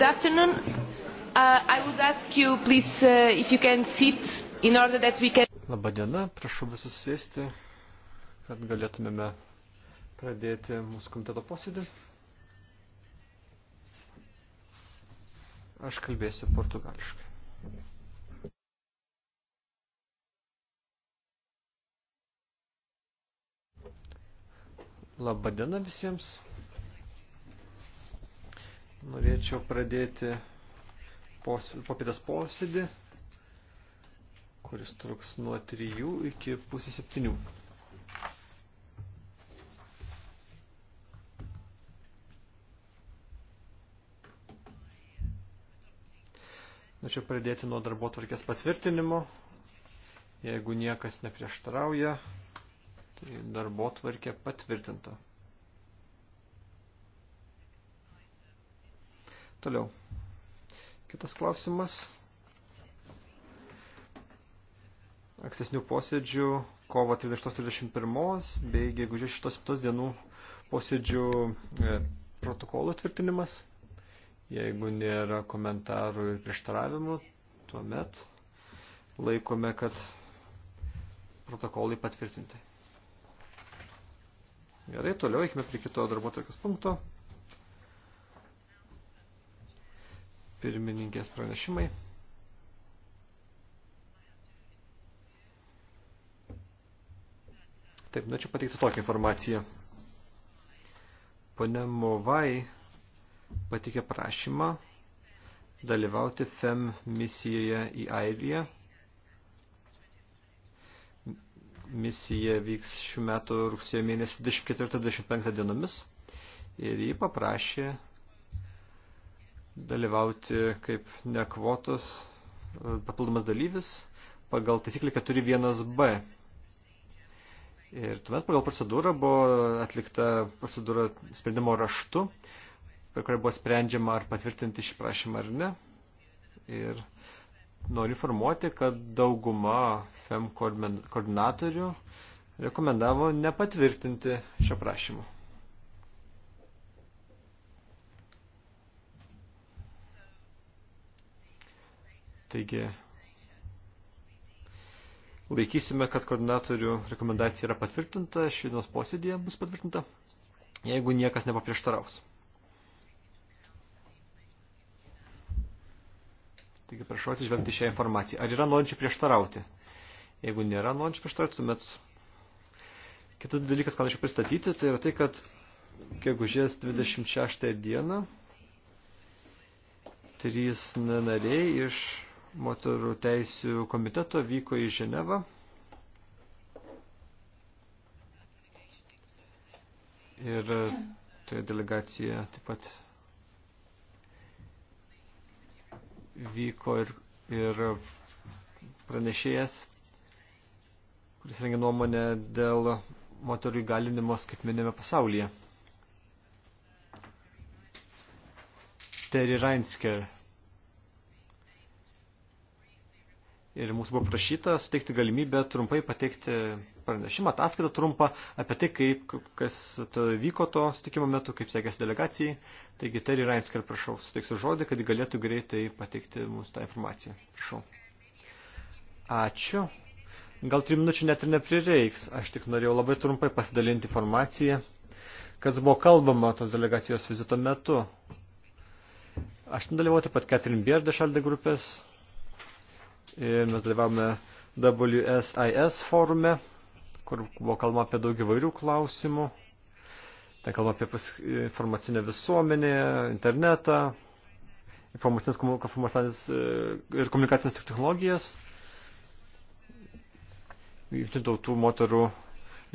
Good afternoon. Uh, I would ask you, please, uh, if you can sit in order that we can... Labadiena, prašau visus sėsti, kad galėtumėme pradėti mūsų komiteto posėdį. Aš kalbėsiu portugališkai. Labadiena visiems. Norėčiau pradėti pos, popietės posėdį, kuris truks nuo 3 iki pusės 7. Norėčiau pradėti nuo darbo tvarkės patvirtinimo. Jeigu niekas neprieštarauja, tai darbo tvarkė patvirtinta. Toliau. Kitas klausimas. Aksesnių posėdžių kovo 31 bei gegužės 6 dienų posėdžių e, protokolų tvirtinimas. Jeigu nėra komentarų ir prieštaravimų, tuomet laikome, kad protokolai patvirtinti. Gerai, toliau eikime prie kito darbo punkto. pirmininkės pranešimai. Taip, norėčiau nu, pateikti tokią informaciją. Pone Movai patikė prašymą dalyvauti FEM misijoje į Airiją. Misija vyks šių metų rugsėjo mėnesį 24-25 dienomis ir jį paprašė dalyvauti kaip nekvotos e, papildomas dalyvis pagal taisyklį 41b. Ir tuomet pagal procedūrą buvo atlikta procedūra sprendimo raštu, per kurią buvo sprendžiama ar patvirtinti šį prašymą ar ne. Ir noriu informuoti, kad dauguma FEM koordinatorių rekomendavo nepatvirtinti šio prašymo. Taigi, laikysime, kad koordinatorių rekomendacija yra patvirtinta, šiandienos posėdėje bus patvirtinta, jeigu niekas nepaprieštaraus. Taigi prašau atsižvelgti šią informaciją. Ar yra norinčių prieštarauti? Jeigu nėra norinčių prieštarauti, tuomet kitas dalykas, ką norėčiau pristatyti, tai yra tai, kad gegužės 26 dieną trys nariai iš moterų teisių komiteto vyko į Ženevą. Ir e, toje tai delegacijoje taip pat vyko ir, ir pranešėjas, kuris rengia nuomonę dėl moterų įgalinimo skaitmenėme pasaulyje. Terry Reinsker ir mūsų buvo prašyta suteikti galimybę trumpai pateikti pranešimą, ataskaitą trumpą apie tai, kaip, kas to vyko to sutikimo metu, kaip sekėsi delegacijai. Taigi, Terry Reinsker, prašau, suteiksiu žodį, kad galėtų greitai pateikti mūsų tą informaciją. Prašau. Ačiū. Gal trijų minučių net ir neprireiks. Aš tik norėjau labai trumpai pasidalinti informaciją, kas buvo kalbama tos delegacijos vizito metu. Aš nedalyvau taip pat Catherine Bier dešalde grupės Ir mes dalyvavome WSIS forume, kur buvo kalbama apie daug įvairių klausimų. Ten kalbama apie informacinę visuomenę, internetą, informacinės, informacinės e, ir komunikacinės technologijas. Jungtinių tautų moterų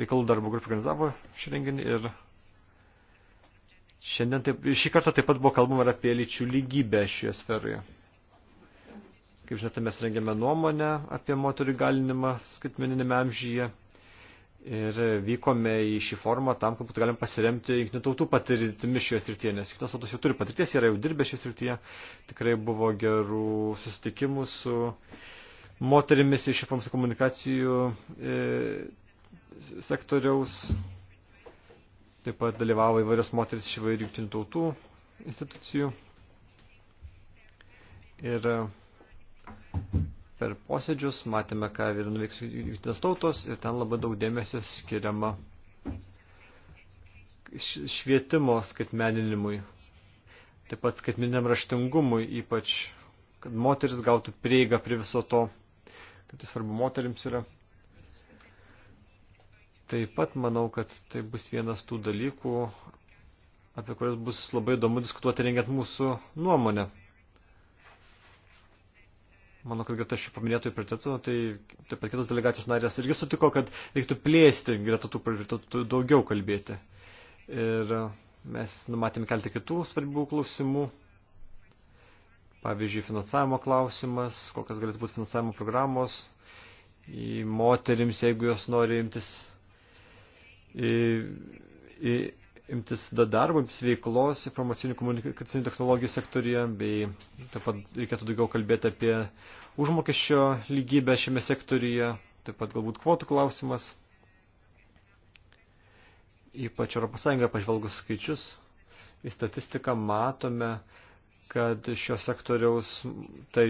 reikalų darbo grupė organizavo šį renginį ir šiandien taip, šį kartą taip pat buvo kalbama ir apie lyčių lygybę šioje sferoje. Kaip žinote, mes rengiame nuomonę apie moterų įgalinimą skaitmeninėme amžyje ir vykome į šį formą tam, kad būtų galim pasiremti jungtinių tautų patirtimi šioje srityje, nes jungtinės tautos jau turi patirties, yra jau dirbę šioje srityje, tikrai buvo gerų susitikimų su moterimis iš informacijų komunikacijų e, sektoriaus, taip pat dalyvavo įvairios moteris iš įvairių jungtinių tautų institucijų. Ir per posėdžius, matėme, ką ir nuveiks jungtinės tautos ir ten labai daug dėmesio skiriama švietimo skaitmeninimui, taip pat skaitmeniniam raštingumui, ypač, kad moteris gautų prieigą prie viso to, kaip tai svarbu moterims yra. Taip pat manau, kad tai bus vienas tų dalykų, apie kurias bus labai įdomu diskutuoti rengiant mūsų nuomonę. Manau, kad greta šių paminėtų prioritetų, tai taip pat kitos delegacijos narės irgi sutiko, kad reiktų plėsti greta tų prioritetų daugiau kalbėti. Ir e, mes numatėme kelti kitų svarbių klausimų. Pavyzdžiui, finansavimo klausimas, kokias galėtų būti finansavimo programos į moterims, jeigu jos nori imtis į, į imtis darbo, imtis veiklos informacinių komunikacinių technologijų sektorija, bei taip pat reikėtų daugiau kalbėti apie užmokesčio lygybę šiame sektorija, taip pat galbūt kvotų klausimas, ypač ES pažvelgus skaičius, į statistiką matome, kad šio sektoriaus tai,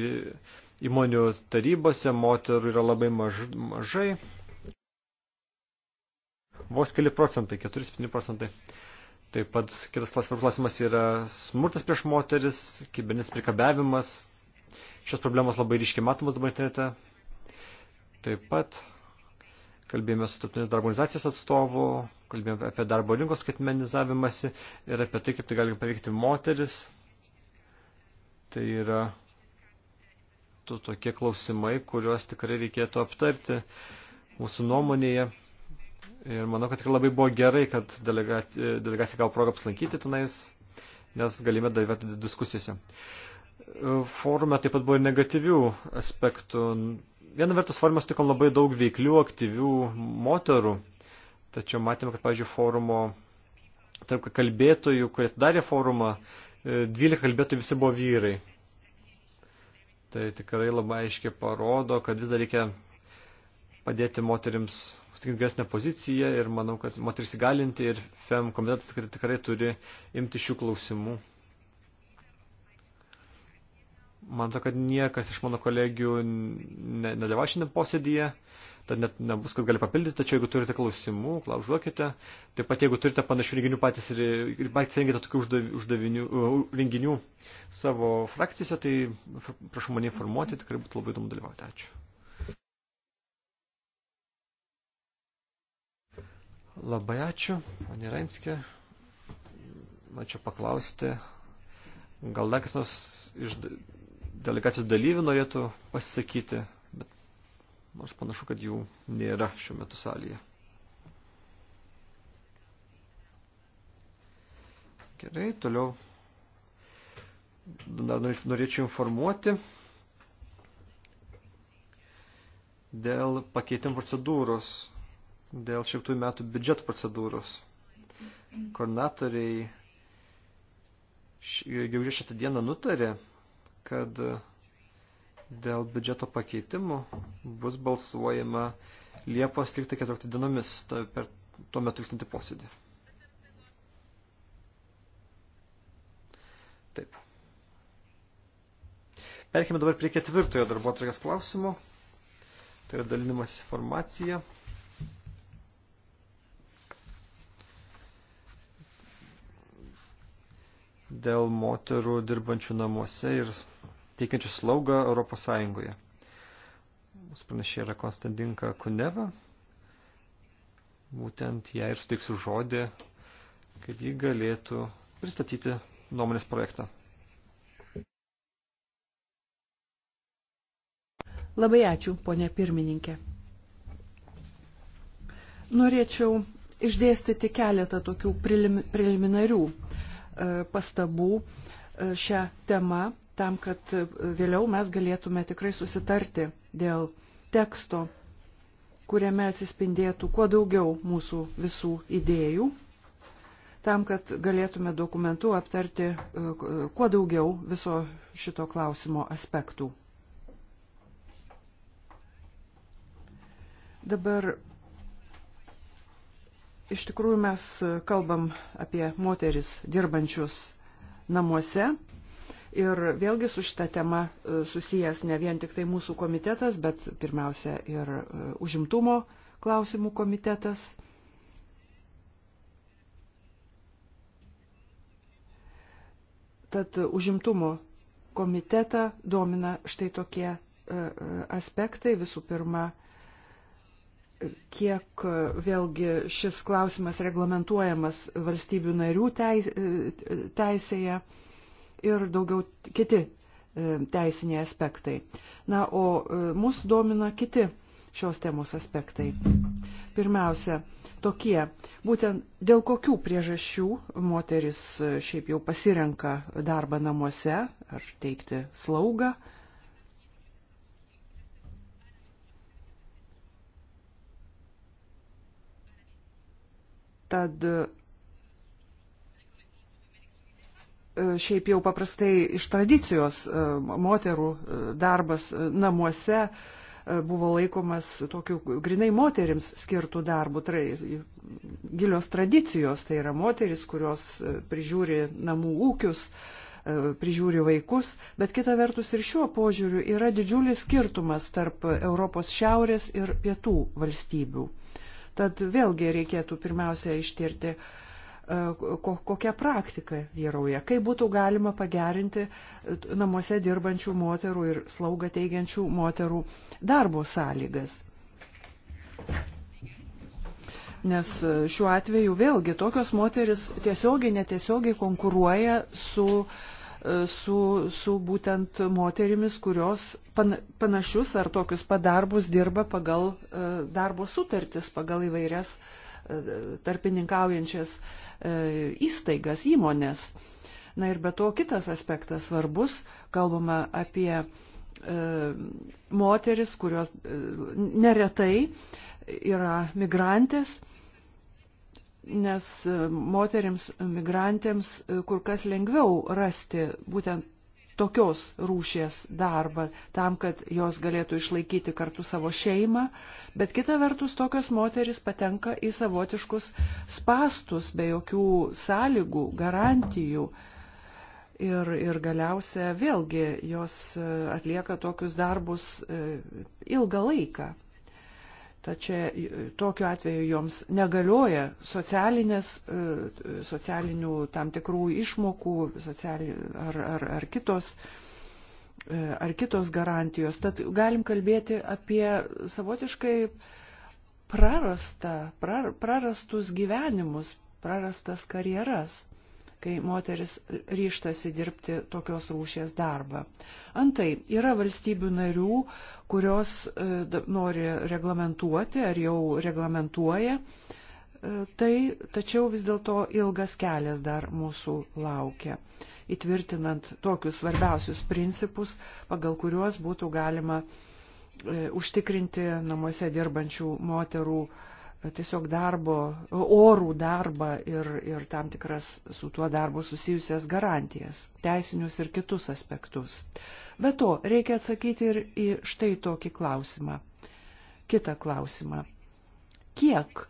įmonių tarybose moterų yra labai maž, mažai, vos keli procentai, 4-7 procentai. Taip pat kitas klausimas yra smurtas prieš moteris, kibernis prikabiavimas. Šios problemos labai ryškiai matomas dabar internete. Taip pat kalbėjome su tarptautinės darbo organizacijos atstovu, kalbėjome apie darbo rinkos skaitmenizavimąsi ir apie tai, kaip tai gali paveikti moteris. Tai yra to, tokie klausimai, kuriuos tikrai reikėtų aptarti mūsų nuomonėje. Ir manau, kad tikrai labai buvo gerai, kad delegacija, delegacija gavo progą apsilankyti tenais, nes galime dalyvauti diskusijose. Forume taip pat buvo ir negatyvių aspektų. Viena vertus, forume sutikom labai daug veiklių, aktyvių moterų, tačiau matėme, kad, pavyzdžiui, forumo tarp kalbėtojų, kurie darė forumą, 12 e, kalbėtojų visi buvo vyrai. Tai tikrai labai aiškiai parodo, kad vis dar reikia padėti moterims atsakingesnę poziciją ir manau, kad moteris įgalinti ir FEM komitetas tikrai, tikrai turi imti šių klausimų. Man to, kad niekas iš mano kolegių nedalyva šiandien posėdyje, tad net nebus, kad gali papildyti, tačiau jeigu turite klausimų, klaužuokite. Taip pat, jeigu turite panašių renginių patys ir, ir patys rengite tokių uždavinių, renginių savo frakcijose, tai prašau mane informuoti, tikrai būtų labai įdomu dalyvauti. Ačiū. Labai ačiū, Ani Renskė. Mačiau paklausti, gal dar kas nors iš delegacijos dalyvių norėtų pasisakyti, bet nors panašu, kad jų nėra šiuo metu salėje. Gerai, toliau dar norėčiau informuoti dėl pakeitimų procedūros dėl šimtųjų metų biudžeto procedūros. Koordinatoriai gegužės šitą dieną nutarė, kad dėl biudžeto pakeitimų bus balsuojama Liepos 13-14 dienomis tai per tuo metu vykstantį posėdį. Taip. Perkime dabar prie ketvirtojo darbo klausimo. Tai yra dalinimas informacija. dėl moterų dirbančių namuose ir teikiančių slaugą Europos Sąjungoje. Mūsų pranešė yra Konstantinka Kuneva. Būtent ją ir suteiksiu žodį, kad ji galėtų pristatyti nuomonės projektą. Labai ačiū, ponė pirmininkė. Norėčiau išdėstyti keletą tokių preliminarių E, pastabų e, šią temą, tam, kad e, vėliau mes galėtume tikrai susitarti dėl teksto, kuriame atsispindėtų kuo daugiau mūsų visų idėjų, tam, kad galėtume dokumentu aptarti kuo daugiau viso šito klausimo aspektų. Dabar iš tikrųjų mes kalbam apie moteris dirbančius namuose. Ir vėlgi su šitą temą e, susijęs ne vien tik tai mūsų komitetas, bet pirmiausia ir e, užimtumo klausimų komitetas. Tad užimtumo komitetą domina štai tokie e, aspektai. Visų pirma, kiek vėlgi šis klausimas reglamentuojamas valstybių narių teisėje ir daugiau kiti e, teisiniai aspektai. Na, o e, mus domina kiti šios temos aspektai. Pirmiausia, tokie, būtent dėl kokių priežasčių moteris e, šiaip jau pasirenka darbą namuose ar teikti slaugą Tad e, šiaip jau paprastai iš tradicijos e, moterų e, darbas namuose buvo laikomas tokiu grinai moteriams skirtų darbų, tai gilios tradicijos, tai yra moteris, kurios prižiūri namų ūkius, prižiūri vaikus, bet kita vertus ir šiuo požiūriu yra didžiulis skirtumas tarp Europos šiaurės ir pietų valstybių. Tad vėlgi reikėtų pirmiausia ištirti, e, kokia praktika vyrauja, kaip būtų galima pagerinti namuose dirbančių moterų ir slaugą teigiančių moterų darbo sąlygas. Nes šiuo atveju vėlgi tokios moteris tiesiogiai netiesiogiai konkuruoja su uh, su, su būtent moterimis, kurios panašius ar tokius padarbus dirba pagal e, darbo sutartis, pagal įvairias e, tarpininkaujančias e, įstaigas, įmonės. Na ir be to kitas aspektas svarbus, kalbama apie moteris, kurios neretai yra migrantės nes e, moteriams migrantėms e, kur kas lengviau rasti būtent tokios rūšies darbą, tam, kad jos galėtų išlaikyti kartu savo šeimą, bet kita vertus tokios moteris patenka į savotiškus spastus be jokių sąlygų, garantijų. Ir, ir galiausia vėlgi jos e, atlieka tokius darbus ilgą laiką. Tačiau tokiu atveju joms negalioja socialinės, e, socialinių tam tikrų išmokų sociali, ar, ar, ar, kitos, e, ar kitos garantijos. Tad galim kalbėti apie savotiškai prarastą, prar, prarastus gyvenimus, prarastas karjeras kai moteris ryštasi dirbti tokios rūšies darbą. Antai, yra valstybių narių, kurios e, nori reglamentuoti ar jau reglamentuoja e, tai, tačiau vis dėlto ilgas kelias dar mūsų laukia įtvirtinant tokius svarbiausius principus, pagal kuriuos būtų galima e, užtikrinti namuose dirbančių moterų e, tiesiog darbo, orų darbą ir, ir tam tikras su tuo darbu susijusias garantijas, teisinius ir kitus aspektus. Be to, reikia atsakyti ir į štai tokį klausimą. Kitą klausimą. Kiek,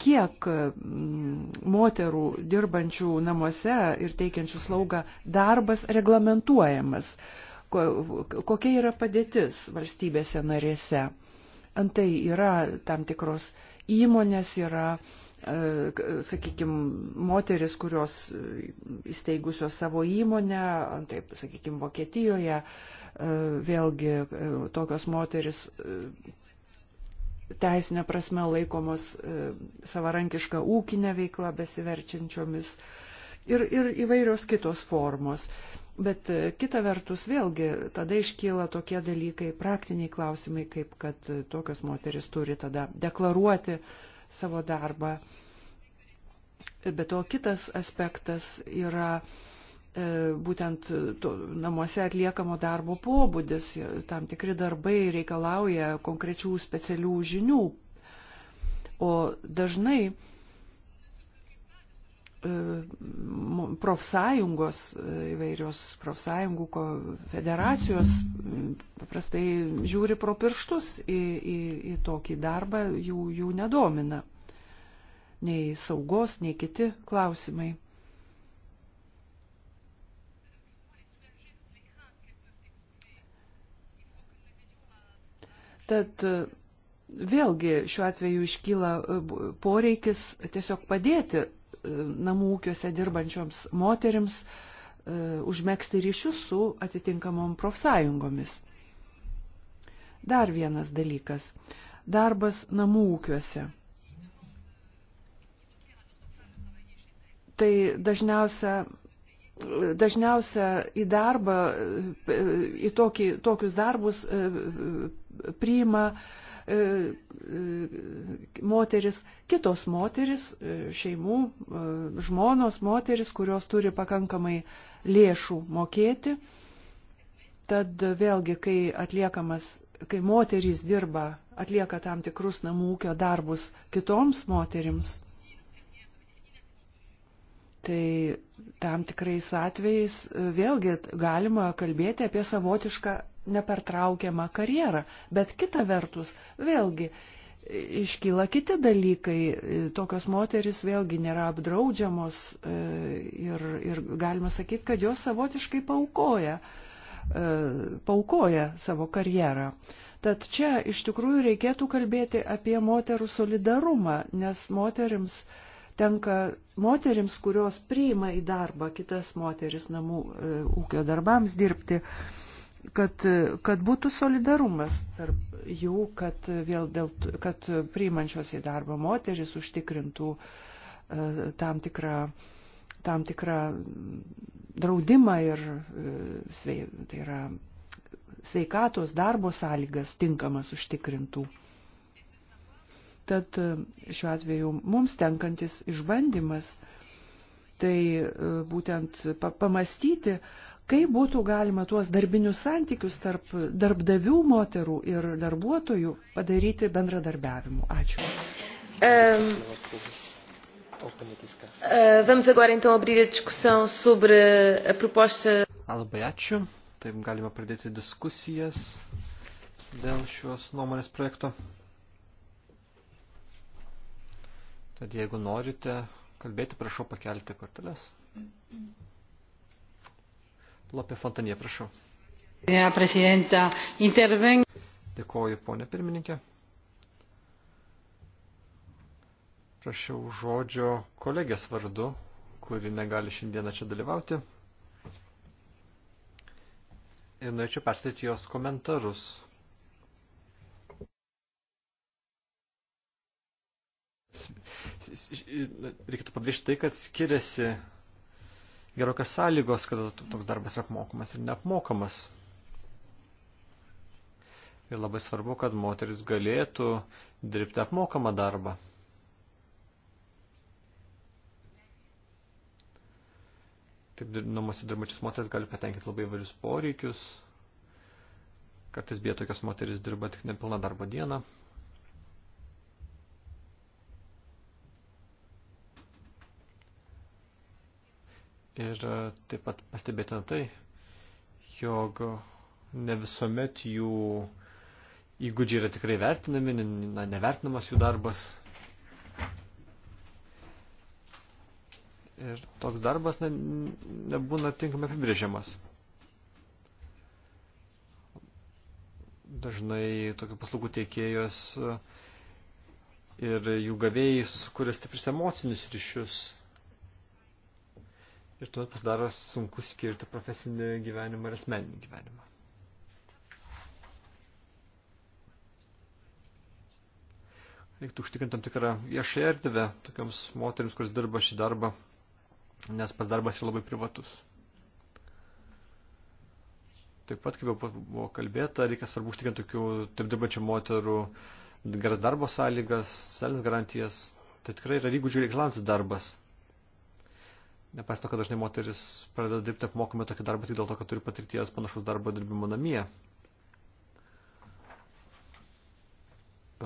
kiek mm, moterų dirbančių namuose ir teikiančių slaugą darbas reglamentuojamas? Kokia yra padėtis valstybėse narėse? Antai yra tam tikros įmonės yra, e, sakykime, moteris, kurios įsteigusios savo įmonę, taip, sakykime, Vokietijoje, e, vėlgi e, tokios moteris teisinė prasme laikomos savarankišką ūkinę veiklą besiverčiančiomis ir, ir įvairios kitos formos. Bet e, kita vertus vėlgi tada iškyla tokie dalykai, praktiniai klausimai, kaip kad e, tokios moteris turi tada deklaruoti savo darbą. Bet to kitas aspektas yra e, būtent to, namuose atliekamo darbo pobūdis. Tam tikri darbai reikalauja konkrečių specialių žinių. O dažnai E, profsąjungos, e, įvairios profsąjungų federacijos e, paprastai žiūri pro pirštus į, į, į tokį darbą, jų, jų nedomina nei saugos, nei kiti klausimai. Tad vėlgi šiuo atveju iškyla poreikis tiesiog padėti namų ūkiuose dirbančioms moteriams e, užmėgsti ryšius su atitinkamom profsąjungomis. Dar vienas dalykas - darbas namų ūkiuose. Tai dažniausia dažniausia į darbą, e, į tokį, tokius darbus e, priima E, e, moteris, kitos moteris, e, šeimų, žmonos moteris, kurios turi pakankamai lėšų mokėti. Tad vėlgi, kai atliekamas, kai moterys dirba, atlieka tam tikrus namų ūkio darbus kitoms moterims, tai tam tikrais atvejais vėlgi galima kalbėti apie savotišką nepertraukiamą karjerą. Bet kita vertus, vėlgi, iškyla kiti dalykai. Tokios moteris vėlgi nėra apdraudžiamos e, ir, ir galima sakyti, kad jos savotiškai paukoja, e, paukoja savo karjerą. Tad čia iš tikrųjų reikėtų kalbėti apie moterų solidarumą, nes moterims tenka moterims, kurios priima į darbą kitas moteris namų e, ūkio darbams dirbti, uh, kad, kad būtų solidarumas tarp jų, kad, vėl dėl, kad priimančios į darbą moteris užtikrintų e, tam tikrą, tam tikrą draudimą ir e, tai yra, sveikatos darbo sąlygas tinkamas užtikrintų. Tad e, šiuo atveju mums tenkantis išbandymas, tai būtent pamastyti, kaip būtų galima tuos darbinius santykius tarp darbdavių moterų ir darbuotojų padaryti bendradarbiavimu. Ačiū. Um, vamos agora então abrir a discussão sobre a proposta. Ah, labai ačiū. Taip galima pradėti diskusijas dėl šios nuomonės projekto. Tad jeigu norite kalbėti, prašau pakelti korteles. Mm -mm. Lopė Fontanė, prašau. Dėkoju, ponė pirmininkė. Prašiau žodžio kolegės vardu, kuri negali šiandieną čia dalyvauti. Ir norėčiau perstatyti jos komentarus. Reikėtų pabrėžti tai, kad skiriasi gerokios sąlygos, kada toks darbas yra apmokamas ir neapmokamas. Ir labai svarbu, kad moteris galėtų dirbti apmokamą darbą. Taip namuose dirbančios moteris gali patenkinti labai įvairius poreikius. Kartais bėja tokios moteris dirba tik nepilną darbo dieną, Ir e, taip pat pastebėtina tai, jog ne visuomet jų įgūdžiai yra tikrai vertinami, na, nevertinamas jų darbas. Ir toks darbas ne, nebūna tinkamai apibrėžiamas. Dažnai tokių paslaugų teikėjos e, ir jų gavėjai sukuria stiprius emocinius ryšius ir tuomet pasidaro sunku skirti profesinį gyvenimą ir asmeninį gyvenimą. Reiktų užtikrinti tam tikrą viešąją erdvę tokiams moteriams, kuris dirba šį darbą, nes pas darbas yra labai privatus. Taip pat, kaip jau buvo kalbėta, reikia svarbu užtikrinti tokių taip dirbančių moterų geras darbo sąlygas, socialinės garantijas. Tai tikrai yra įgūdžių reikalantis darbas. Nepaisant to, kad dažnai moteris pradeda dirbti apmokamai tokį darbą tik dėl to, kad turi patirties panašus darbo dirbimo namie.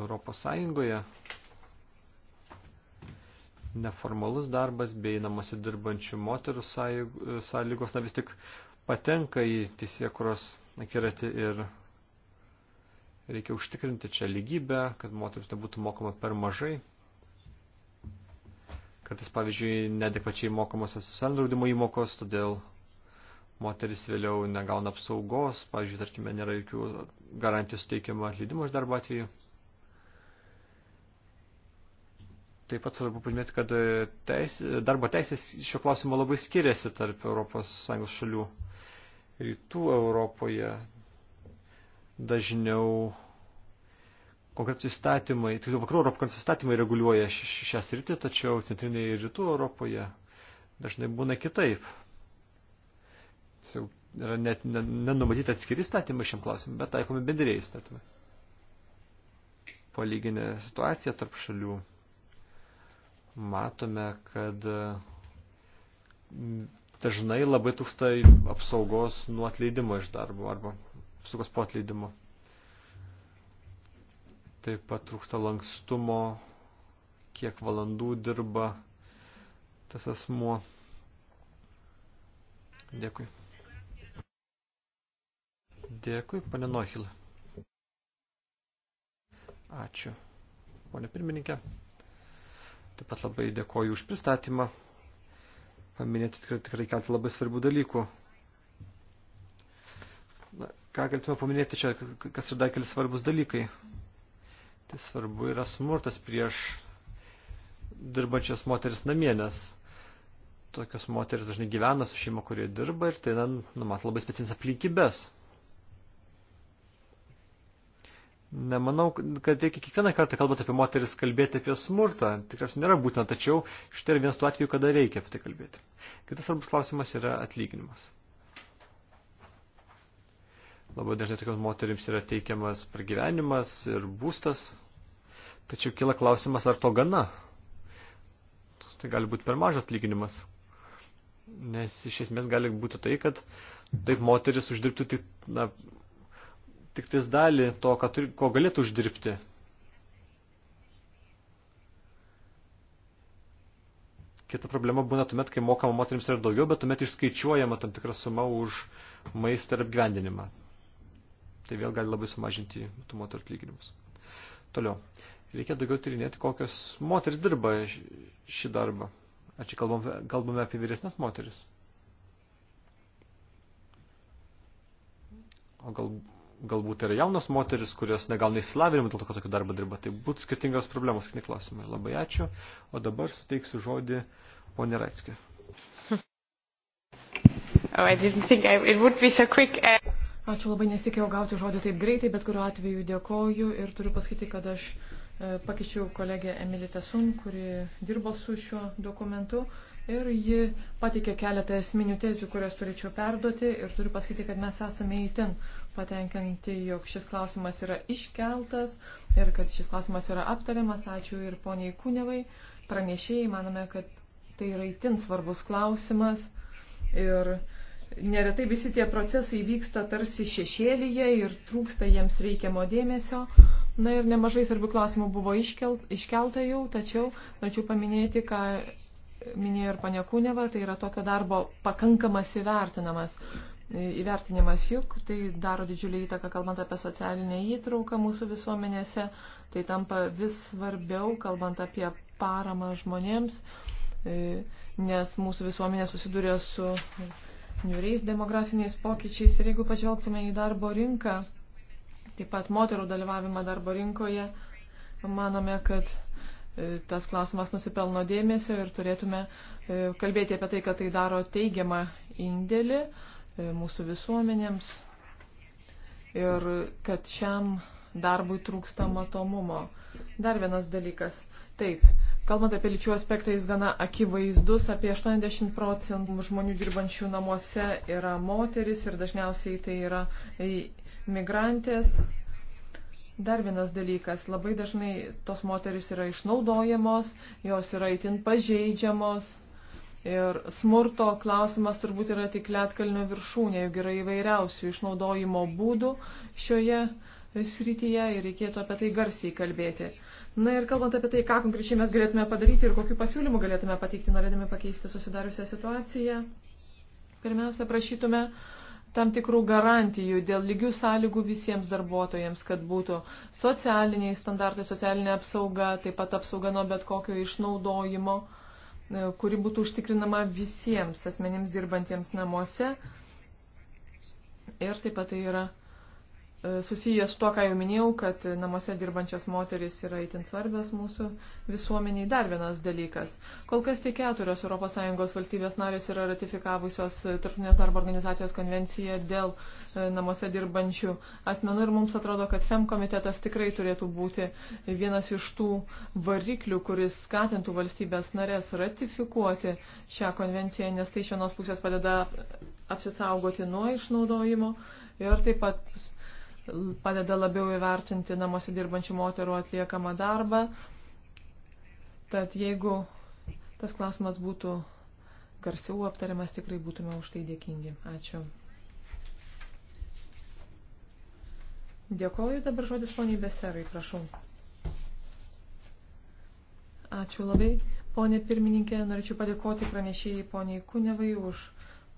Europos Sąjungoje neformalus darbas bei namuose dirbančių moterų sąlygos, na vis tik patenka į teisėkuros akiratį ir reikia užtikrinti čia lygybę, kad moteris nebūtų mokoma per mažai. Kartais, pavyzdžiui, nedekvačiai mokomosios socialinio draudimo įmokos, todėl moteris vėliau negauna apsaugos, pavyzdžiui, tarkime, nėra jokių garantijų suteikiamo atleidimo iš darbo atveju. Taip pat svarbu pažymėti, kad teis, darbo teisės šio klausimo labai skiriasi tarp ES šalių. Rytų Europoje dažniau konkretus įstatymai, tik vakarų Europos įstatymai reguliuoja šią sritį, tačiau centrinėje ir rytų Europoje dažnai būna kitaip. Jau yra net nenumatyti atskiri įstatymai šiam klausimui, bet taikomi bendrėjai įstatymai. Palyginę situaciją tarp šalių matome, kad dažnai labai trūksta apsaugos nuo atleidimo iš darbo arba apsaugos po atleidimo. Taip pat trūksta lankstumo, kiek valandų dirba tas asmuo. Dėkui. Dėkui, pane Nohil. Ačiū, ponė pirmininkė. Taip pat labai dėkoju už pristatymą. Paminėti tikrai, tikrai kelti labai svarbių dalykų. Na, ką galėtume paminėti čia, kas yra dar keli svarbus dalykai tai svarbu yra smurtas prieš dirbančias moteris namie, nes tokios moteris dažnai gyvena su šeima, kurioje dirba ir tai, na, numat labai specinis aplinkybės. Nemanau, kad reikia kiekvieną kartą kalbant apie moteris kalbėti apie smurtą. Tikriausiai nėra būtina, tačiau štai yra vienas tų atvejų, kada reikia apie tai kalbėti. Kitas svarbus klausimas yra atlyginimas. Labai dažnai tokiams moteriams yra teikiamas pragyvenimas ir būstas. Tačiau kila klausimas, ar to gana. Tai gali būti per mažas lyginimas. Nes iš esmės gali būti tai, kad taip moteris uždirbtų tik, na, tik tais dalį to, ką turi, ko galėtų uždirbti. Kita problema būna tuomet, kai mokama moteriams yra daugiau, bet tuomet išskaičiuojama tam tikra suma už maistą ir apgyvendinimą. Tai vėl gali labai sumažinti tų moterų atlyginimus. Toliau. Reikia daugiau tyrinėti, kokios moteris dirba šį darbą. Ar čia kalbame, kalbame apie vyresnės moteris? O gal, galbūt yra jaunas moteris, kurios negauna įsilavinimą dėl to, kad tokį darbą dirba. Tai būtų skirtingos problemos, skirtingi klausimai. Labai ačiū. O dabar suteiksiu žodį ponė Raitskė. Oh, I didn't think I, it would be so quick. Uh... Ačiū labai nesitikėjau gauti žodį taip greitai, bet kuriuo atveju dėkoju ir turiu pasakyti, kad aš e, pakeičiau kolegę Emilį Tesun, kuri dirbo su šiuo dokumentu ir ji patikė keletą esminių tezių, kurias turėčiau perduoti ir turiu pasakyti, kad mes esame įtin patenkinti, jog šis klausimas yra iškeltas ir kad šis klausimas yra aptariamas. Ačiū ir poniai Kūnevai, pranešėjai, manome, kad tai yra įtin svarbus klausimas ir neretai visi tie procesai vyksta tarsi šešėlyje ir trūksta jiems reikiamo dėmesio. Na ir nemažai svarbių klausimų buvo iškelt, iškelta jau, tačiau norėčiau paminėti, ką minėjo ir ponia Kūneva, tai yra tokio darbo pakankamas įvertinamas. Įvertinimas juk, tai daro didžiulį įtaką, kalbant apie socialinę įtrauką mūsų visuomenėse, tai tampa vis svarbiau, kalbant apie paramą žmonėms, e, nes mūsų visuomenė susiduria su niuriais demografiniais pokyčiais ir jeigu pažvelgtume į darbo rinką, taip pat moterų dalyvavimą darbo rinkoje, manome, kad e, tas klausimas nusipelno dėmesio ir turėtume e, kalbėti apie tai, kad tai daro teigiamą indėlį e, mūsų visuomenėms ir kad šiam darbui trūksta matomumo. Dar vienas dalykas. Taip, Kalbant apie lyčių aspektą, jis gana akivaizdus. Apie 80 procentų žmonių dirbančių namuose yra moteris ir dažniausiai tai yra e, migrantės. Dar vienas dalykas. Labai dažnai tos moteris yra išnaudojamos, jos yra itin pažeidžiamos. Ir smurto klausimas turbūt yra tik lietkalnio viršūnė, juk yra įvairiausių išnaudojimo būdų šioje srityje ir reikėtų apie tai garsiai kalbėti. Na ir kalbant apie tai, ką konkrečiai mes galėtume padaryti ir kokiu pasiūlymu galėtume pateikti, norėdami pakeisti susidariusią situaciją, pirmiausia, prašytume tam tikrų garantijų dėl lygių sąlygų visiems darbuotojams, kad būtų socialiniai standartai, socialinė apsauga, taip pat apsauga nuo bet kokio išnaudojimo, e, kuri būtų užtikrinama visiems asmenims dirbantiems namuose. Ir taip pat tai yra susijęs su to, ką jau minėjau, kad namuose dirbančias moteris yra itin svarbios mūsų visuomeniai. Dar vienas dalykas. Kol kas tik keturios ES valstybės narės yra ratifikavusios Tarptautinės darbo organizacijos konvenciją dėl e, namuose dirbančių asmenų ir mums atrodo, kad FEM komitetas tikrai turėtų būti vienas iš tų variklių, kuris skatintų valstybės narės ratifikuoti šią konvenciją, nes tai iš vienos pusės padeda apsisaugoti nuo išnaudojimo ir taip pat padeda labiau įvertinti namuose dirbančių moterų atliekamą darbą. Tad jeigu tas klausimas būtų garsiau aptariamas, tikrai būtume už tai dėkingi. Ačiū. Dėkoju, dabar žodis poniai Beserai, prašau. Ačiū labai. Pone pirmininkė, norėčiau padėkoti pranešėjai poniai Kunevai už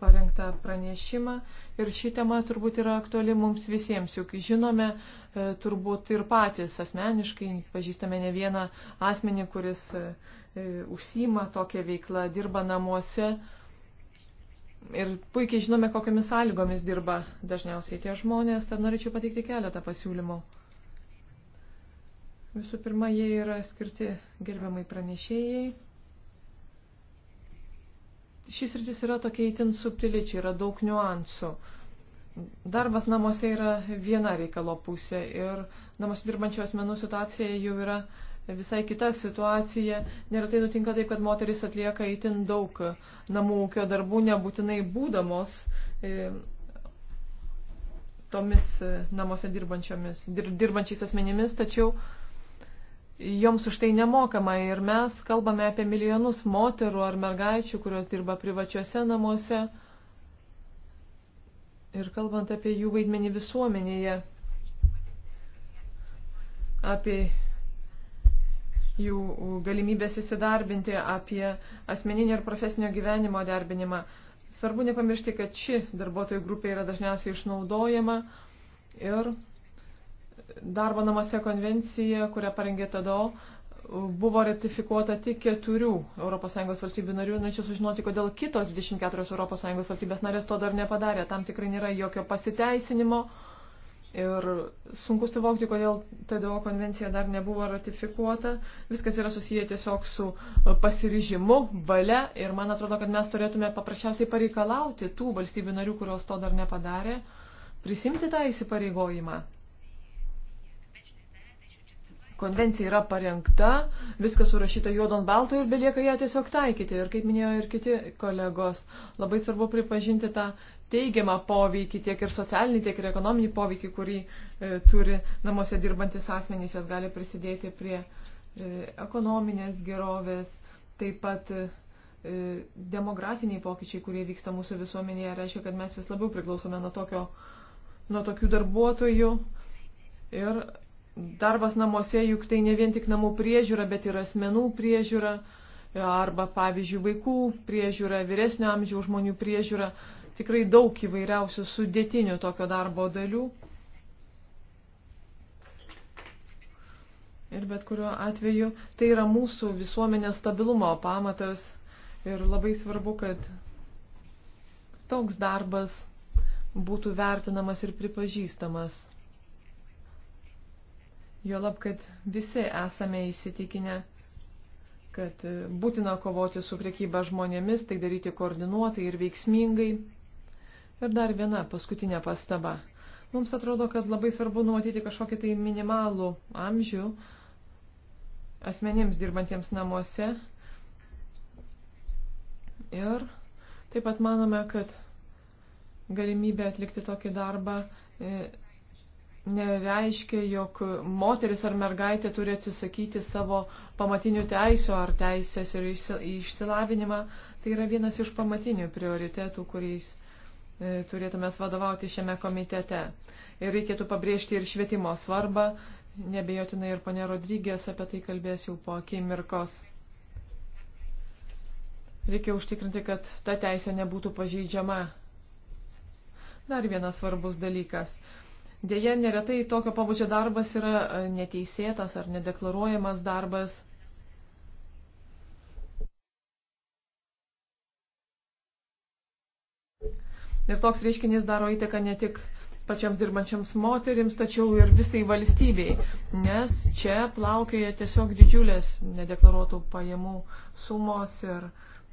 parengtą pranešimą ir ši tema turbūt yra aktuali mums visiems, juk žinome e, turbūt ir patys asmeniškai, pažįstame ne vieną asmenį, kuris e, e, užsima tokią veiklą, dirba namuose ir puikiai žinome, kokiamis sąlygomis dirba dažniausiai tie žmonės, tad norėčiau pateikti keletą pasiūlymų. Visų pirma, jie yra skirti gerbiamai pranešėjai šis rytis yra tokia įtin subtili, čia yra daug niuansų. Darbas namuose yra viena reikalo pusė ir namuose dirbančių asmenų situacija jau yra visai kita situacija. Neretai nutinka taip, kad moteris atlieka įtin daug namų ūkio darbų, nebūtinai būdamos e, tomis e, namuose dirbančiomis, dir, dirbančiais asmenimis, tačiau uh, joms už tai nemokama ir mes kalbame apie milijonus moterų ar mergaičių, kurios dirba privačiuose namuose ir kalbant apie jų vaidmenį visuomenėje, apie jų galimybės įsidarbinti, apie asmeninio ir profesinio gyvenimo darbinimą. Svarbu nepamiršti, kad ši darbuotojų grupė yra dažniausiai išnaudojama ir Darbo namuose konvencija, kurią parengė tada, buvo ratifikuota tik keturių ES valstybių narių. Norėčiau sužinoti, kodėl kitos 24 ES valstybės narės to dar nepadarė. Tam tikrai nėra jokio pasiteisinimo. Ir sunku suvokti, kodėl TDO konvencija dar nebuvo ratifikuota. Viskas yra susiję tiesiog su pasiryžimu, valia. Ir man atrodo, kad mes turėtume paprasčiausiai pareikalauti tų valstybių narių, kurios to dar nepadarė, prisimti tą įsipareigojimą. Konvencija yra parengta, viskas surašyta juodon baltą ir belieka ją tiesiog taikyti. Ir kaip minėjo ir kiti kolegos, labai svarbu pripažinti tą teigiamą poveikį, tiek ir socialinį, tiek ir ekonominį poveikį, kurį e, turi namuose dirbantis asmenys, jos gali prisidėti prie e, ekonominės gerovės, taip pat e, e, demografiniai pokyčiai, kurie vyksta mūsų visuomenėje, reiškia, kad mes vis labiau priklausome nuo, tokio, nuo tokių darbuotojų ir Darbas namuose juk tai ne vien tik namų priežiūra, bet ir asmenų priežiūra arba, pavyzdžiui, vaikų priežiūra, vyresnio amžiaus žmonių priežiūra. Tikrai daug įvairiausių sudėtinių tokio darbo dalių. Ir bet kuriuo atveju tai yra mūsų visuomenės stabilumo pamatas ir labai svarbu, kad toks darbas būtų vertinamas ir pripažįstamas. Jolab, kad visi esame įsitikinę, kad būtina kovoti su priekyba žmonėmis, tai daryti koordinuotai ir veiksmingai. Ir dar viena paskutinė pastaba. Mums atrodo, kad labai svarbu numatyti kažkokį tai minimalų amžių asmenims dirbantiems namuose. Ir taip pat manome, kad galimybė atlikti tokį darbą e, nereiškia, jog moteris ar mergaitė turi atsisakyti savo pamatinių teisų ar teisės ir išsilavinimą. Tai yra vienas iš pamatinių prioritetų, kuriais e, turėtume vadovauti šiame komitete. Ir reikėtų pabrėžti ir švietimo svarbą. Nebejotinai ir ponė Rodrygės apie tai kalbės jau po akimirkos. Reikia užtikrinti, kad ta teisė nebūtų pažeidžiama. Dar vienas svarbus dalykas. Deja, neretai tokio pabudžio darbas yra e, neteisėtas ar nedeklaruojamas darbas. Ir toks reiškinys daro įtaką ne tik pačiams dirbančiams moterims, tačiau ir visai valstybei, nes čia plaukioja tiesiog didžiulės nedeklaruotų pajamų sumos ir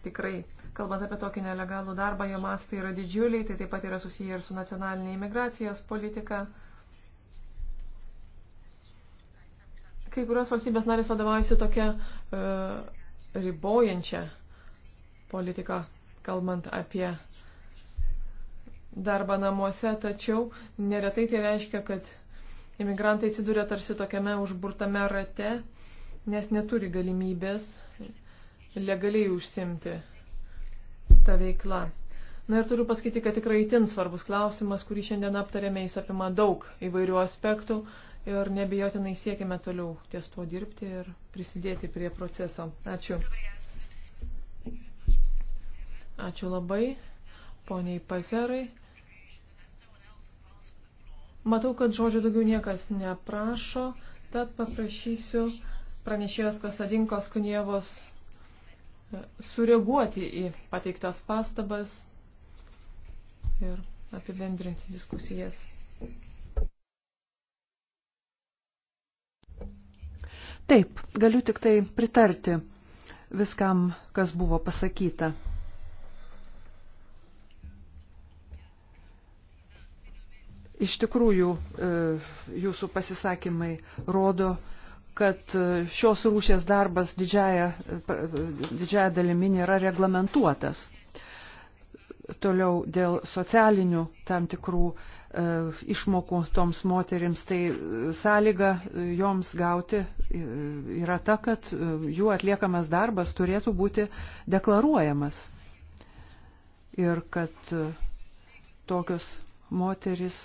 tikrai, kalbant apie tokį nelegalų darbą, jo mastai yra didžiuliai, tai taip pat yra susiję ir su nacionalinė imigracijos politika. Kai kurios valstybės narės vadovaujasi tokia e, ribojančia politika, kalbant apie darbą namuose, tačiau neretai tai reiškia, kad imigrantai atsiduria tarsi tokiame užburtame rate, nes neturi galimybės legaliai užsimti tą veiklą. Na ir turiu pasakyti, kad tikrai itin svarbus klausimas, kurį šiandien aptarėme, jis apima daug įvairių aspektų ir nebejotinai siekime toliau ties tuo dirbti ir prisidėti prie proceso. Ačiū. Ačiū labai, poniai Pazerai. Matau, kad žodžio daugiau niekas neprašo, tad paprašysiu pranešėjos Kostadinkos Kunievos e, sureaguoti į pateiktas pastabas ir apibendrinti diskusijas. Taip, galiu tik tai pritarti viskam, kas buvo pasakyta. Iš tikrųjų, e, jūsų pasisakymai rodo, kad e, šios rūšės darbas didžiaja, didžiaja dalimi nėra reglamentuotas. Toliau dėl socialinių tam tikrų e, išmokų toms moterims, tai e, sąlyga joms gauti yra ta, kad jų atliekamas darbas turėtų būti deklaruojamas. Ir kad tokios moteris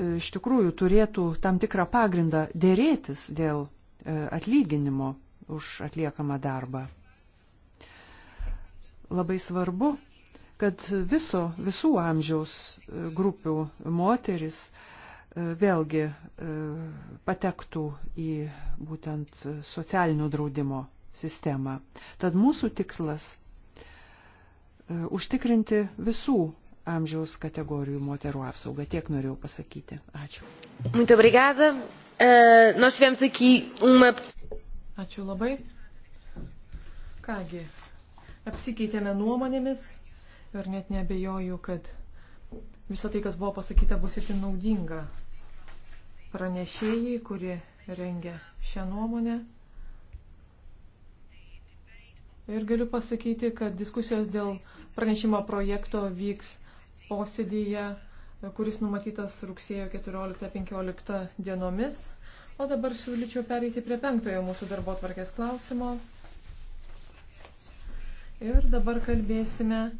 E, iš tikrųjų turėtų tam tikrą pagrindą dėrėtis dėl e, atlyginimo už atliekamą darbą. Labai svarbu, kad viso, visų amžiaus e, grupių moteris vėlgi patektų į būtent socialinio draudimo sistemą. Tad mūsų tikslas užtikrinti visų amžiaus kategorijų moterų apsaugą. Tiek norėjau pasakyti. Ačiū. Muito obrigada. Uh, nós tivemos aqui uma... Ačiū labai. Kągi, apsikeitėme nuomonėmis ir net nebejoju, kad visą tai, kas buvo pasakyta, bus itin naudinga pranešėjai, kuri rengia šią nuomonę. Ir galiu pasakyti, kad diskusijos dėl pranešimo projekto vyks posėdėje, kuris numatytas rugsėjo 14-15 dienomis. O dabar siūlyčiau pereiti prie penktojo mūsų darbo tvarkės klausimo. Ir dabar kalbėsime e,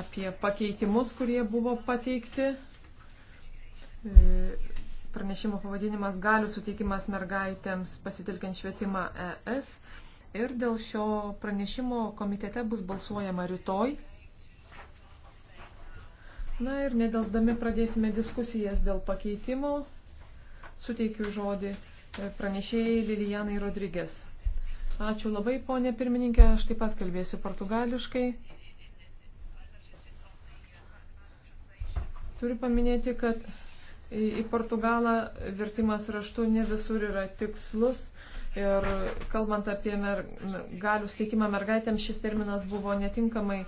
apie pakeitimus, kurie buvo pateikti. E, pranešimo pavadinimas galių suteikimas mergaitėms pasitelkiant švietimą ES. Ir dėl šio pranešimo komitete bus balsuojama rytoj. Na ir nedelsdami pradėsime diskusijas dėl pakeitimų. Suteikiu žodį e, pranešėjai Lilijanai Rodrygės. Ačiū labai, ponė pirmininkė, aš taip pat kalbėsiu portugališkai. Turiu paminėti, kad į portugalą vertimas raštu ne visur yra tikslus. Ir kalbant apie mer, galių steikimą mergaitėms, šis terminas buvo netinkamai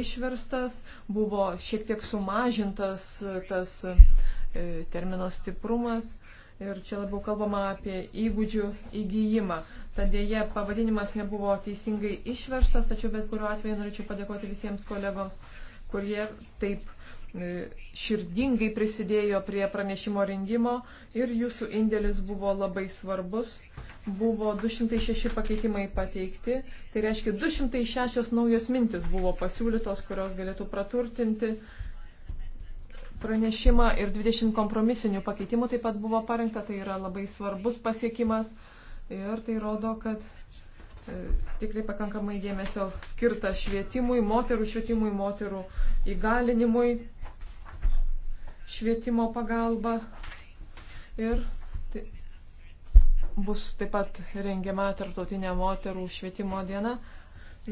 išverstas, buvo šiek tiek sumažintas tas e, termino stiprumas. Ir čia labiau kalbama apie įgūdžių įgyjimą. Tad dėje pavadinimas nebuvo teisingai išverstas, tačiau bet kuriuo atveju norėčiau padėkoti visiems kolegoms, kurie taip E, širdingai prisidėjo prie pranešimo rengimo ir jūsų indėlis buvo labai svarbus. Buvo 206 pakeitimai pateikti, tai reiškia 206 naujos mintis buvo pasiūlytos, kurios galėtų praturtinti pranešimą ir 20 kompromisinių pakeitimų taip pat buvo parengta, tai yra labai svarbus pasiekimas ir tai rodo, kad e, tikrai pakankamai dėmesio skirta švietimui, moterų švietimui, moterų įgalinimui švietimo pagalba. Ir tai bus taip pat rengiama tarptautinė moterų švietimo diena.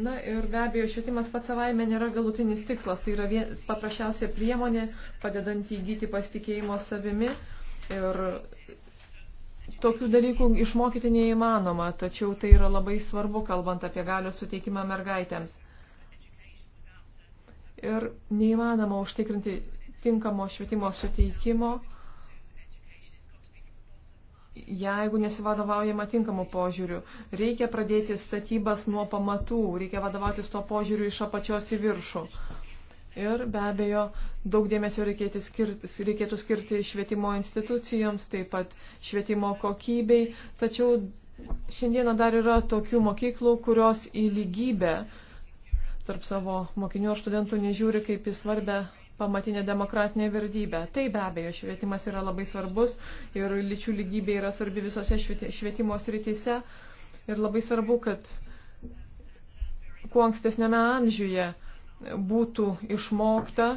Na ir be abejo, švietimas pats savaime nėra galutinis tikslas, tai yra vien, paprasčiausia priemonė, padedanti įgyti pasitikėjimo savimi. Ir tokių dalykų išmokyti neįmanoma, tačiau tai yra labai svarbu, kalbant apie galios suteikimą mergaitėms. Ir neįmanoma užtikrinti tinkamo švietimo suteikimo, jeigu nesivadovaujama tinkamu požiūriu. Reikia pradėti statybas nuo pamatų, reikia vadovautis to požiūriu iš apačios į viršų. Ir be abejo, daug dėmesio reikėtų skirti, reikėtų skirti švietimo institucijoms, taip pat švietimo kokybei. Tačiau šiandieną dar yra tokių mokyklų, kurios į lygybę tarp savo mokinių ar studentų nežiūri kaip į svarbę pamatinė demokratinė verdybė. Tai be abejo, švietimas yra labai svarbus ir lyčių lygybė yra svarbi visose švietimo srityse. Ir labai svarbu, kad kuo ankstesnėme amžiuje būtų išmokta,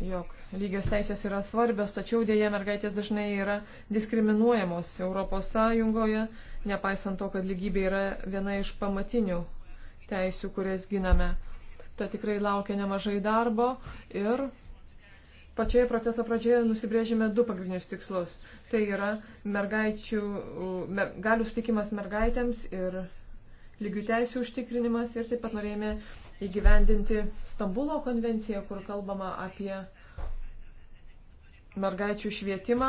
jog lygios teisės yra svarbios, tačiau dėje mergaitės dažnai yra diskriminuojamos Europos Sąjungoje, nepaisant to, kad lygybė yra viena iš pamatinių teisių, kurias giname tai tikrai laukia nemažai darbo ir pačioje proceso pradžioje nusibrėžėme du pagrindinius tikslus. Tai yra mergaičių, mer, galių stikimas mergaitėms ir lygių teisų užtikrinimas ir taip pat norėjome įgyvendinti Stambulo konvenciją, kur kalbama apie mergaičių švietimą.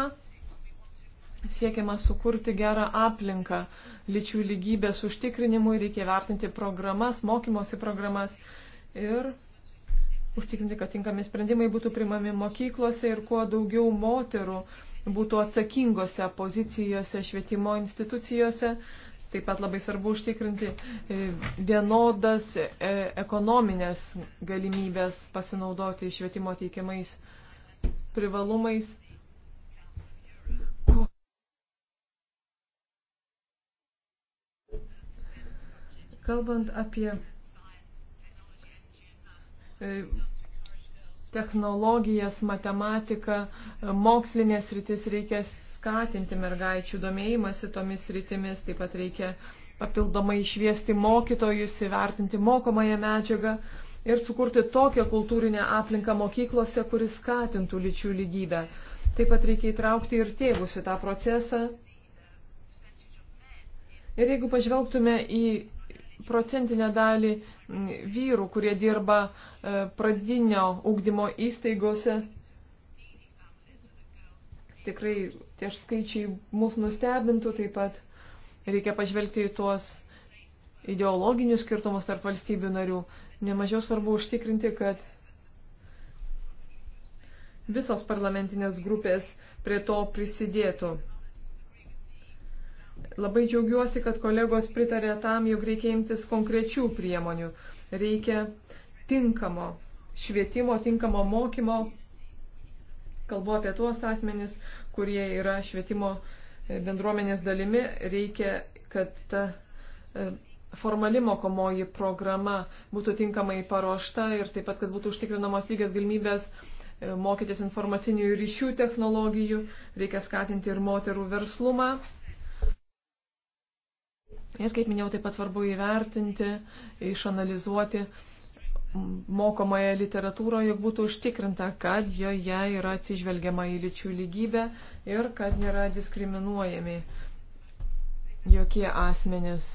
Siekiama sukurti gerą aplinką lyčių lygybės užtikrinimui, reikia vertinti programas, mokymosi programas ir užtikrinti, kad tinkami sprendimai būtų primami mokyklose ir kuo daugiau moterų būtų atsakingose pozicijose švietimo institucijose. Taip pat labai svarbu užtikrinti e, vienodas e, ekonominės galimybės pasinaudoti švietimo teikiamais privalumais. Kalbant apie E, technologijas, matematiką, e, mokslinės rytis reikia skatinti mergaičių domėjimąsi tomis rytimis, taip pat reikia papildomai išviesti mokytojus, įvertinti mokomąją medžiagą ir sukurti tokią kultūrinę aplinką mokyklose, kuris skatintų lyčių lygybę. Taip pat reikia įtraukti ir tėvus į tą procesą. Ir jeigu pažvelgtume į procentinę dalį vyrų, kurie dirba e, pradinio ugdymo įstaigose. Tikrai tie skaičiai mūsų nustebintų, taip pat reikia pažvelgti į tuos ideologinius skirtumus tarp valstybių narių. Nemažiau svarbu užtikrinti, kad visos parlamentinės grupės prie to prisidėtų. Labai džiaugiuosi, kad kolegos pritarė tam, jog reikia imtis konkrečių priemonių. Reikia tinkamo švietimo, tinkamo mokymo. Kalbu apie tuos asmenis, kurie yra švietimo e, bendruomenės dalimi. Reikia, kad ta e, formali mokomoji programa būtų tinkamai paruošta ir taip pat, kad būtų užtikrinamos lygias galimybės e, mokytis informacinių ryšių technologijų, reikia skatinti ir moterų verslumą. Ir kaip minėjau, taip pat svarbu įvertinti, išanalizuoti mokomoje literatūroje, juk būtų užtikrinta, kad joje yra atsižvelgiama į lyčių lygybę ir kad nėra diskriminuojami jokie asmenys.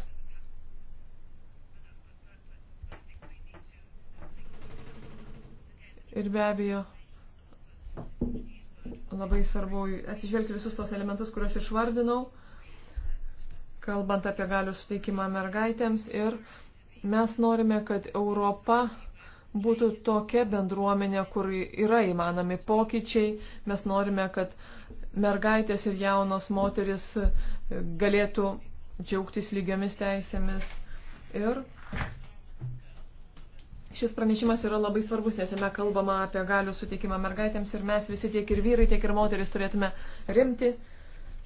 Ir be abejo, labai svarbu atsižvelgti visus tos elementus, kuriuos išvardinau kalbant apie galių suteikimą mergaitėms ir mes norime, kad Europa būtų tokia bendruomenė, kur yra įmanomi pokyčiai. Mes norime, kad mergaitės ir jaunos moteris galėtų džiaugtis lygiomis teisėmis. Ir šis pranešimas yra labai svarbus, nes jame kalbama apie galių suteikimą mergaitėms ir mes visi tiek ir vyrai, tiek ir moteris turėtume rimti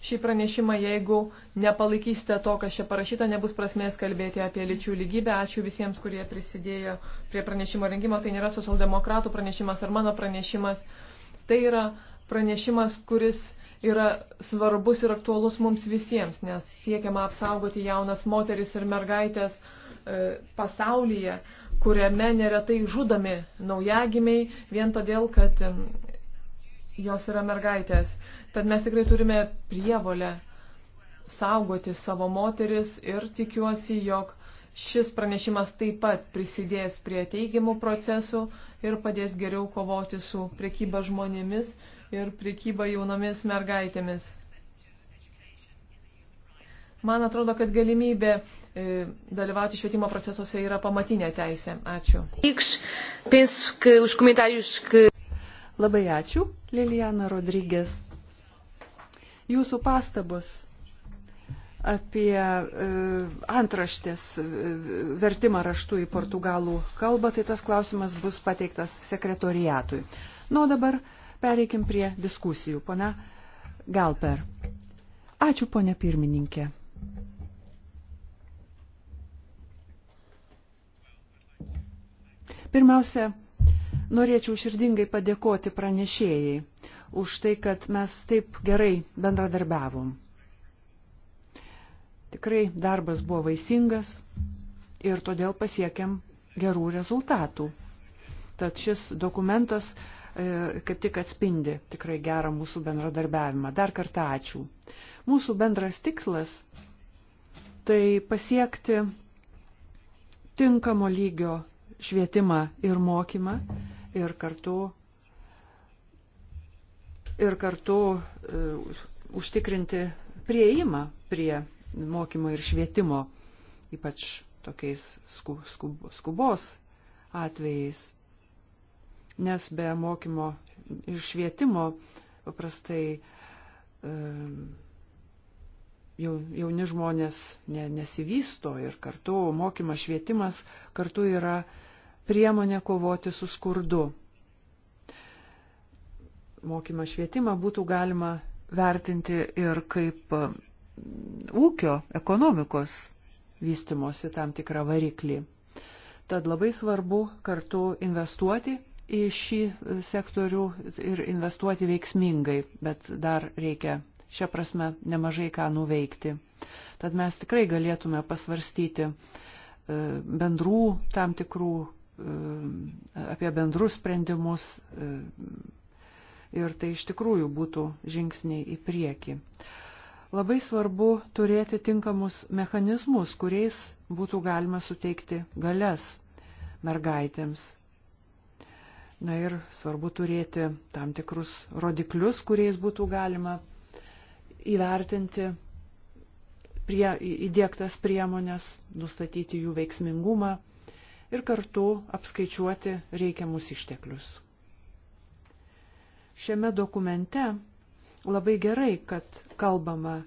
šį pranešimą, jeigu nepalaikysite to, kas čia parašyta, nebus prasmės kalbėti apie lyčių lygybę. Ačiū visiems, kurie prisidėjo prie pranešimo rengimo. Tai nėra socialdemokratų pranešimas ar mano pranešimas. Tai yra pranešimas, kuris yra svarbus ir aktualus mums visiems, nes siekiama apsaugoti jaunas moteris ir mergaitės e, pasaulyje, kuriame neretai žudomi naujagimiai vien todėl, kad jos yra mergaitės. Tad mes tikrai turime prievolę saugoti savo moteris ir tikiuosi, jog šis pranešimas taip pat prisidės prie teigiamų procesų ir padės geriau kovoti su priekyba žmonėmis ir priekyba jaunomis mergaitėmis. Man atrodo, kad galimybė e, dalyvauti švietimo procesuose yra pamatinė teisė. Ačiū. Labai ačiū, Liliana Rodrygės. Jūsų pastabos apie e, antraštės e, vertimą raštų į portugalų kalbą, tai tas klausimas bus pateiktas sekretoriatui. Na, nu, dabar pereikim prie diskusijų. Pana Galper. Ačiū, ponė pirmininkė. Pirmiausia, Norėčiau širdingai padėkoti pranešėjai už tai, kad mes taip gerai bendradarbiavom. Tikrai darbas buvo vaisingas ir todėl pasiekėm gerų rezultatų. Tad šis dokumentas e, kaip tik atspindi tikrai gerą mūsų bendradarbiavimą. Dar kartą ačiū. Mūsų bendras tikslas - tai pasiekti tinkamo lygio švietimą ir mokymą ir kartu, ir kartu uh, užtikrinti prieimą prie mokymo ir švietimo, ypač tokiais sku, sku, skubos atvejais. Nes be mokymo ir švietimo paprastai um, jauni žmonės ne, nesivysto ir kartu mokymas, švietimas kartu yra priemonė kovoti su skurdu. Mokymą švietimą būtų galima vertinti ir kaip um, ūkio, ekonomikos vystimosi tam tikrą variklį. Tad labai svarbu kartu investuoti į šį e, sektorių ir investuoti veiksmingai, bet dar reikia šią prasme nemažai ką nuveikti. Tad mes tikrai galėtume pasvarstyti e, bendrų tam tikrų E, apie bendrus sprendimus e, ir tai iš tikrųjų būtų žingsniai į priekį. Labai svarbu turėti tinkamus mechanizmus, kuriais būtų galima suteikti galias mergaitėms. Na ir svarbu turėti tam tikrus rodiklius, kuriais būtų galima įvertinti prie, įdėktas priemonės, nustatyti jų veiksmingumą ir kartu apskaičiuoti reikiamus išteklius. Šiame dokumente labai gerai, kad kalbama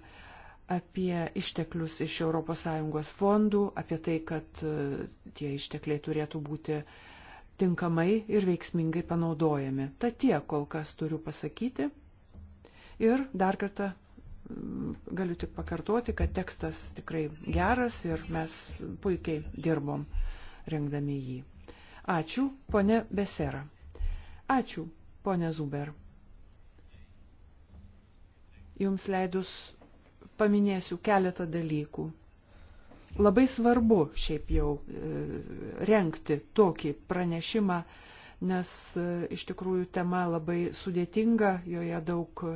apie išteklius iš ES fondų, apie tai, kad e, tie ištekliai turėtų būti tinkamai ir veiksmingai panaudojami. Ta tiek kol kas turiu pasakyti. Ir dar kartą mm, galiu tik pakartoti, kad tekstas tikrai geras ir mes puikiai dirbom rengdami jį. Ačiū, ponė Besera. Ačiū, ponė Zuber. Jums leidus paminėsiu keletą dalykų. Labai svarbu šiaip jau e, renkti tokį pranešimą, nes e, iš tikrųjų tema labai sudėtinga, joje daug e,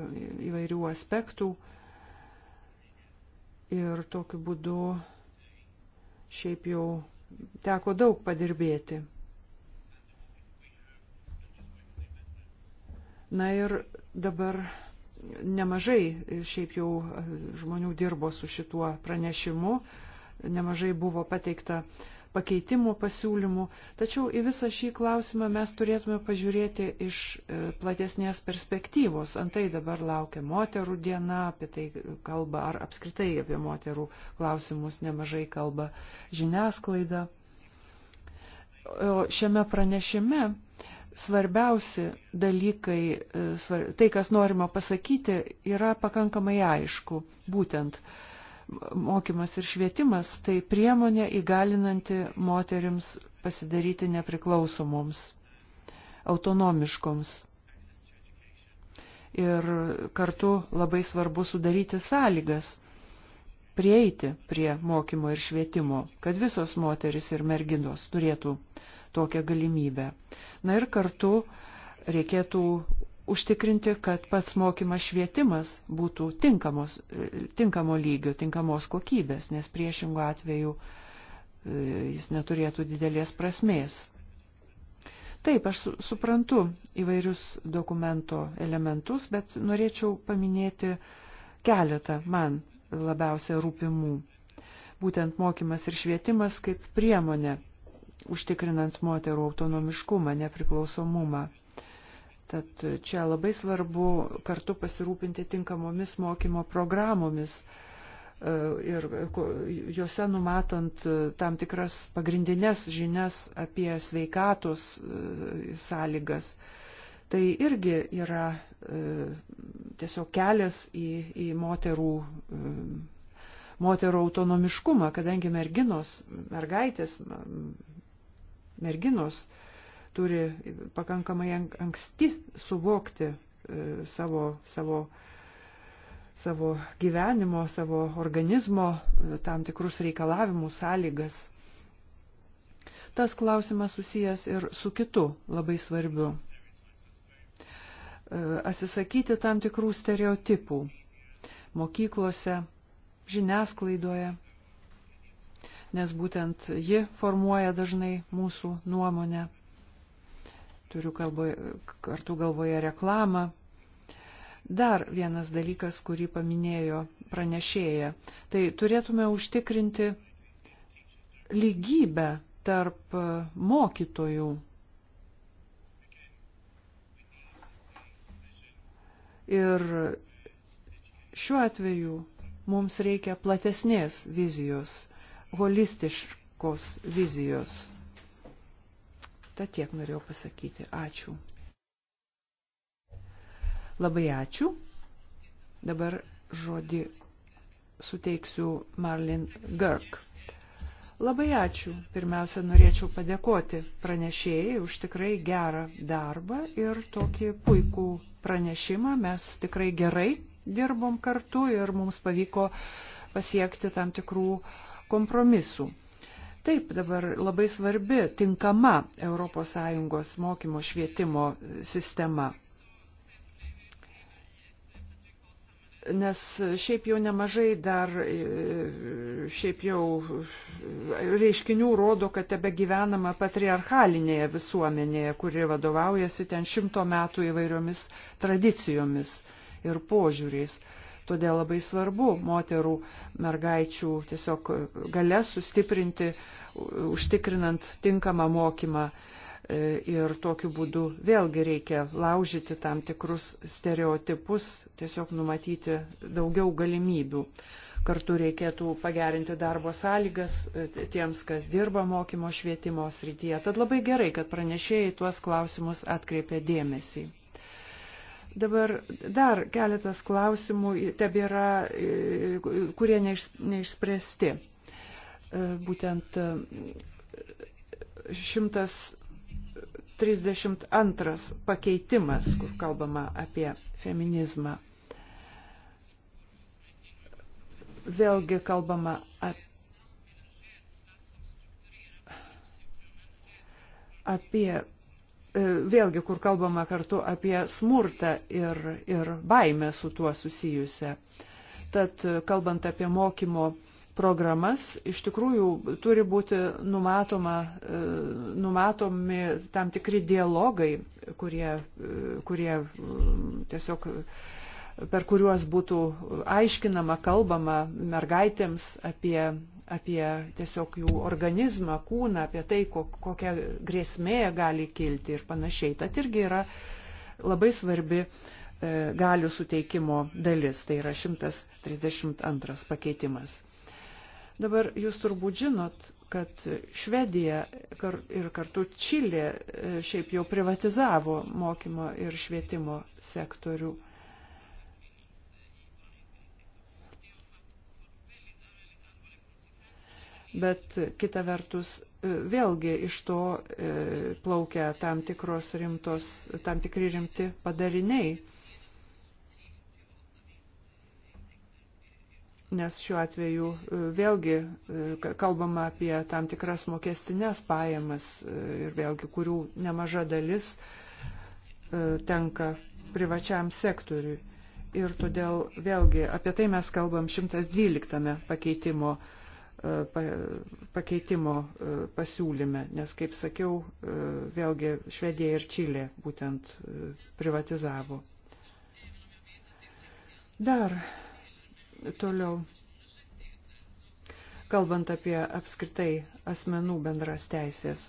įvairių aspektų ir tokiu būdu šiaip jau teko daug padirbėti. Na ir dabar nemažai šiaip jau žmonių dirbo su šituo pranešimu, nemažai buvo pateikta uh, pakeitimų pasiūlymų, tačiau į visą šį klausimą mes turėtume pažiūrėti iš e, platesnės perspektyvos. Antai dabar laukia moterų diena, apie tai kalba ar apskritai apie moterų klausimus nemažai kalba žiniasklaida. O šiame pranešime svarbiausi dalykai, e, tai, kas norima pasakyti, yra pakankamai aišku. Būtent, uh, mokymas ir švietimas - tai priemonė įgalinanti moterims pasidaryti nepriklausomoms, autonomiškoms. Ir kartu labai svarbu sudaryti sąlygas prieiti prie mokymo ir švietimo, kad visos moteris ir merginos turėtų tokią galimybę. Na ir kartu reikėtų užtikrinti, kad pats mokymas švietimas būtų tinkamos, tinkamo lygio, tinkamos kokybės, nes priešingų atveju e, jis neturėtų didelės prasmės. Taip, aš suprantu įvairius dokumento elementus, bet norėčiau paminėti keletą man labiausia rūpimų. Būtent mokymas ir švietimas kaip priemonė, užtikrinant moterų autonomiškumą, nepriklausomumą. Tad čia labai svarbu kartu pasirūpinti tinkamomis mokymo programomis e, ir juose numatant tam tikras pagrindinės žinias apie sveikatos e, sąlygas. Tai irgi yra e, tiesiog kelias į, į moterų, moterų autonomiškumą, kadangi merginos, mergaitės, merginos, merginos turi pakankamai anksti suvokti e, savo, savo, savo gyvenimo, savo organizmo e, tam tikrus reikalavimus, sąlygas. Tas klausimas susijęs ir su kitu labai svarbiu. E, atsisakyti tam tikrų stereotipų mokyklose, žiniasklaidoje, nes būtent ji formuoja dažnai mūsų nuomonę turiu kalboje, kartu galvoje reklamą. Dar vienas dalykas, kurį paminėjo pranešėja, tai turėtume užtikrinti lygybę tarp mokytojų. Ir šiuo atveju mums reikia platesnės vizijos, holistiškos vizijos Ta tiek norėjau pasakyti. Ačiū. Labai ačiū. Dabar žodį suteiksiu Marlin Girk. Labai ačiū. Pirmiausia, norėčiau padėkoti pranešėjai už tikrai gerą darbą ir tokį puikų pranešimą. Mes tikrai gerai dirbom kartu ir mums pavyko pasiekti tam tikrų kompromisų taip dabar labai svarbi, tinkama ES mokymo švietimo sistema. Nes šiaip jau nemažai dar, e, šiaip jau e, reiškinių rodo, kad tebe gyvenama patriarchalinėje visuomenėje, kuri vadovaujasi ten šimto metų įvairiomis tradicijomis ir požiūriais. Todėl labai svarbu moterų, mergaičių tiesiog galės sustiprinti, užtikrinant tinkamą mokymą. E, ir tokiu būdu vėlgi reikia laužyti tam tikrus stereotipus, tiesiog numatyti daugiau galimybių kartu reikėtų pagerinti darbo sąlygas e, tiems, kas dirba mokymo švietimo srityje. Tad labai gerai, kad pranešėjai tuos klausimus atkreipė dėmesį. Dabar dar keletas klausimų tebėra, kurie neišspręsti. E, būtent 132 e, pakeitimas, kur kalbama apie feminizmą. Vėlgi kalbama apie apie E, vėlgi, kur kalbama kartu apie smurtą ir, ir baimę su tuo susijusią. Tad kalbant apie mokymo programas, iš tikrųjų turi būti numatoma, e, numatomi tam tikri dialogai, kurie, e, kurie mm, tiesiog per kuriuos būtų aiškinama, kalbama mergaitėms apie apie tiesiog jų organizmą, kūną, apie tai, kokia grėsmė gali kilti ir panašiai. Tad irgi yra labai svarbi e, galių suteikimo dalis, tai yra 132 pakeitimas. Dabar jūs turbūt žinot, kad Švedija ir kartu Čilė e, šiaip jau privatizavo mokymo ir švietimo sektorių bet kita vertus e, vėlgi iš to e, plaukia tam tikros rimtos, tam tikri rimti padariniai. Nes šiuo atveju e, vėlgi kalbama apie tam tikras mokestinės pajamas ir vėlgi kurių nemaža dalis tenka privačiam sektoriui. Ir todėl vėlgi apie tai mes kalbam 112 pakeitimo E, pakeitimo e, pasiūlyme, nes, kaip sakiau, e, vėlgi Švedija ir Čilė būtent privatizavo. Dar toliau, kalbant apie apskritai asmenų bendras teisės,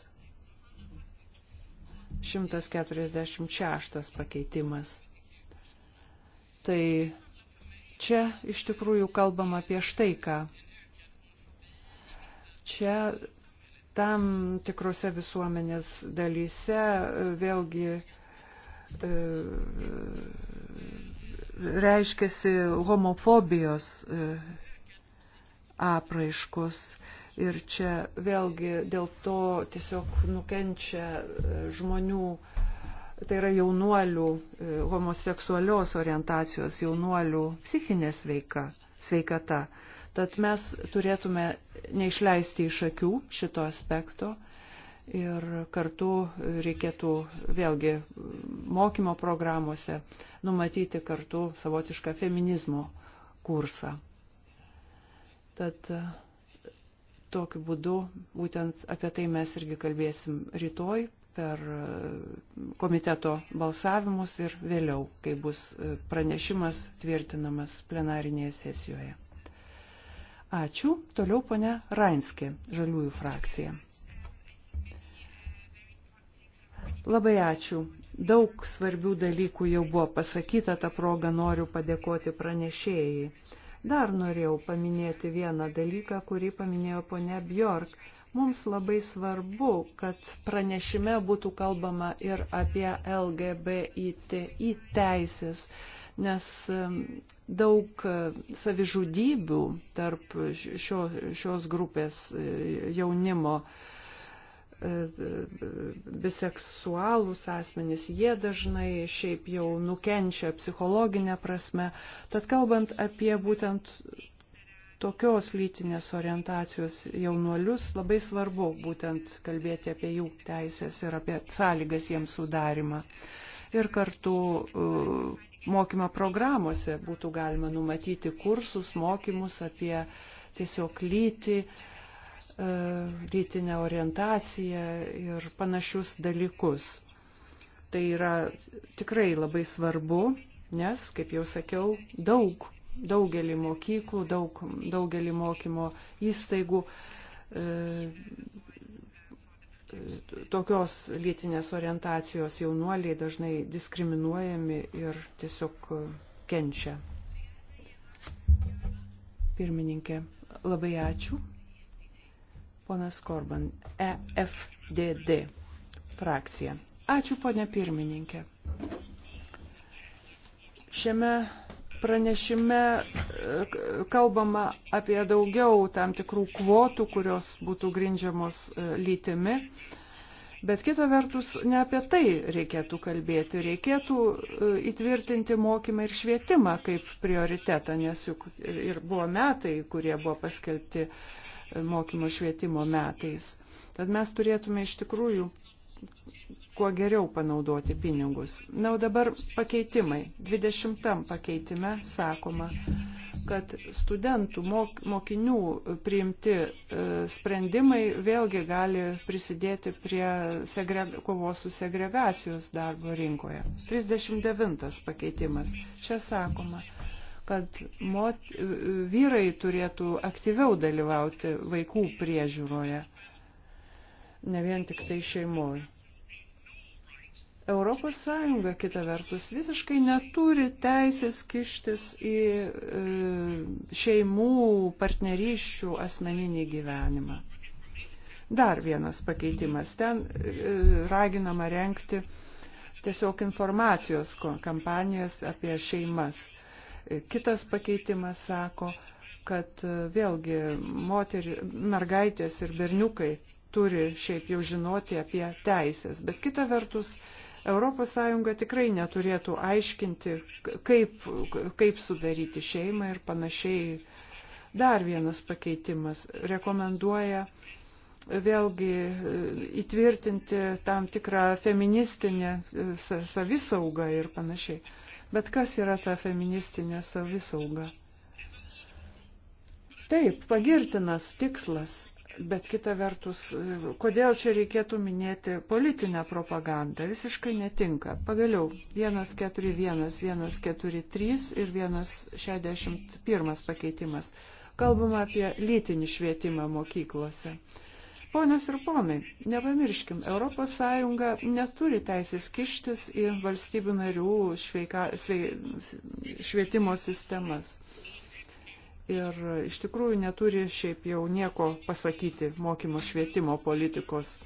146 pakeitimas. Tai čia iš tikrųjų kalbam apie štai ką Čia tam tikrose visuomenės dalyse e, vėlgi e, reiškiasi homofobijos e, apraiškus. Ir čia vėlgi dėl to tiesiog nukenčia žmonių, tai yra jaunuolių, homoseksualios orientacijos jaunuolių psichinė sveika, sveikata. Tad mes turėtume neišleisti iš akių šito aspekto ir kartu reikėtų vėlgi mokymo programuose numatyti kartu savotišką feminizmo kursą. Tad e, tokiu būdu būtent apie tai mes irgi kalbėsim rytoj per e, komiteto balsavimus ir vėliau, kai bus e, pranešimas tvirtinamas plenarinėje sesijoje. Ačiū. Toliau ponia Rainskė, žaliųjų frakcija. Labai ačiū. Daug svarbių dalykų jau buvo pasakyta, tą progą noriu padėkoti pranešėjai. Dar norėjau paminėti vieną dalyką, kurį paminėjo ponia Bjork. Mums labai svarbu, kad pranešime būtų kalbama ir apie LGBTI teisės, nes daug e, savižudybių tarp šio, šios grupės e, jaunimo e, biseksualūs asmenys, jie dažnai šiaip jau nukenčia psichologinę prasme. Tad kalbant apie būtent tokios lytinės orientacijos jaunuolius, labai svarbu būtent kalbėti apie jų teisės ir apie sąlygas jiems sudarimą. Ir kartu mokymo programuose būtų galima numatyti kursus, mokymus apie tiesiog lytį, e, lytinę orientaciją ir panašius dalykus. Tai yra tikrai labai svarbu, nes, kaip jau sakiau, daug, daugelį mokyklų, daug, daugelį mokymo įstaigų e, tokios lytinės orientacijos jaunuoliai dažnai diskriminuojami ir tiesiog e, kenčia. Pirmininkė, labai ačiū. Ponas Korban, EFDD frakcija. Ačiū, ponė pirmininkė. Šiame pranešime e, kalbama apie daugiau tam tikrų kvotų, kurios būtų grindžiamos e, lytimi. Bet kita vertus, ne apie tai reikėtų kalbėti, reikėtų e, įtvirtinti mokymą ir švietimą kaip prioritetą, nes juk ir buvo metai, kurie buvo paskelbti mokymo švietimo metais. Tad mes turėtume iš tikrųjų kuo geriau panaudoti pinigus. Na, o dabar pakeitimai. 20 pakeitime sakoma, kad studentų, mok, mokinių priimti e, sprendimai vėlgi gali prisidėti prie segre, kovos su segregacijos darbo rinkoje. 39 pakeitimas. Čia sakoma kad mot, vyrai turėtų aktyviau dalyvauti vaikų priežiūroje ne vien tik tai šeimoje. Europos Sąjunga, kita vertus, visiškai neturi teisės kištis į e, šeimų, partnerysčių asmeninį gyvenimą. Dar vienas pakeitimas. Ten e, raginama renkti tiesiog informacijos kampanijas apie šeimas. E, kitas pakeitimas sako, kad e, vėlgi moterį, mergaitės ir berniukai turi šiaip jau žinoti apie teisės. Bet kita vertus, ES tikrai neturėtų aiškinti, kaip, kaip sudaryti šeimą ir panašiai. Dar vienas pakeitimas rekomenduoja vėlgi e, įtvirtinti tam tikrą feministinę e, savisaugą ir panašiai. Bet kas yra ta feministinė savisauga? Taip, pagirtinas tikslas, Bet kita vertus, kodėl čia reikėtų minėti politinę propagandą? Visiškai netinka. Pagaliau, 141, 143 ir 161 pakeitimas. Kalbama apie lytinį švietimą mokyklose. Ponios ir ponai, nepamirškim, ES neturi teisės kištis į valstybių narių šveika, sve, švietimo sistemas ir iš tikrųjų neturi šiaip jau nieko pasakyti mokymo švietimo politikos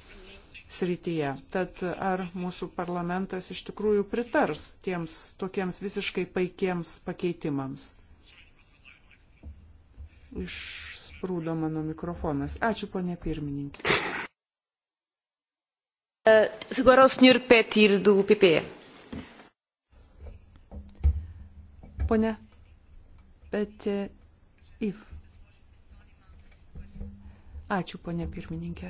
srityje. Tad ar mūsų parlamentas iš tikrųjų pritars tiems tokiems visiškai paikiems pakeitimams? Išsprūdo mano mikrofonas. Ačiū, ponė pirmininkė. Agora e, o Sr. Petir do PPE. Ponha Petir Yv. Ačiū, ponė pirmininkė.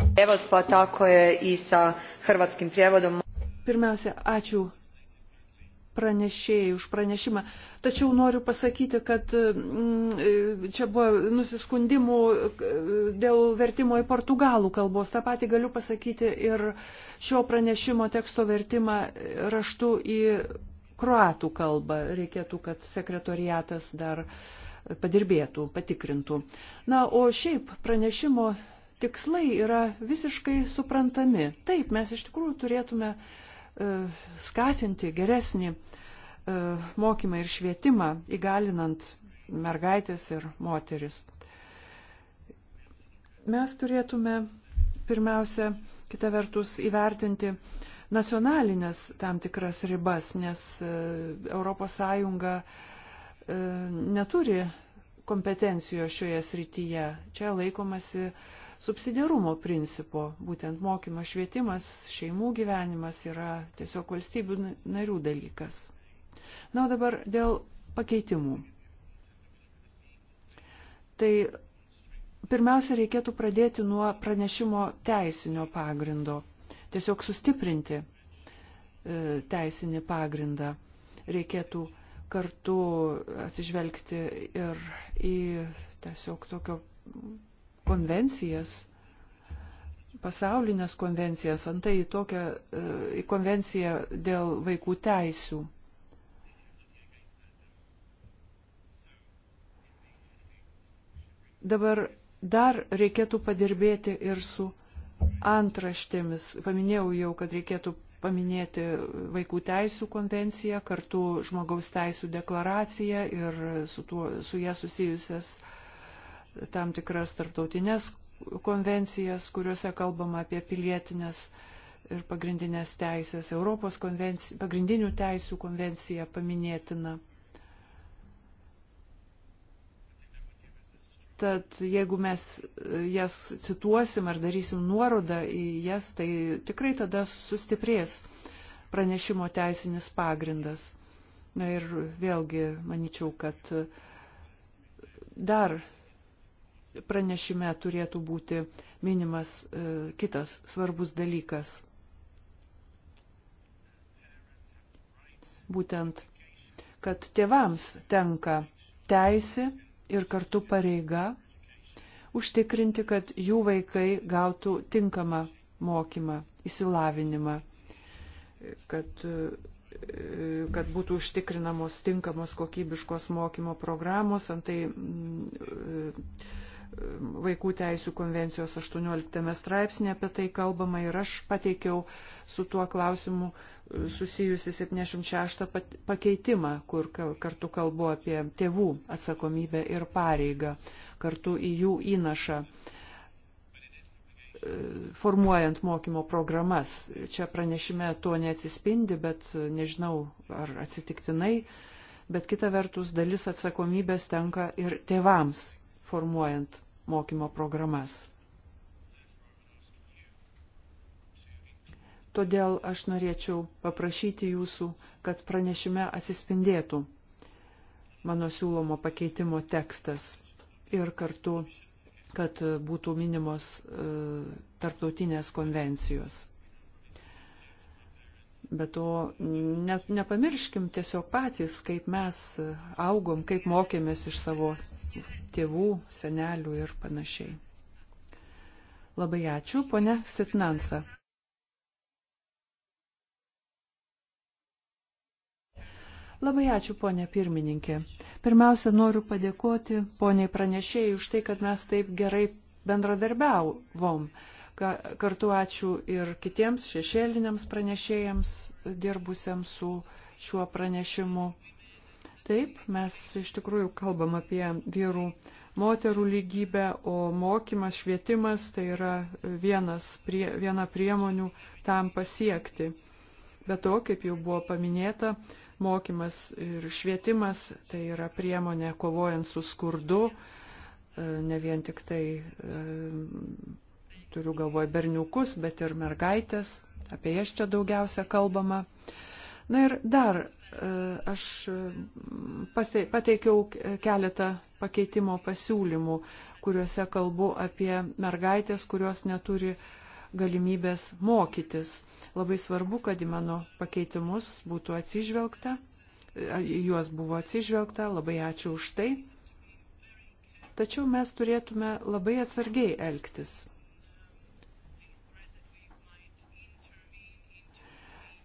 Prijevod pa tako je i sa hrvatskim prijevodom. Pirmiausia, ačiū pranešėjai už pranešimą. Tačiau noriu pasakyti, kad mm, e, čia buvo nusiskundimų e, dėl vertimo į portugalų kalbos. Ta pati galiu pasakyti ir šio pranešimo teksto vertimą raštu į kroatų kalbą. Reikėtų, kad sekretoriatas dar uh, padirbėtų, patikrintų. Na, o šiaip pranešimo tikslai yra visiškai suprantami. Taip, mes iš tikrųjų turėtume e, skatinti geresnį e, mokymą ir švietimą, įgalinant mergaitės ir moteris. Mes turėtume pirmiausia, kita vertus, įvertinti nacionalinės tam tikras ribas, nes ES E, neturi kompetencijos šioje srityje. Čia laikomasi subsidiarumo principo. Būtent mokymas, švietimas, šeimų gyvenimas yra tiesiog valstybių narių dalykas. Na, o dabar dėl pakeitimų. Tai pirmiausia, reikėtų pradėti nuo pranešimo teisinio pagrindo. Tiesiog sustiprinti e, teisinį pagrindą. Reikėtų kartu atsižvelgti ir į tiesiog tokio konvencijas, pasaulinės konvencijas, antai į tokią į konvenciją dėl vaikų teisių. Dabar dar reikėtų padirbėti ir su antraštėmis. Paminėjau jau, kad reikėtų paminėti Vaikų teisų konvenciją, kartu žmogaus teisų deklaraciją ir su, tuo, su jie susijusias tam tikras tarptautinės konvencijas, kuriuose kalbama apie pilietinės ir pagrindinės teisės. Europos pagrindinių teisų konvencija paminėtina. Tad jeigu mes e, jas cituosim ar darysim nuorodą į jas, tai tikrai tada sustiprės pranešimo teisinis pagrindas. Na ir vėlgi, manyčiau, kad e, dar pranešime turėtų būti minimas e, kitas svarbus dalykas. Būtent, kad tėvams tenka teisė ir kartu pareiga užtikrinti, kad jų vaikai gautų tinkamą mokymą, įsilavinimą, kad, kad būtų užtikrinamos tinkamos kokybiškos mokymo programos, antai Vaikų teisų konvencijos 18 straipsnė apie tai kalbama ir aš pateikiau su tuo klausimu e, susijusi 76 pakeitimą, kur kartu kalbu apie tėvų atsakomybę ir pareigą, kartu į jų įnašą e, formuojant mokymo programas. Čia pranešime to neatsispindi, bet nežinau, ar atsitiktinai, bet kita vertus dalis atsakomybės tenka ir tėvams formuojant mokymo programas. Todėl aš norėčiau paprašyti jūsų, kad pranešime atsispindėtų mano siūlomo pakeitimo tekstas ir kartu, kad būtų minimos e, tarptautinės konvencijos. Bet to net nepamirškim tiesiog patys, kaip mes augom, kaip mokėmės iš savo tėvų, senelių ir panašiai. Labai ačiū, ponia Sitnansa. Labai ačiū, ponė pirmininkė. Pirmiausia, noriu padėkoti poniai pranešėjai už tai, kad mes taip gerai bendradarbiavom. Kartu ačiū ir kitiems šešėliniams pranešėjams dirbusiems su šiuo pranešimu. Taip, mes iš tikrųjų kalbam apie vyrų moterų lygybę, o mokymas, švietimas tai yra vienas, prie, viena priemonių tam pasiekti. Bet to, kaip jau buvo paminėta, mokymas ir švietimas tai yra priemonė kovojant su skurdu, e, ne vien tik tai e, turiu galvoje berniukus, bet ir mergaitės, apie jas čia daugiausia kalbama. Na ir dar e, aš pateikiau keletą pakeitimo pasiūlymų, kuriuose kalbu apie mergaitės, kurios neturi galimybės mokytis. Labai svarbu, kad į mano pakeitimus būtų atsižvelgta, juos buvo atsižvelgta, labai ačiū už tai. Tačiau mes turėtume labai atsargiai elgtis.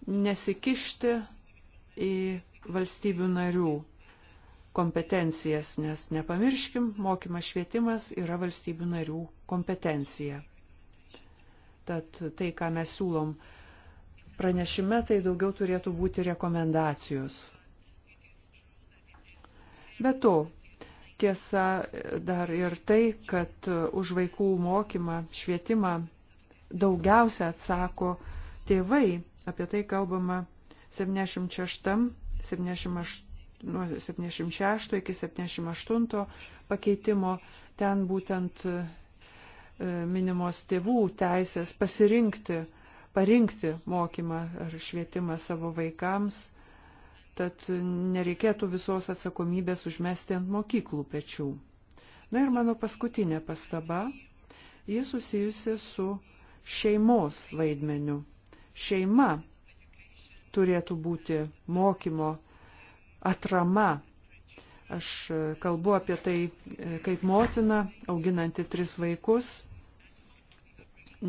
nesikišti į valstybių narių kompetencijas, nes nepamirškim, mokymas švietimas yra valstybių narių kompetencija. Tad tai, ką mes siūlom pranešime, tai daugiau turėtų būti rekomendacijos. Be to, tiesa dar ir tai, kad už vaikų mokymą, švietimą daugiausia atsako tėvai Apie tai kalbama 76, 78 nuo 76 iki 78 pakeitimo, ten būtent e, minimos tėvų teisės pasirinkti, parinkti mokymą ar švietimą savo vaikams, tad nereikėtų visos atsakomybės užmesti ant mokyklų pečių. Na ir mano paskutinė pastaba, jis susijusi su šeimos vaidmeniu. Šeima turėtų būti mokymo atrama. Aš kalbu apie tai kaip motina, auginanti tris vaikus,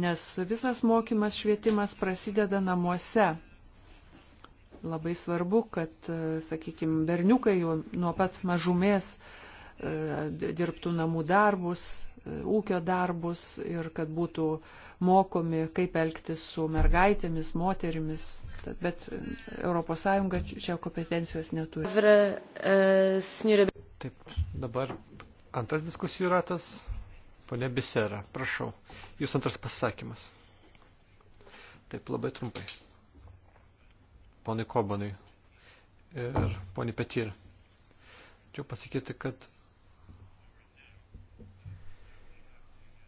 nes visas mokymas, švietimas prasideda namuose. Labai svarbu, kad, sakykime, berniukai nuo pat mažumės e, dirbtų namų darbus, ūkio darbus ir kad būtų mokomi, kaip elgtis su mergaitėmis, moterimis, bet ES čia kompetencijos neturi. E, Taip, dabar antras diskusijų ratas, ponė Bisera, prašau, jūs antras pasakymas. Taip, labai trumpai. Ponai Kobanui ir ponai Petir. Čia pasakyti, kad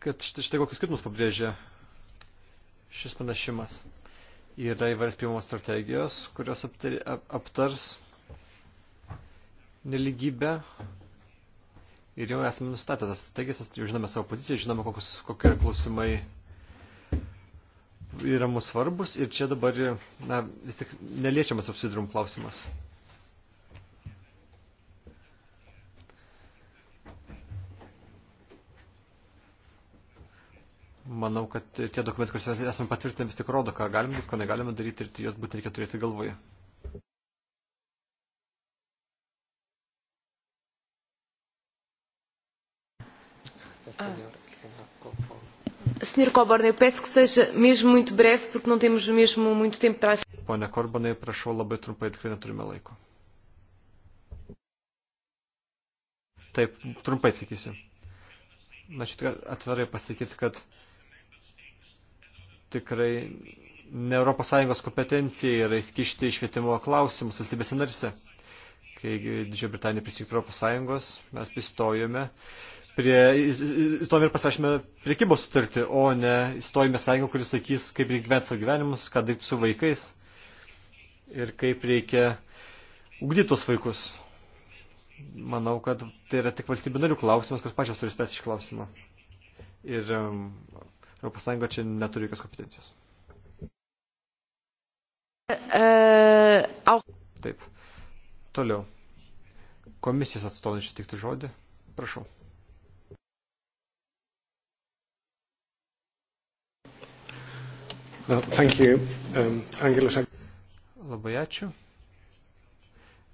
kad štai, štai kokius skirtumus pabrėžia šis panašimas. Yra įvairias pirmo strategijos, kurios aptari, ap, aptars neligybę ir jau esame nustatę tas strategijas, jau žinome savo poziciją, žinome, kokius, kokie klausimai yra mūsų svarbus ir čia dabar na, vis tik neliečiamas apsidrum klausimas. manau, kad tie dokumentai, kuriuos esame patvirtinę, vis tik rodo, ką galime daryti, ko negalime daryti ir juos būtent reikia turėti galvoje. Ah. Sr. Coburn, eu peço que seja mesmo muito breve, porque não temos mesmo muito tempo para... Pone Corbane, prašau labai trumpai, tikrai neturime laiko. Taip, trumpai sakysiu. Na, šitą atvirai pasakyti, kad tikrai ne ES kompetencija yra įskišti švietimo klausimus valstybėse narise. Kai Didžioji Britanija prisijungė prie ES, mes pristojome prie, įstojome ir pasirašėme priekybos sutartį, o ne įstojome sąjungą, kuris sakys, kaip reikia gyventi savo gyvenimus, ką daryti su vaikais ir kaip reikia ugdyti tuos vaikus. Manau, kad tai yra tik valstybių narių klausimas, kuris pačios turi spręsti šį klausimą. Ir um, Europos Sąjunga čia neturi jokios kompetencijos. E, e, Taip. Toliau. Komisijos atstovai ištikti žodį. Prašau. No, thank you. Um, Angelos. Labai ačiū.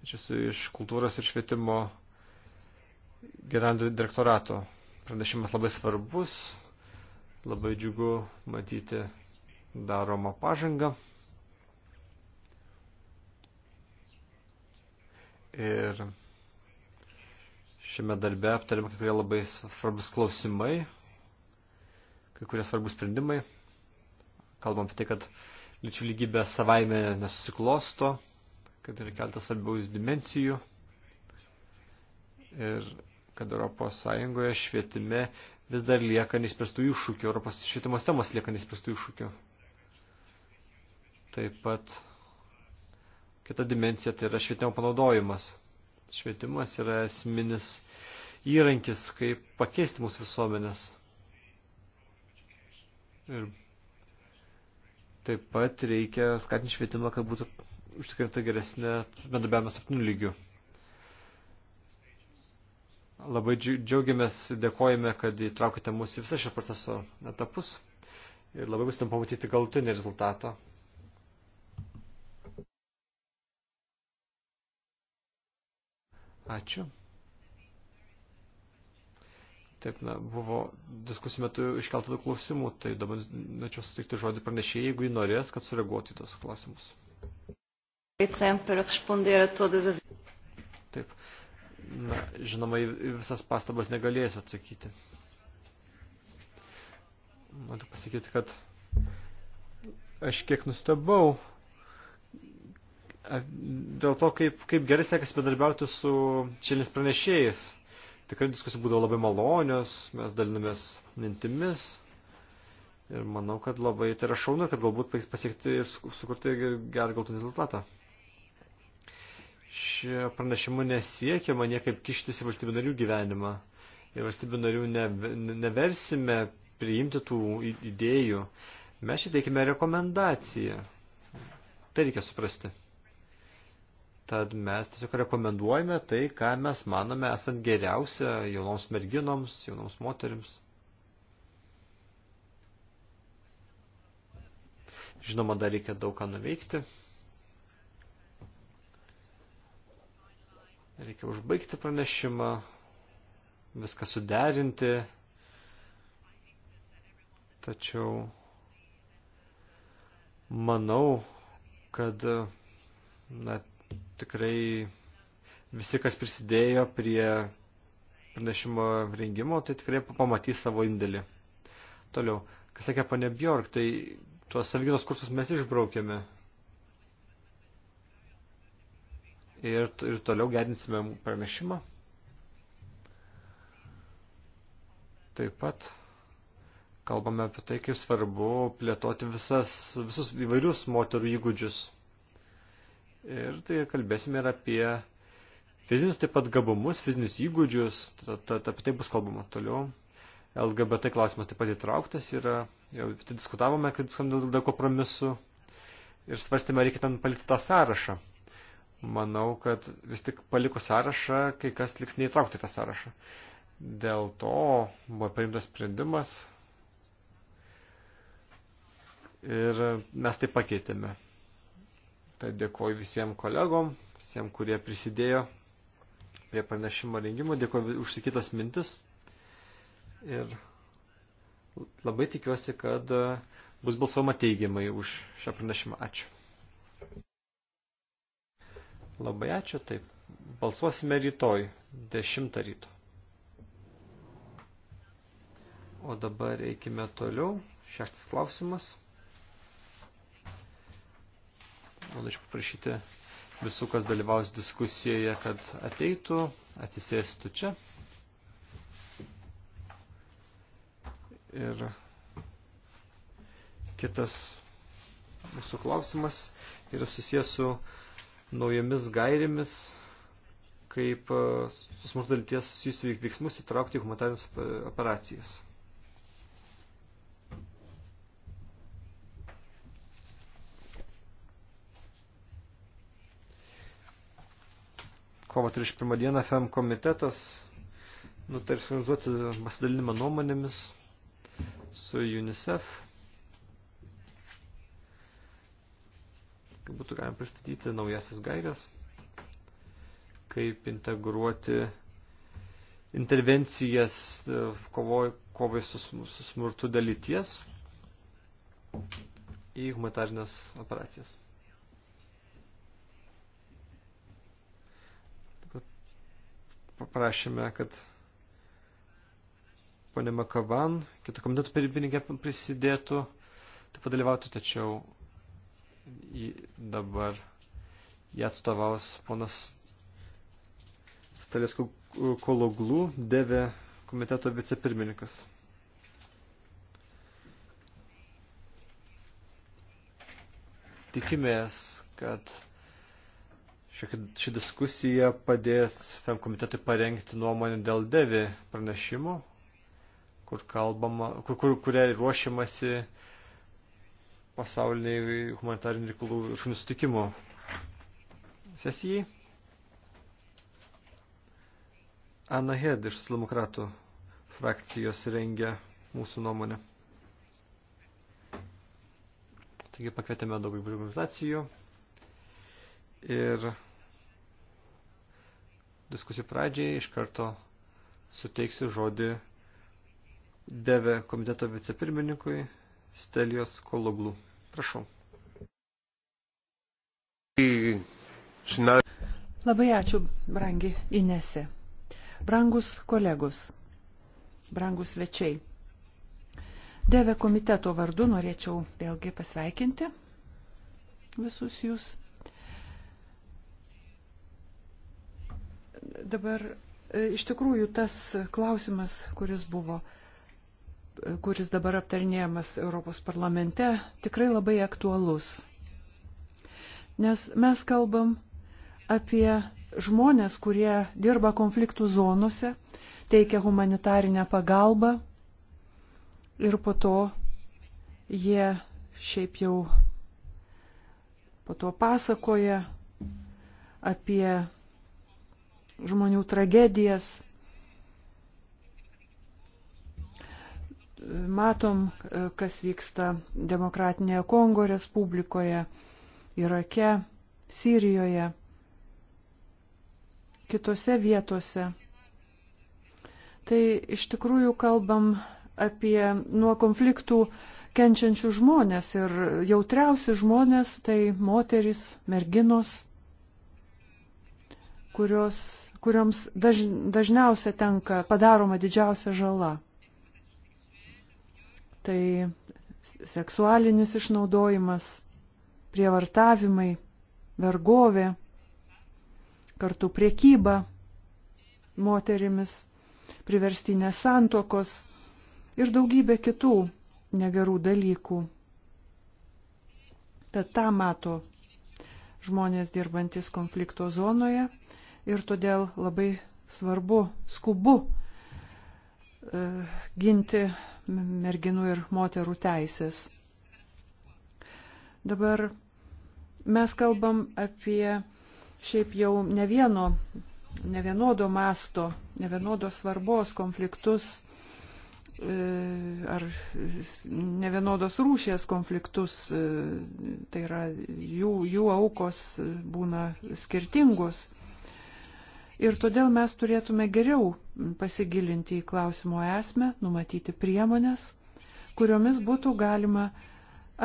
Aš esu iš kultūros ir švietimo generalinio direktorato. Pranešimas labai svarbus, Labai džiugu matyti daromą pažangą. Ir šiame darbe aptarėm kai kurie labai svarbus klausimai, kai kurie svarbus sprendimai. Kalbam apie tai, kad lyčių lygybė savaime nesusiklosto, kad yra keltas svarbių dimensijų ir kad Europos Sąjungoje švietime vis dar lieka neįspręstų iššūkių, Europos švietimo sistemos lieka neįspręstų iššūkių. Taip pat kita dimencija tai yra švietimo panaudojimas. Švietimas yra esminis įrankis, kaip pakeisti mūsų visuomenės. Ir taip pat reikia skatinti švietimą, kad būtų užtikrinta geresnė bendrabiavimas tarptinių lygių. Labai džiaugiamės, dėkojame, kad įtraukite mūsų į visą šio proceso etapus ir labai bus tam pamatyti galutinį rezultatą. Ačiū. Taip, na, buvo diskusijų metu iškeltų daug klausimų, tai dabar norėčiau sutikti žodį pranešėjai, jeigu jį norės, kad sureaguotų į tos klausimus. Taip. Na, žinoma, visas pastabas negalėsiu atsakyti. Noriu pasakyti, kad aš kiek nustebau dėl to, kaip, kaip gerai sekasi bedarbiauti su šiandienis pranešėjais. Tikrai diskusijos būdavo labai malonios, mes dalinamės mintimis. Ir manau, kad labai tai yra šaunu, kad galbūt pasiekti ir sukurti gerą galtinį rezultatą šio pranašimu nesiekiama niekaip kištis į valstybių narių gyvenimą. Ir valstybių narių ne, neversime priimti tų idėjų. Mes čia teikime rekomendaciją. Tai reikia suprasti. Tad mes tiesiog rekomenduojame tai, ką mes manome esant geriausia jaunoms merginoms, jaunoms moterims. Žinoma, dar reikia daug ką nuveikti. Reikia užbaigti pranešimą, viską suderinti. Tačiau manau, kad na, tikrai visi, kas prisidėjo prie pranešimo rengimo, tai tikrai pamatys savo indėlį. Toliau, kas sakė ponė Bjork, tai tuos savyginos kursus mes išbraukėme. ir, ir toliau gedinsime pranešimą. Taip pat kalbame apie tai, kaip svarbu plėtoti visas, visus įvairius moterų įgūdžius. Ir tai kalbėsime ir apie fizinius taip pat gabumus, fizinius įgūdžius, apie tai bus kalbama toliau. LGBT klausimas taip pat įtrauktas yra, jau tai diskutavome, kad diskutavome dėl kompromisų ir svarstėme, reikia ten palikti tą sąrašą manau, kad vis tik palikus sąrašą, kai kas liks neįtraukti tą sąrašą. Dėl to buvo priimtas sprendimas ir mes tai pakeitėme. Tai dėkoju visiems kolegom, visiems, kurie prisidėjo prie pranešimo rengimo, dėkoju užsikytas mintis ir labai tikiuosi, kad bus balsuoma teigiamai už šią pranešimą. Ačiū. Labai ačiū, taip. Balsuosime rytoj, 10 ryto. O dabar eikime toliau. Šeštas klausimas. Manau, aš paprašyti visų, kas dalyvaus diskusijoje, kad ateitų, atsisėstų čia. Ir kitas mūsų klausimas yra susijęs su naujomis gairėmis, kaip e, su smurto lyties susijusių veiksmus įtraukti į humanitarinius e, operacijas. Kovo 31 dieną FM komitetas nutarė organizuoti pasidalinimą nuomonėmis su UNICEF kaip būtų galima pristatyti naujasis gairias, kaip integruoti intervencijas e, kovoj, kovai su, su smurtu dėl lyties į humanitarinės operacijas. Paprašėme, kad ponė Makavan, kito komiteto pirmininkė prisidėtų, taip padalyvautų, tačiau dabar jie atstovaus ponas Stalės Kologlų, devė komiteto vicepirmininkas. Tikimės, kad ši diskusija padės FEM komitetui parengti nuomonę dėl devi pranešimo, kur, kalbama, kur, kur, kuria ruošiamasi uh, pasauliniai humanitarinių reikalų viršūnių sutikimo sesijai. Anna Hed iš Slumokratų frakcijos rengia mūsų nuomonę. Taigi pakvietėme daug įvairių organizacijų ir diskusijų pradžiai iš karto suteiksiu žodį Deve komiteto vicepirmininkui Stelios Kologlu. Prašau. Labai ačiū, brangi Inese. Brangus kolegos, brangus svečiai. Deve komiteto vardu norėčiau vėlgi pasveikinti visus jūs. Dabar e, iš tikrųjų tas klausimas, kuris buvo kuris dabar aptarnėjamas Europos parlamente, tikrai labai aktualus. Nes mes kalbam apie žmonės, kurie dirba konfliktų zonose, teikia humanitarinę pagalbą ir po to jie šiaip jau po to pasakoja apie žmonių tragedijas, matom, e, kas vyksta Demokratinėje Kongo Respublikoje, Irake, Sirijoje, kitose vietose. Tai iš tikrųjų kalbam apie nuo konfliktų kenčiančių žmonės ir jautriausi žmonės tai moteris, merginos, kurios, kurioms daž, dažniausia tenka padaroma didžiausia žala tai seksualinis išnaudojimas, prievartavimai, vergovė, kartu priekyba moterimis, priverstinės santokos ir daugybė kitų negerų dalykų. Tad tą mato žmonės dirbantis konflikto zonoje ir todėl labai svarbu, skubu e, ginti merginų ir moterų teisės. Dabar mes kalbam apie šiaip jau ne vieno, ne vienodo masto, ne vienodos svarbos konfliktus e, ar nevienodos rūšės konfliktus, e, tai yra jų, jų aukos būna skirtingos. Ir todėl mes turėtume geriau pasigilinti į klausimo esmę, numatyti priemonės, kuriomis būtų galima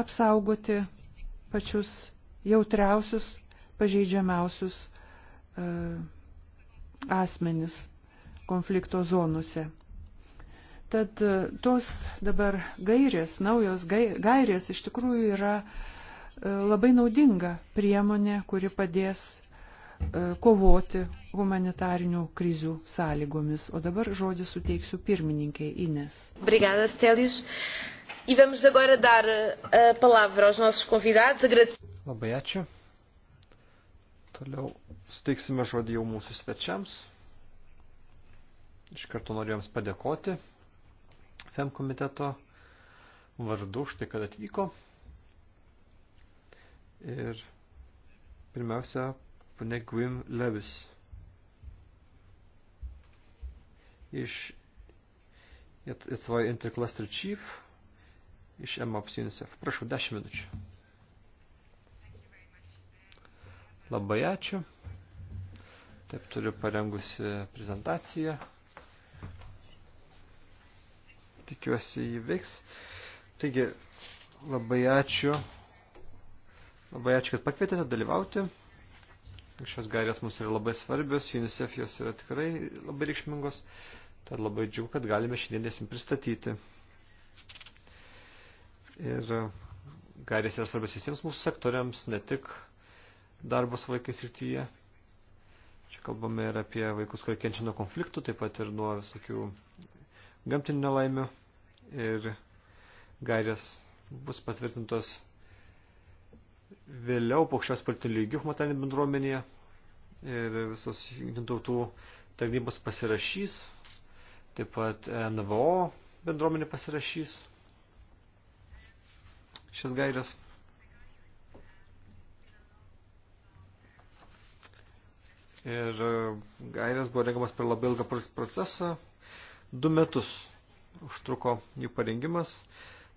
apsaugoti pačius jautriausius, pažeidžiamiausius e, asmenis konflikto zonuose. Tad e, tos dabar gairės, naujos gairės iš tikrųjų yra e, labai naudinga priemonė, kuri padės E, kovoti humanitarinių krizių sąlygomis. O dabar žodį suteiksiu pirmininkė Ines. Obrigada, Stelis. E vamos agora dar a e, palavra aos nossos convidados. Agradec... Labai ačiū. Toliau suteiksime žodį jau mūsų svečiams. Iš karto noriu Jums padėkoti FEM komiteto vardu už tai, kad atvyko. Ir pirmiausia, pane Gwim Levis iš atsvoja Intercluster Chief iš MOPS UNICEF. Prašau, 10 minučių. Labai ačiū. Taip turiu parengusi prezentaciją. Tikiuosi jį veiks. Taigi, labai ačiū. Labai ačiū, kad pakvietėte dalyvauti. Šios gairės mums yra labai svarbios, UNICEF jos yra tikrai labai reikšmingos, tad labai džiugu, kad galime šiandien jas pristatyti. Ir e, gairės yra svarbios visiems mūsų sektoriams, ne tik darbos vaikais rytyje. Čia kalbame ir apie vaikus, kurie kenčia nuo konfliktų, taip pat ir nuo visokių gamtinių nelaimių. Ir gairės bus patvirtintos vėliau paukščios politinių lygių humanitarinė bendruomenėje ir visos jungtinių tautų tarnybos pasirašys, taip pat NVO bendruomenė pasirašys šias gairias. Ir gairės buvo rengiamas per labai ilgą procesą. Du metus užtruko jų parengimas.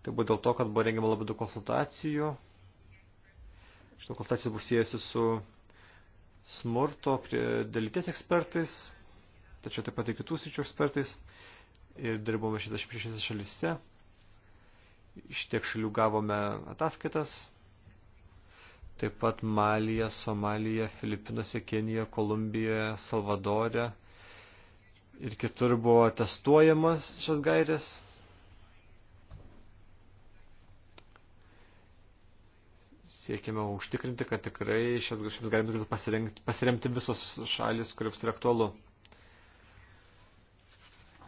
Tai buvo dėl to, kad buvo rengiama labai daug konsultacijų Šitą konsultaciją bus siejasi su smurto dalyties ekspertais, tačiau taip pat ir kitų sričių ekspertais. Ir dirbome 66 šalyse. Iš tiek šalių gavome ataskaitas. Taip pat Malija, Somalija, Filipinose, Kenija, Kolumbijoje, Salvadorė. Ir kitur buvo testuojamas šias gairės. siekime užtikrinti, kad tikrai šias grąžymis galime pasiremti visos šalis, kuriams yra aktualu.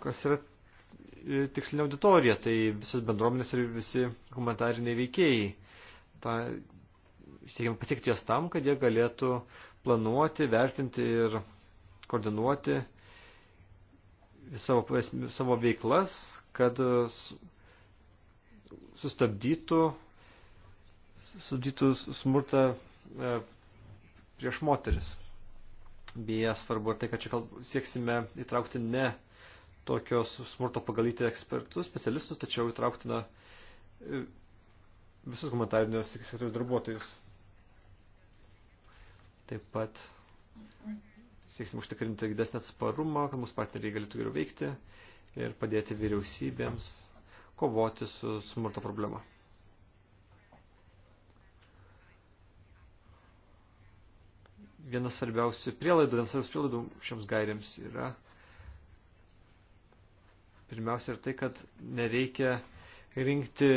Kas yra e, tikslinė auditorija, tai visos bendruomenės ir visi humanitariniai veikėjai. Ta, siekime pasiekti jos tam, kad jie galėtų planuoti, vertinti ir koordinuoti savo, savo veiklas, kad sustabdytų subdytų smurtą e, prieš moteris. Beje, svarbu ir tai, kad čia kalb, sieksime įtraukti ne tokios smurto pagalyti ekspertus, specialistus, tačiau įtraukti na, e, visus humanitarinės sekretorius darbuotojus. Taip pat sieksime užtikrinti didesnį atsparumą, kad mūsų partneriai galėtų geriau veikti ir padėti vyriausybėms kovoti su smurto problema. vienas svarbiausių prielaidų, vienas svarbiausių prielaidų šiems gairėms yra pirmiausia ir tai, kad nereikia rinkti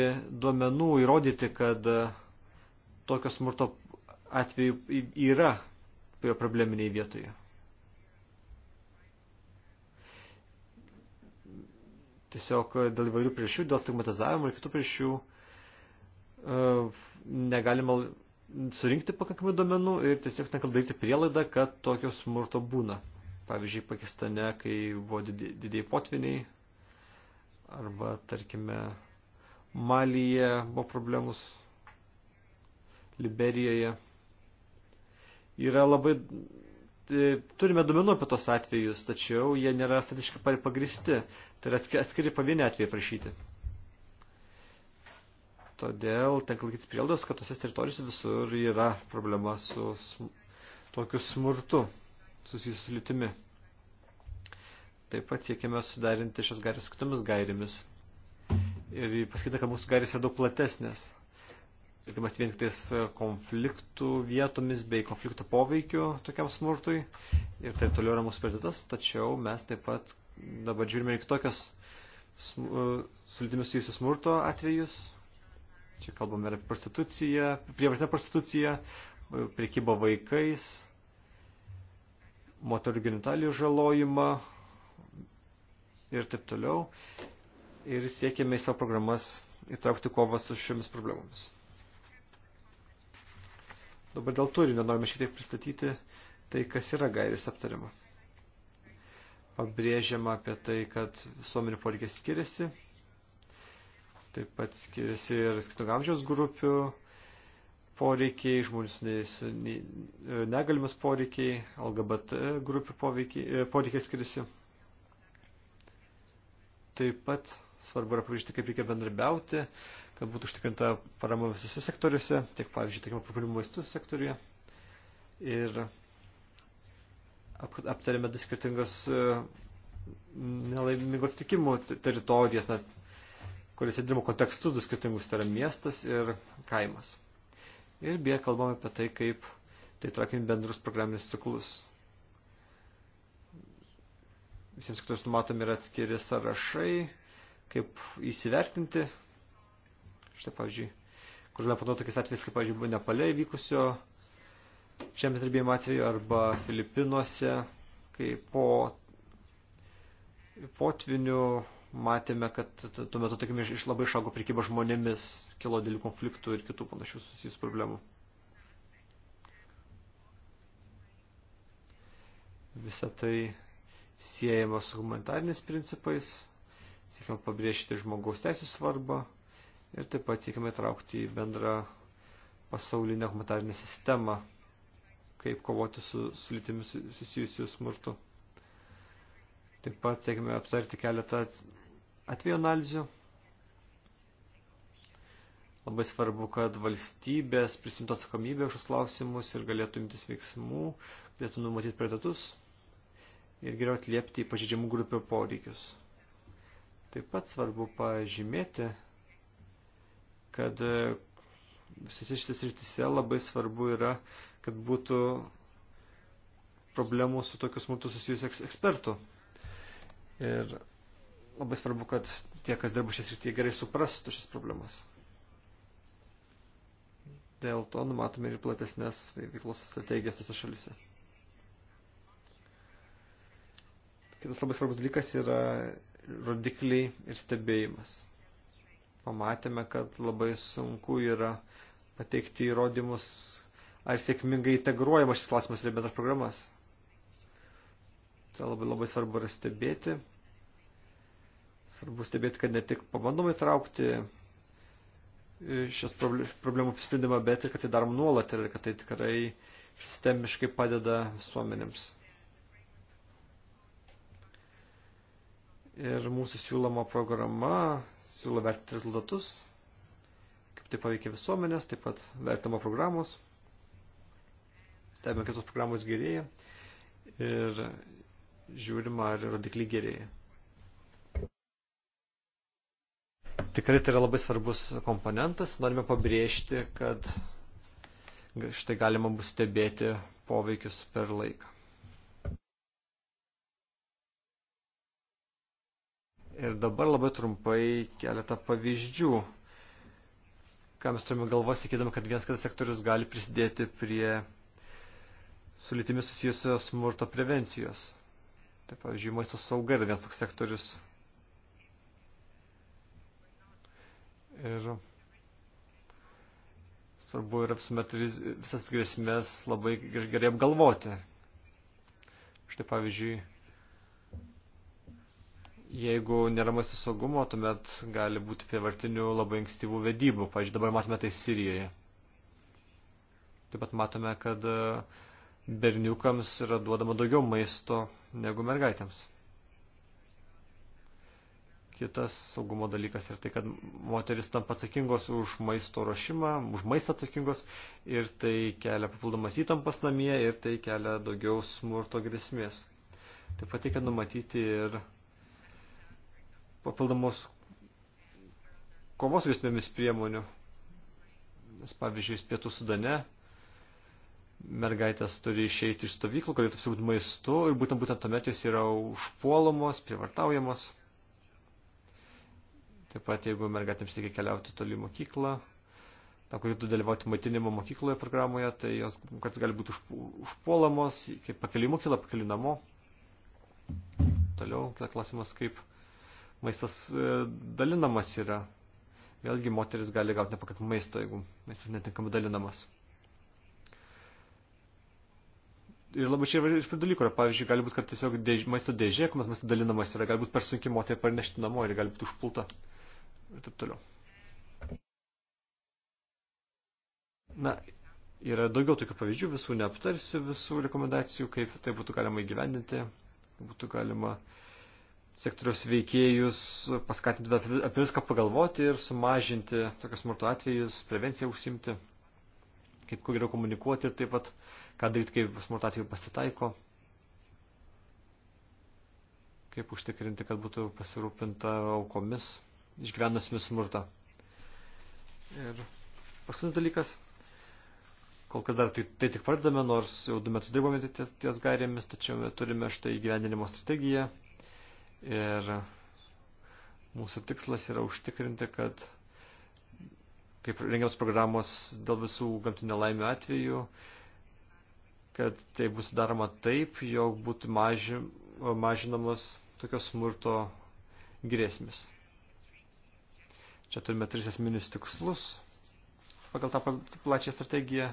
duomenų, įrodyti, kad tokio smurto atveju yra probleminiai vietoje. Tiesiog dėl įvairių priešių, dėl stigmatizavimo ir kitų priešių e, negalima surinkti pakankamai duomenų ir tiesiog tenka daryti prielaidą, kad tokio smurto būna. Pavyzdžiui, Pakistane, kai buvo didėjai potviniai, arba, tarkime, Malyje buvo problemus, Liberijoje. Yra labai e, turime duomenų apie tos atvejus, tačiau jie nėra statiškai pagristi. Tai yra atskiri pavieni atvejai prašyti. Todėl tenka laikytis prieldos, kad tose teritorijose visur yra problema su sm tokiu smurtu susijusiu su lytimi. Taip pat siekime sudarinti šias gairės kitomis gairėmis. Ir pasakyta, kad mūsų gairės yra daug platesnės. Likimas vien tik konfliktų vietomis bei konfliktų poveikiu tokiam smurtui. Ir tai toliau yra mūsų prioritetas, tačiau mes taip pat dabar žiūrime į tokios su lytimis susijusių smurto atvejus, Čia kalbame ir apie prostituciją, prievartinę prostituciją, priekybą vaikais, moterų genitalijų žalojimą ir taip toliau. Ir siekėme į savo programas įtraukti kovą su šiomis problemomis. Dabar dėl turinio norime šiek tiek pristatyti tai, kas yra gairės aptariama. Pabrėžiama apie tai, kad visuomenių poreikės skiriasi Taip pat skiriasi ir skirtingų amžiaus grupių poreikiai, žmonių su e, negalimus poreikiai, LGBT grupių poveikiai, e, poreikiai skiriasi. Taip pat svarbu yra pavyzdžiui, kaip reikia bendrabiauti, kad būtų užtikrinta parama visose sektoriuose, tiek pavyzdžiui, tiek aprūpinimo vaistų sektoriuje. Ir aptarėme skirtingas e, nelaimingos tikimų teritorijas, net kuriuose dirbo kontekstus du skirtingus, tai yra miestas ir kaimas. Ir beje, kalbame apie tai, kaip tai traukime bendrus programinius ciklus. Visiems, kuriuos numatome, yra atskiri sąrašai, kaip įsivertinti. Štai, pavyzdžiui, kur galime panaudoti tokiais atvejais, kaip, pavyzdžiui, buvo Nepale įvykusio žemės drebėjimo atveju arba Filipinuose, kai po potvinių matėme, kad tuo metu, tarkim, iš labai išaugo prekyba žmonėmis, kilo dėl konfliktų ir kitų panašių susijusių problemų. Visą tai siejama su humanitariniais principais, siekiama pabrėžti žmogaus teisų svarbą ir taip pat siekiama įtraukti į bendrą pasaulinę humanitarinę sistemą, kaip kovoti su, su lytimis susijusiu smurtu. Taip pat siekime aptarti keletą atveju analizių. Labai svarbu, kad valstybės prisimtų atsakomybę už klausimus ir galėtų imtis veiksmų, galėtų numatyti prioritetus ir geriau atliepti į pažydžiamų grupių poreikius. Taip pat svarbu pažymėti, kad visose šitas rytise labai svarbu yra, kad būtų problemų su tokiu smurtu susijusiu ekspertų. Ir labai svarbu, kad tie, kas dirba šias rytyje, gerai suprastų šias problemas. Dėl to numatome ir platesnės veiklos strategijas tose šalise. Kitas labai svarbus dalykas yra rodikliai ir stebėjimas. Pamatėme, kad labai sunku yra pateikti įrodymus, ar sėkmingai integruojama šis klausimas į bendras programas. Tai labai labai svarbu yra stebėti Svarbu stebėti, kad ne tik pabandoma įtraukti e, šias problemų sprendimą, bet ir kad tai darom nuolat ir kad tai tikrai sistemiškai padeda visuomenėms. Ir mūsų siūloma programa siūlo vertinti rezultatus, kaip tai paveikia visuomenės, taip pat vertimo programos. Stebime, kaip tos programos gerėja ir žiūrima, ar rodikliai gerėja. Tikrai tai yra labai svarbus komponentas. Norime pabrėžti, kad štai galima bus stebėti poveikius per laiką. Ir dabar labai trumpai keletą pavyzdžių, ką mes turime galvos, sakydami, kad vienas kitas sektorius gali prisidėti prie su lytimi susijusios smurto prevencijos. Tai pavyzdžiui, maisto sauga yra vienas toks sektorius, Ir svarbu ir apsumet visas grėsmės labai gerai apgalvoti. Štai pavyzdžiui, jeigu neramasis saugumo, tuomet gali būti prievartinių labai ankstyvų vedybų. Pavyzdžiui, dabar matome tai Sirijoje. Taip pat matome, kad e, berniukams yra duodama daugiau maisto negu mergaitėms. Kitas saugumo dalykas yra tai, kad moteris tampa atsakingos už maisto ruošimą, už maistą atsakingos ir tai kelia papildomas įtampas namie ir tai kelia daugiau smurto grėsmės. Taip pat reikia numatyti ir papildomos kovos grėsmėmis priemonių. Nes pavyzdžiui, pietų sudane mergaitės turi išeiti iš stovyklų, kad jie apsirūpintų maistu ir būtent, būtent tuomet jos yra užpuolamos, prievartaujamos. Taip pat, jeigu mergaitėms reikia keliauti toli mokyklą, tam, kur reikėtų dalyvauti maitinimo mokykloje programoje, tai jos kartais gali būti užpuolamos, kaip pakeliui mokyklą, pakeliui namo. Toliau, kita klausimas, kaip maistas e, dalinamas yra. Vėlgi, moteris gali gauti nepakankamai maisto, jeigu maistas netinkamai dalinamas. Ir labai čia iš tų dalykų yra, pavyzdžiui, gali būti, kad tiesiog dėž, maisto dėžė, kuomet maisto dalinamas yra, galbūt per sunki moterį parnešti namo ir gali būti užpulta ir taip toliau. Na, yra daugiau tokių pavyzdžių, visų neaptarsiu, visų rekomendacijų, kaip tai būtų galima įgyvendinti, būtų galima sektoriaus veikėjus paskatinti, bet apie viską pagalvoti ir sumažinti tokius smurto atvejus, prevenciją užsimti, kaip kuo geriau komunikuoti ir taip pat, ką daryti, kaip smurto atveju pasitaiko, kaip užtikrinti, kad būtų pasirūpinta aukomis išgyvenusimi smurtą. Ir paskutinis dalykas. Kol kas dar tai, tai tik pradedame, nors jau du metus dirbame ties, ties gairėmis, tačiau turime štai gyvendinimo strategiją. Ir mūsų tikslas yra užtikrinti, kad kaip rengiamas programos dėl visų gamtinio laimio atveju, kad tai bus daroma taip, jog būtų maži, mažinamos tokios smurto grėsmės. Čia turime tris esminius tikslus pagal tą plačią strategiją.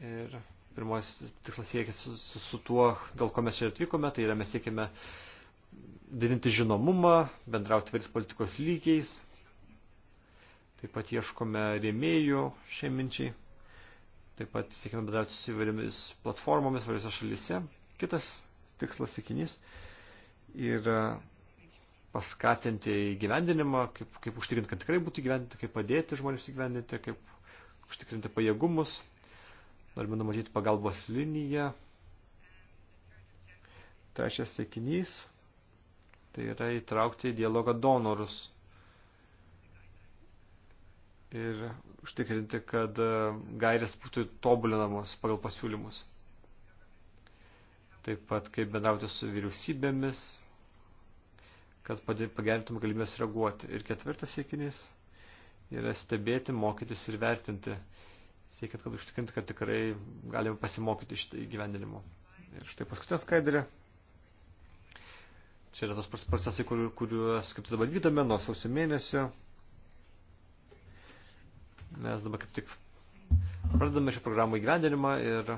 Ir pirmas tikslas siekia su, su, su tuo, dėl ko mes čia atvykome, tai yra mes siekime didinti žinomumą, bendrauti varis politikos lygiais, taip pat ieškome rėmėjų šiai minčiai, taip pat siekime bendrauti su įvairiomis platformomis variose šalyse. Kitas tikslas sėkinys yra paskatinti įgyvendinimą, kaip, kaip užtikrinti, kad tikrai būtų įgyvendinti, kaip padėti žmonėms įgyvendinti, kaip užtikrinti pajėgumus. Norime numažyti pagalbos liniją. Trečias sėkinys - tai yra įtraukti į dialogą donorus. Ir užtikrinti, kad e, gairės būtų tobulinamos pagal pasiūlymus. Taip pat kaip bendrauti su vyriausybėmis, kad pagerintum galimybės reaguoti. Ir ketvirtas siekinys yra stebėti, mokytis ir vertinti, siekiant, kad užtikrinti, kad tikrai galime pasimokyti iš įgyvendinimo. Ir štai paskutinė skaidrė. Čia yra tos procesai, kur, kuriuos kaip dabar vykdome nuo sausio mėnesio. Mes dabar kaip tik pradedame šią programą įgyvendinimą ir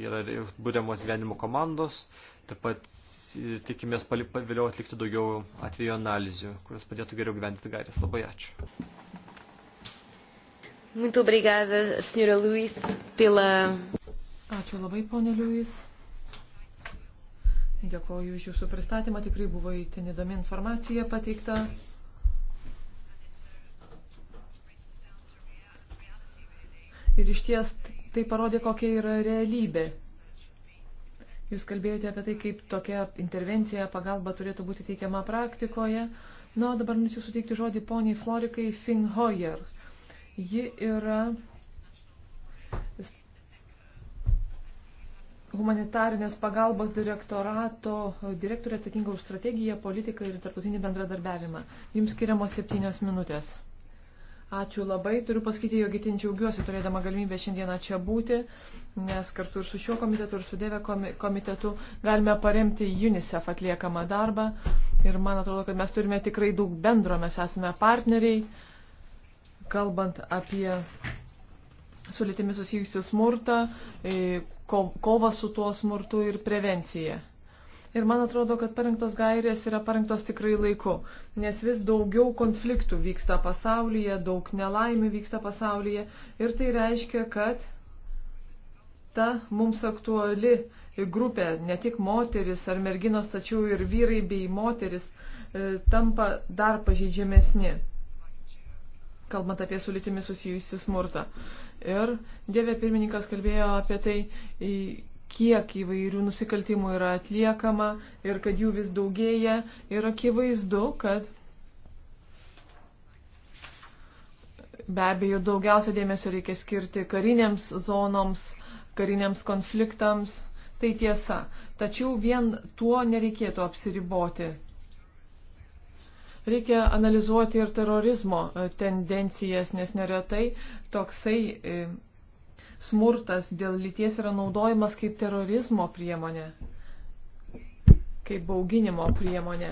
yra būriamos gyvenimo komandos, taip pat tikimės vėliau atlikti daugiau atvejo analizių, kurios padėtų geriau gyventi gairės. Labai ačiū. Muito obrigada, senhora Luís, pela... Ačiū labai, ponė Luís. Dėkoju už jūsų pristatymą, tikrai buvo įtin įdomi informacija pateikta. Ir iš ties tai parodė, kokia yra realybė. Jūs kalbėjote apie tai, kaip tokia intervencija, pagalba turėtų būti teikiama praktikoje. Na, o dabar norėčiau suteikti žodį poniai Florikai Finhoyer. Ji yra humanitarinės pagalbos direktorato direktorė atsakinga už strategiją, politiką ir tarptautinį bendradarbiavimą. Jums skiriamos septynios minutės. Ačiū labai. Turiu pasakyti, jog itin džiaugiuosi turėdama galimybę šiandieną čia būti, nes kartu ir su šiuo komitetu, ir su Dėvė komitetu galime paremti UNICEF atliekamą darbą. Ir man atrodo, kad mes turime tikrai daug bendro, mes esame partneriai, kalbant apie su lytimi susijusi smurtą, e, kovą su tuo smurtu ir prevenciją. Ir man atrodo, kad parinktos gairės yra parinktos tikrai laiku, nes vis daugiau konfliktų vyksta pasaulyje, daug nelaimių vyksta pasaulyje ir tai reiškia, kad ta mums aktuali grupė, ne tik moteris ar merginos, tačiau ir vyrai bei moteris e, tampa dar pažeidžiamesni kalbant apie su lytimi susijusi smurtą. Ir Dieve pirmininkas kalbėjo apie tai kiek įvairių nusikaltimų yra atliekama ir kad jų vis daugėja. Ir akivaizdu, kad be abejo daugiausia dėmesio reikia skirti karinėms zonoms, kariniams konfliktams. Tai tiesa. Tačiau vien tuo nereikėtų apsiriboti. Reikia analizuoti ir terorizmo tendencijas, nes neretai toksai e, smurtas dėl lyties yra naudojamas kaip terorizmo priemonė, kaip bauginimo priemonė.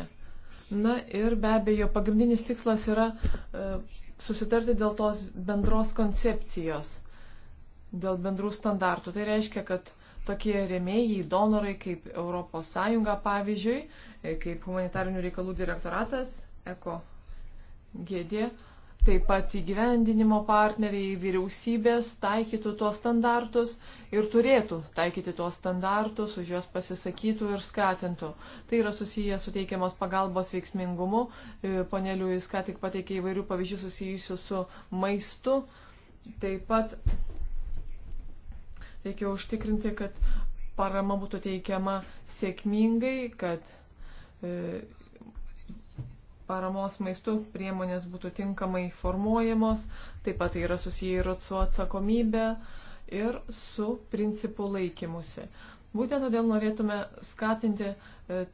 Na ir be abejo, pagrindinis tikslas yra e, susitarti dėl tos bendros koncepcijos, dėl bendrų standartų. Tai reiškia, kad tokie remėjai, donorai kaip ES, pavyzdžiui, e, kaip humanitarinių reikalų direktoratas, ECO GD, taip pat įgyvendinimo partneriai, vyriausybės taikytų tuos standartus ir turėtų taikyti tuos standartus, už juos pasisakytų ir skatintų. Tai yra susiję su teikiamos pagalbos veiksmingumu. E, Poneliu, jis ką tik pateikė įvairių pavyzdžių susijusių su maistu. Taip pat reikia užtikrinti, kad parama būtų teikiama sėkmingai, kad e, paramos maistu priemonės būtų tinkamai formuojamos, taip pat tai yra susiję ir su atsakomybė ir su principų laikymusi. Būtent todėl norėtume skatinti e,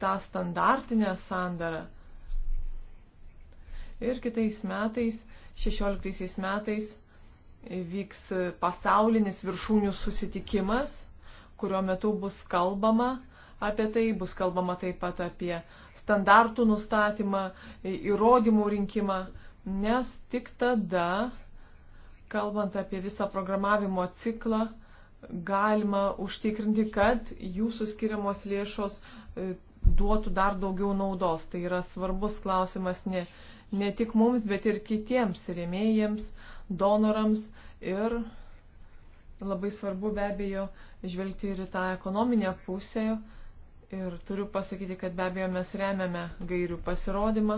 tą standartinę sandarą. Ir kitais metais, 16 metais, vyks pasaulinis viršūnių susitikimas, kurio metu bus kalbama apie tai, bus kalbama taip pat apie standartų nustatymą, įrodymų rinkimą, nes tik tada, kalbant apie visą programavimo ciklą, galima užtikrinti, kad jūsų skiriamos lėšos e, duotų dar daugiau naudos. Tai yra svarbus klausimas ne, ne tik mums, bet ir kitiems rėmėjams, donorams ir labai svarbu be abejo žvelgti ir į tą ekonominę pusę, Ir turiu pasakyti, kad be abejo mes remiame gairių pasirodymą.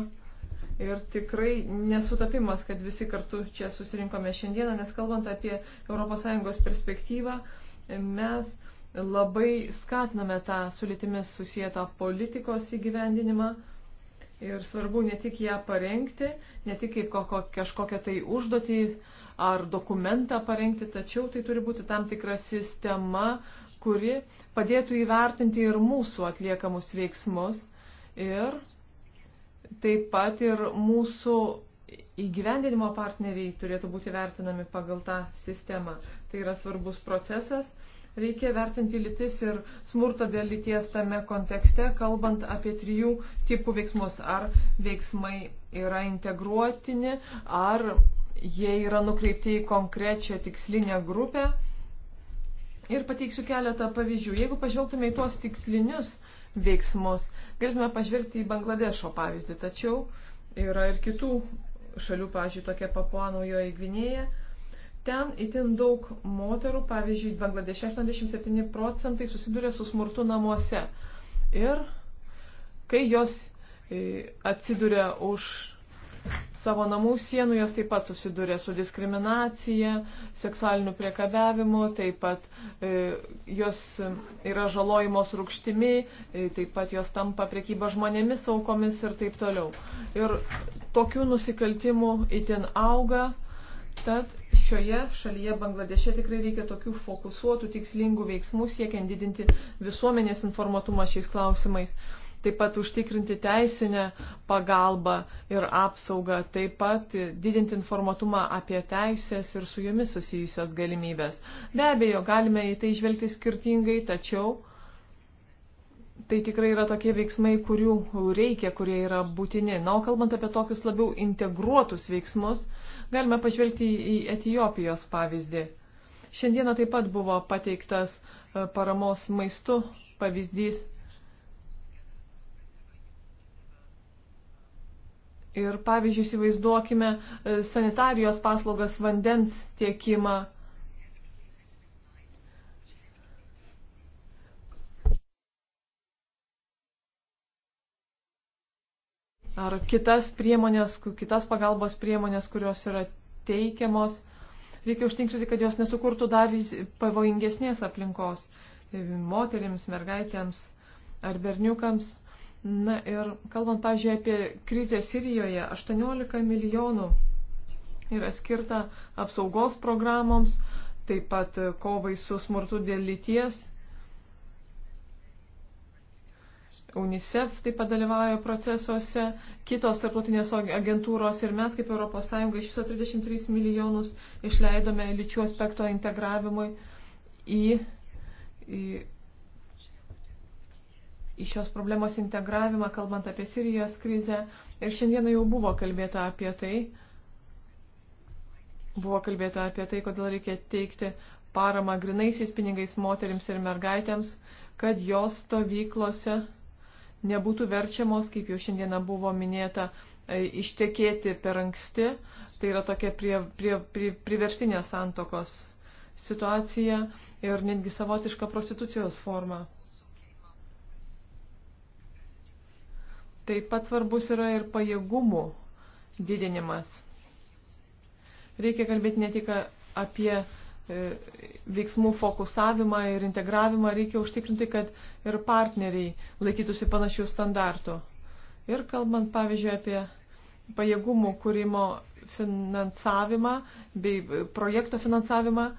Ir tikrai nesutapimas, kad visi kartu čia susirinkome šiandieną, nes kalbant apie ES perspektyvą, mes labai skatiname tą su lytimis susijęta politikos įgyvendinimą. Ir svarbu ne tik ją parengti, ne tik kaip kažkokią tai užduotį ar dokumentą parengti, tačiau tai turi būti tam tikra sistema, kuri padėtų įvertinti ir mūsų atliekamus veiksmus ir taip pat ir mūsų įgyvendinimo partneriai turėtų būti vertinami pagal tą sistemą. Tai yra svarbus procesas. Reikia vertinti lytis ir smurtą dėl lyties tame kontekste, kalbant apie trijų tipų veiksmus. Ar veiksmai yra integruotini, ar jie yra nukreipti į konkrečią tikslinę grupę Ir pateiksiu keletą pavyzdžių. Jeigu pažvelgtume į tuos tikslinius veiksmus, galime pažvelgti į Bangladešo pavyzdį, tačiau yra ir kitų šalių, pavyzdžiui, tokia Papuanojoje Gvinėje. Ten itin daug moterų, pavyzdžiui, Bangladešė 87 procentai susiduria su smurtu namuose. Ir kai jos e, atsiduria už savo namų sienų jos taip pat susiduria su diskriminacija, seksualiniu priekabiavimu, taip pat e, jos yra žalojimos rūkštimi, e, taip pat jos tampa priekyba žmonėmis aukomis ir taip toliau. Ir tokių nusikaltimų itin auga, tad šioje šalyje Bangladeše tikrai reikia tokių fokusuotų, tikslingų veiksmų siekiant didinti visuomenės informatumą šiais klausimais taip pat užtikrinti teisinę pagalbą ir apsaugą, taip pat didinti informatumą apie teisės ir su jomis susijusias galimybės. Be abejo, galime į tai žvelgti skirtingai, tačiau tai tikrai yra tokie veiksmai, kurių reikia, kurie yra būtini. Na, o kalbant apie tokius labiau integruotus veiksmus, galime pažvelgti į Etijopijos pavyzdį. Šiandieną taip pat buvo pateiktas e, paramos maistu pavyzdys. Ir pavyzdžiui, įsivaizduokime e, sanitarijos paslaugas vandens tiekimą. Ar kitas priemonės, kitas pagalbos priemonės, kurios yra teikiamos. Reikia užtinkrinti, kad jos nesukurtų dar pavojingesnės aplinkos e, moterims, mergaitėms ar berniukams. Na ir kalbant, pažiūrėjau, apie krizę Sirijoje, 18 milijonų yra skirta apsaugos programoms, taip pat kovai su smurtu dėl lyties. UNICEF taip pat dalyvauja procesuose, kitos tarptautinės agentūros ir mes kaip ES iš viso 33 milijonus išleidome lyčių aspekto integravimui į, į į šios problemos integravimą, kalbant apie Sirijos krizę. Ir šiandieną jau buvo kalbėta apie tai. Buvo kalbėta apie tai, kodėl reikia teikti paramą grinaisiais pinigais moteriams ir mergaitėms, kad jos stovyklose nebūtų verčiamos, kaip jau šiandieną buvo minėta, e, ištekėti per anksti. Tai yra tokia prie, prie, prie, priverstinė santokos situacija ir netgi savotiška prostitucijos forma. Taip pat svarbus yra ir pajėgumų didinimas. Reikia kalbėti ne tik apie e, veiksmų fokusavimą ir integravimą, reikia užtikrinti, kad ir partneriai laikytųsi panašių standartų. Ir kalbant, pavyzdžiui, apie pajėgumų kūrimo finansavimą bei e, projekto finansavimą,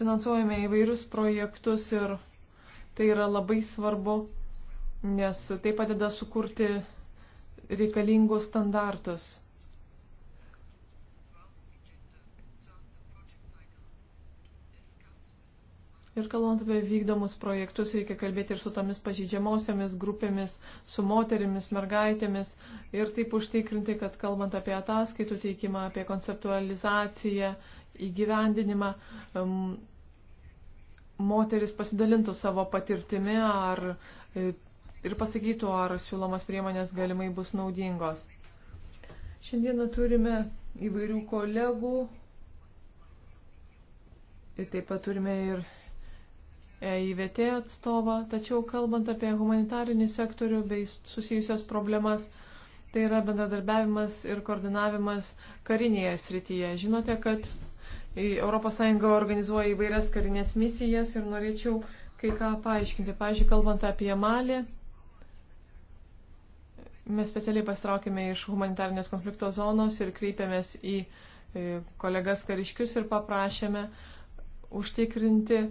finansuojame įvairius projektus ir Tai yra labai svarbu, nes tai padeda sukurti reikalingus standartus. Ir kalbant apie vykdomus projektus, reikia kalbėti ir su tomis pažydžiamosiamis grupėmis, su moterimis, mergaitėmis ir taip užtikrinti, kad kalbant apie ataskaitų teikimą, apie konceptualizaciją, įgyvendinimą, moteris pasidalintų savo patirtimi ar, e, ir pasakytų, ar siūlomas priemonės galimai bus naudingos. Šiandieną turime įvairių kolegų ir taip pat turime ir EIVT atstovą, tačiau kalbant apie humanitarinį sektorių bei susijusias problemas, tai yra bendradarbiavimas ir koordinavimas karinėje srityje. Žinote, kad ES organizuoja įvairias karinės misijas ir norėčiau kai ką paaiškinti. Pavyzdžiui, kalbant apie Malį, mes specialiai pastraukėme iš humanitarnės konflikto zonos ir kreipėmės į e, kolegas kariškius ir paprašėme užtikrinti,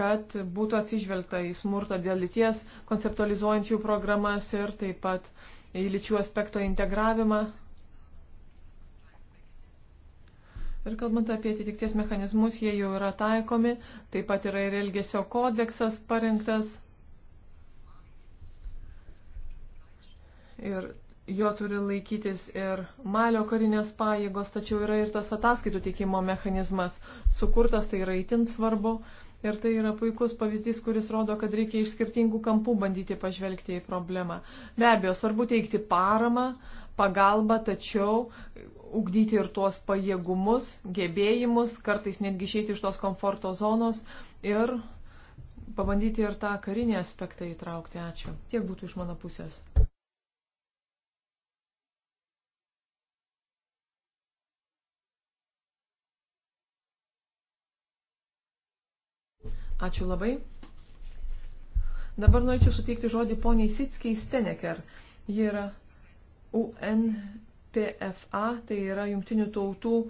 kad būtų atsižvelgta į smurtą dėl lyties, konceptualizuojant jų programas ir taip pat į lyčių aspekto integravimą Ir kalbant apie atitikties mechanizmus, jie jau yra taikomi, taip pat yra ir elgesio kodeksas parengtas. Ir jo turi laikytis ir malio karinės pajėgos, tačiau yra ir tas ataskaitų teikimo mechanizmas sukurtas, tai yra itin svarbu. Ir tai yra puikus pavyzdys, kuris rodo, kad reikia iš skirtingų kampų bandyti pažvelgti į problemą. Be abejo, svarbu teikti paramą, pagalbą, tačiau ugdyti ir tuos pajėgumus, gebėjimus, kartais netgi išeiti iš tos komforto zonos ir pabandyti ir tą karinį aspektą įtraukti. Ačiū. Tiek būtų iš mano pusės. Ačiū labai. Dabar norėčiau suteikti žodį poniai Sitskiai Steneker. Ji yra UN PFA, tai yra Jungtinių tautų e,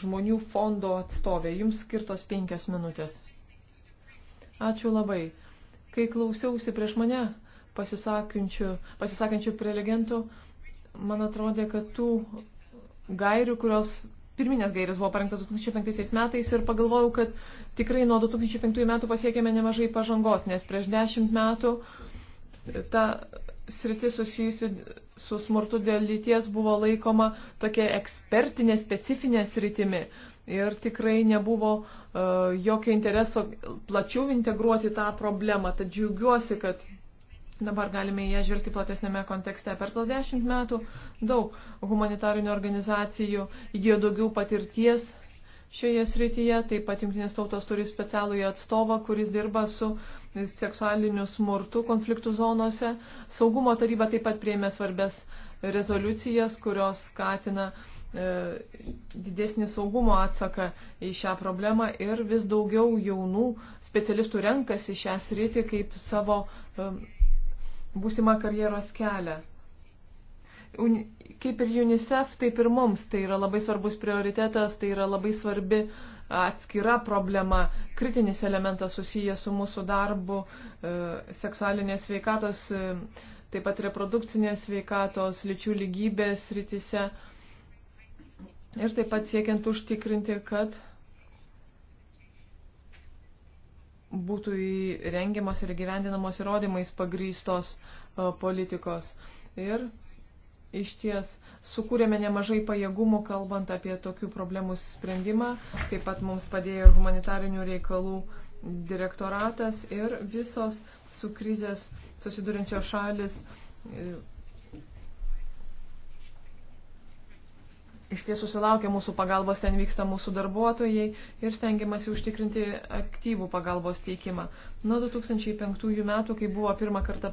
žmonių fondo atstovė. Jums skirtos penkias minutės. Ačiū labai. Kai klausiausi prieš mane pasisakančių, pasisakančių prelegentų, man atrodė, kad tų gairių, kurios pirminės gairės buvo parengtas 2005 metais ir pagalvojau, kad tikrai nuo 2005 metų pasiekėme nemažai pažangos, nes prieš 10 metų ta sritis susijusi su smurtu dėl lyties buvo laikoma tokia ekspertinė, specifinė sritimi. Ir tikrai nebuvo uh, jokio intereso plačiau integruoti tą problemą. Tad džiaugiuosi, kad dabar galime ją žvelgti platesnėme kontekste. Per tos dešimt metų daug humanitarinių organizacijų įgijo daugiau patirties šioje srityje. Taip pat Junktinės tautos turi specialųjį atstovą, kuris dirba su uh, seksualiniu smurtu konfliktų zonose. Saugumo taryba taip pat prieimė svarbės rezoliucijas, kurios skatina e, didesnį saugumo atsaką į šią problemą ir vis daugiau jaunų specialistų renkasi šią sritį kaip savo e, būsimą karjeros kelią. Kaip ir UNICEF, taip ir mums tai yra labai svarbus prioritetas, tai yra labai svarbi uh, atskira problema, kritinis elementas susijęs su mūsų darbu, e, seksualinės veikatos, e, taip pat reprodukcinės veikatos, lyčių lygybės rytise. Ir taip pat siekiant užtikrinti, kad būtų įrengiamos ir gyvendinamos įrodymais pagrystos e, politikos. Ir iš ties sukūrėme nemažai pajėgumų, kalbant apie tokių problemų sprendimą. Taip pat mums padėjo ir humanitarinių reikalų direktoratas ir visos su krizės susidurinčios šalis. E, iš tiesų susilaukia mūsų pagalbos, ten vyksta mūsų darbuotojai ir stengiamasi užtikrinti aktyvų pagalbos teikimą. Nuo 2005 metų, kai buvo pirmą kartą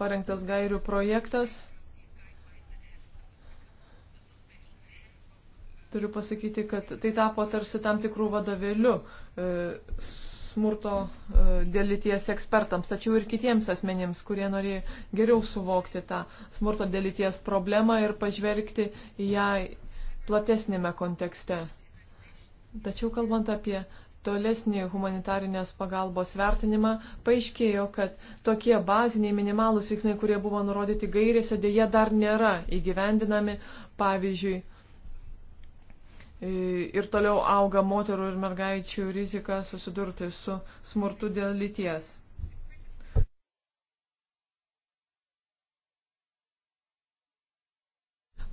parengtas gairių projektas, Turiu pasakyti, kad tai tapo tarsi tam tikrų vadovėlių e, smurto e, dėl lyties ekspertams, tačiau ir kitiems asmenims, kurie nori geriau suvokti tą smurto dėl lyties problemą ir pažvelgti į ją platesnėme kontekste. Tačiau kalbant apie tolesnį humanitarinės pagalbos vertinimą, paaiškėjo, kad tokie baziniai minimalūs veiksmai, kurie buvo nurodyti gairėse, dėje dar nėra įgyvendinami. Pavyzdžiui, E, ir toliau auga moterų ir mergaičių rizika susidurti su smurtu dėl lyties.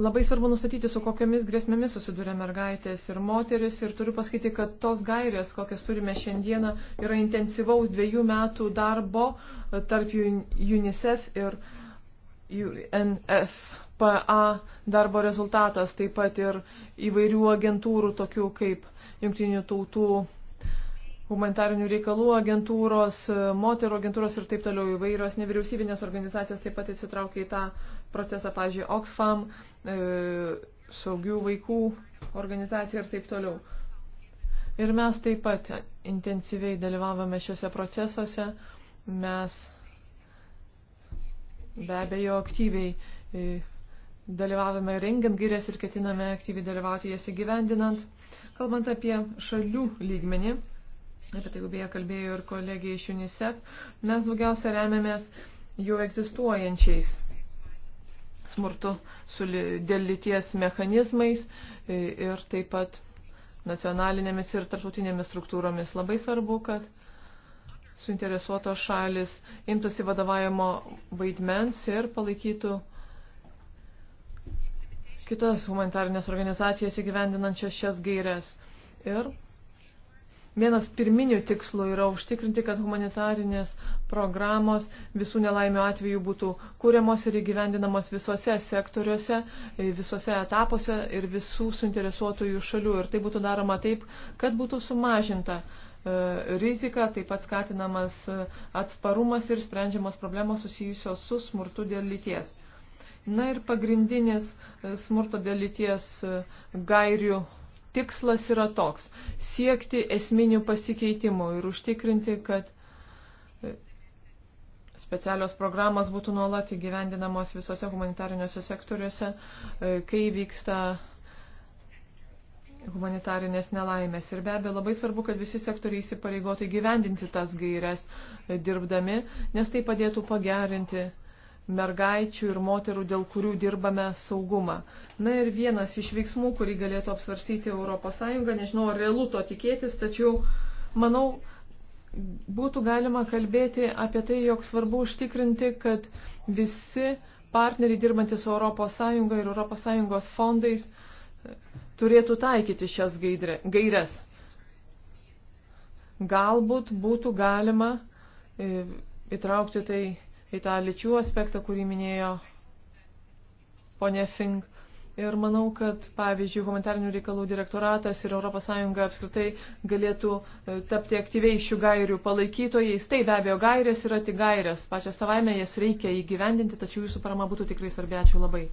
Labai svarbu nustatyti, su kokiamis grėsmėmis susiduria mergaitės ir moteris. Ir turiu pasakyti, kad tos gairės, kokias turime šiandieną, yra intensyvaus dviejų metų darbo tarp UNICEF ir UNF PA darbo rezultatas, taip pat ir įvairių agentūrų, tokių kaip Junktinių tautų humanitarinių reikalų agentūros, moterų agentūros ir taip toliau įvairios nevyriausybinės organizacijos taip pat įsitraukia į tą procesą, pavyzdžiui, Oxfam, e, saugių vaikų organizacija ir taip toliau. Ir mes taip pat intensyviai dalyvavome šiuose procesuose. Mes be abejo aktyviai e, dalyvavome rengiant gairias ir ketiname aktyviai dalyvauti jas įgyvendinant. Kalbant apie šalių lygmenį, apie tai beje kalbėjo ir kolegija iš UNICEF, mes daugiausia remiamės jau egzistuojančiais smurtu su, dėl lyties mechanizmais ir taip pat nacionalinėmis ir tarptautinėmis struktūromis. Labai svarbu, kad suinteresuotos šalis imtųsi vadovavimo vaidmens ir palaikytų uh, kitas humanitarinės organizacijas įgyvendinančias šias gairias. Ir vienas pirminių tikslų yra užtikrinti, kad humanitarinės programos visų nelaimio atveju būtų kūriamos ir įgyvendinamos visose sektoriuose, visose etapuose ir visų suinteresuotųjų šalių. Ir tai būtų daroma taip, kad būtų sumažinta e, rizika, taip pat skatinamas e, atsparumas ir sprendžiamos problemos susijusios su smurtu dėl lyties. Na ir pagrindinis e, smurto dėl lyties e, gairių tikslas yra toks - siekti esminių pasikeitimų ir užtikrinti, kad e, specialios programos būtų nuolat įgyvendinamos visose humanitariniuose sektoriuose, kai vyksta humanitarinės nelaimės. Ir be abejo labai svarbu, kad visi sektoriai įsipareigotų įgyvendinti tas gairias dirbdami, nes tai padėtų pagerinti mergaičių ir moterų, dėl kurių dirbame saugumą. Na ir vienas iš veiksmų, kurį galėtų apsvarstyti ES, nežinau, ar realu to tikėtis, tačiau manau, būtų galima kalbėti apie tai, jog svarbu užtikrinti, kad visi partneriai dirbantis ES ir ES fondais turėtų taikyti šias gairias. Galbūt būtų galima e, įtraukti tai į tą lyčių aspektą, kurį minėjo ponė Fink. Ir manau, kad, pavyzdžiui, humanitarinių reikalų direktoratas ir ES apskritai galėtų e, tapti aktyviai šių gairių palaikytojais. Tai be abejo, gairės yra tik gairės. Pačią savaime jas reikia įgyvendinti, tačiau jūsų parama būtų tikrai svarbi. Ačiū labai.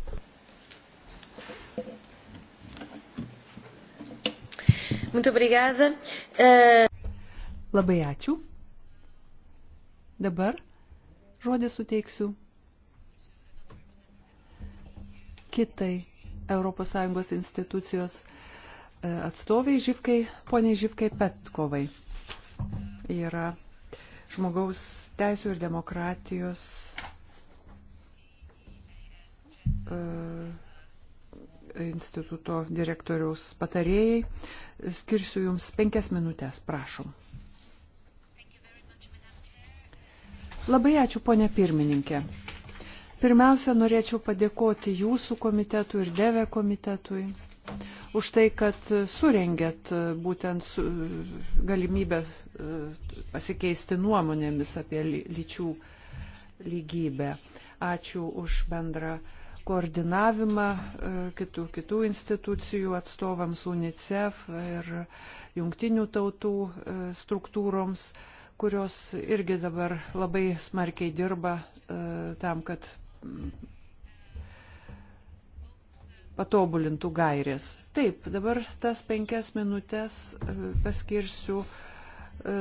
Muito obrigada. Uh... Labai ačiū. Dabar Žodį suteiksiu kitai ES institucijos e, atstoviai Živkai, poniai Živkai Petkovai. Yra žmogaus teisų ir demokratijos e, instituto direktoriaus patarėjai. Skirsiu Jums penkias minutės, prašom. Labai ačiū, ponė pirmininkė. Pirmiausia, norėčiau padėkoti jūsų komitetui ir devė komitetui už tai, kad surengėt būtent su, galimybę e, pasikeisti nuomonėmis apie lyčių lygybę. Ačiū už bendrą koordinavimą e, kitų, kitų institucijų atstovams UNICEF ir jungtinių tautų e, struktūroms kurios irgi dabar labai smarkiai dirba e, tam, kad mm, patobulintų gairės. Taip, dabar tas penkias minutės e, paskirsiu e,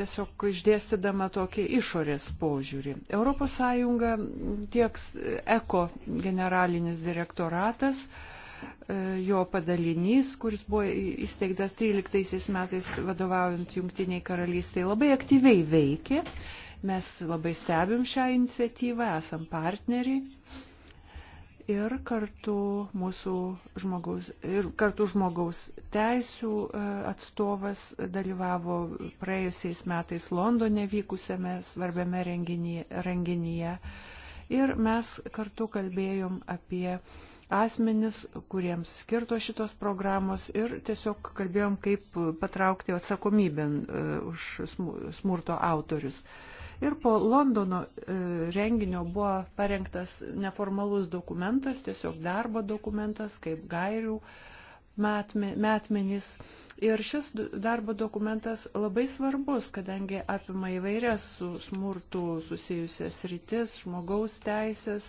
tiesiog išdėstydama tokį išorės požiūrį. ES tieks eko generalinis direktoratas E, jo padalinys, kuris buvo įsteigtas 13 metais vadovaujant Junktiniai karalystiai, labai aktyviai veikė. Mes labai stebim šią iniciatyvą, esam partneriai. Ir kartu mūsų žmogaus, ir kartu žmogaus teisų e, atstovas dalyvavo praėjusiais metais Londone vykusiame svarbiame renginyje. renginyje Ir mes kartu kalbėjom apie asmenis, kuriems skirto šitos programos ir tiesiog kalbėjom, kaip patraukti atsakomybę e, už smurto autorius. Ir po Londono e, renginio buvo parengtas neformalus dokumentas, tiesiog darbo dokumentas, kaip gairių metmenys. Ir šis darbo dokumentas labai svarbus, kadangi apima įvairias su smurtu susijusias rytis, žmogaus teisės,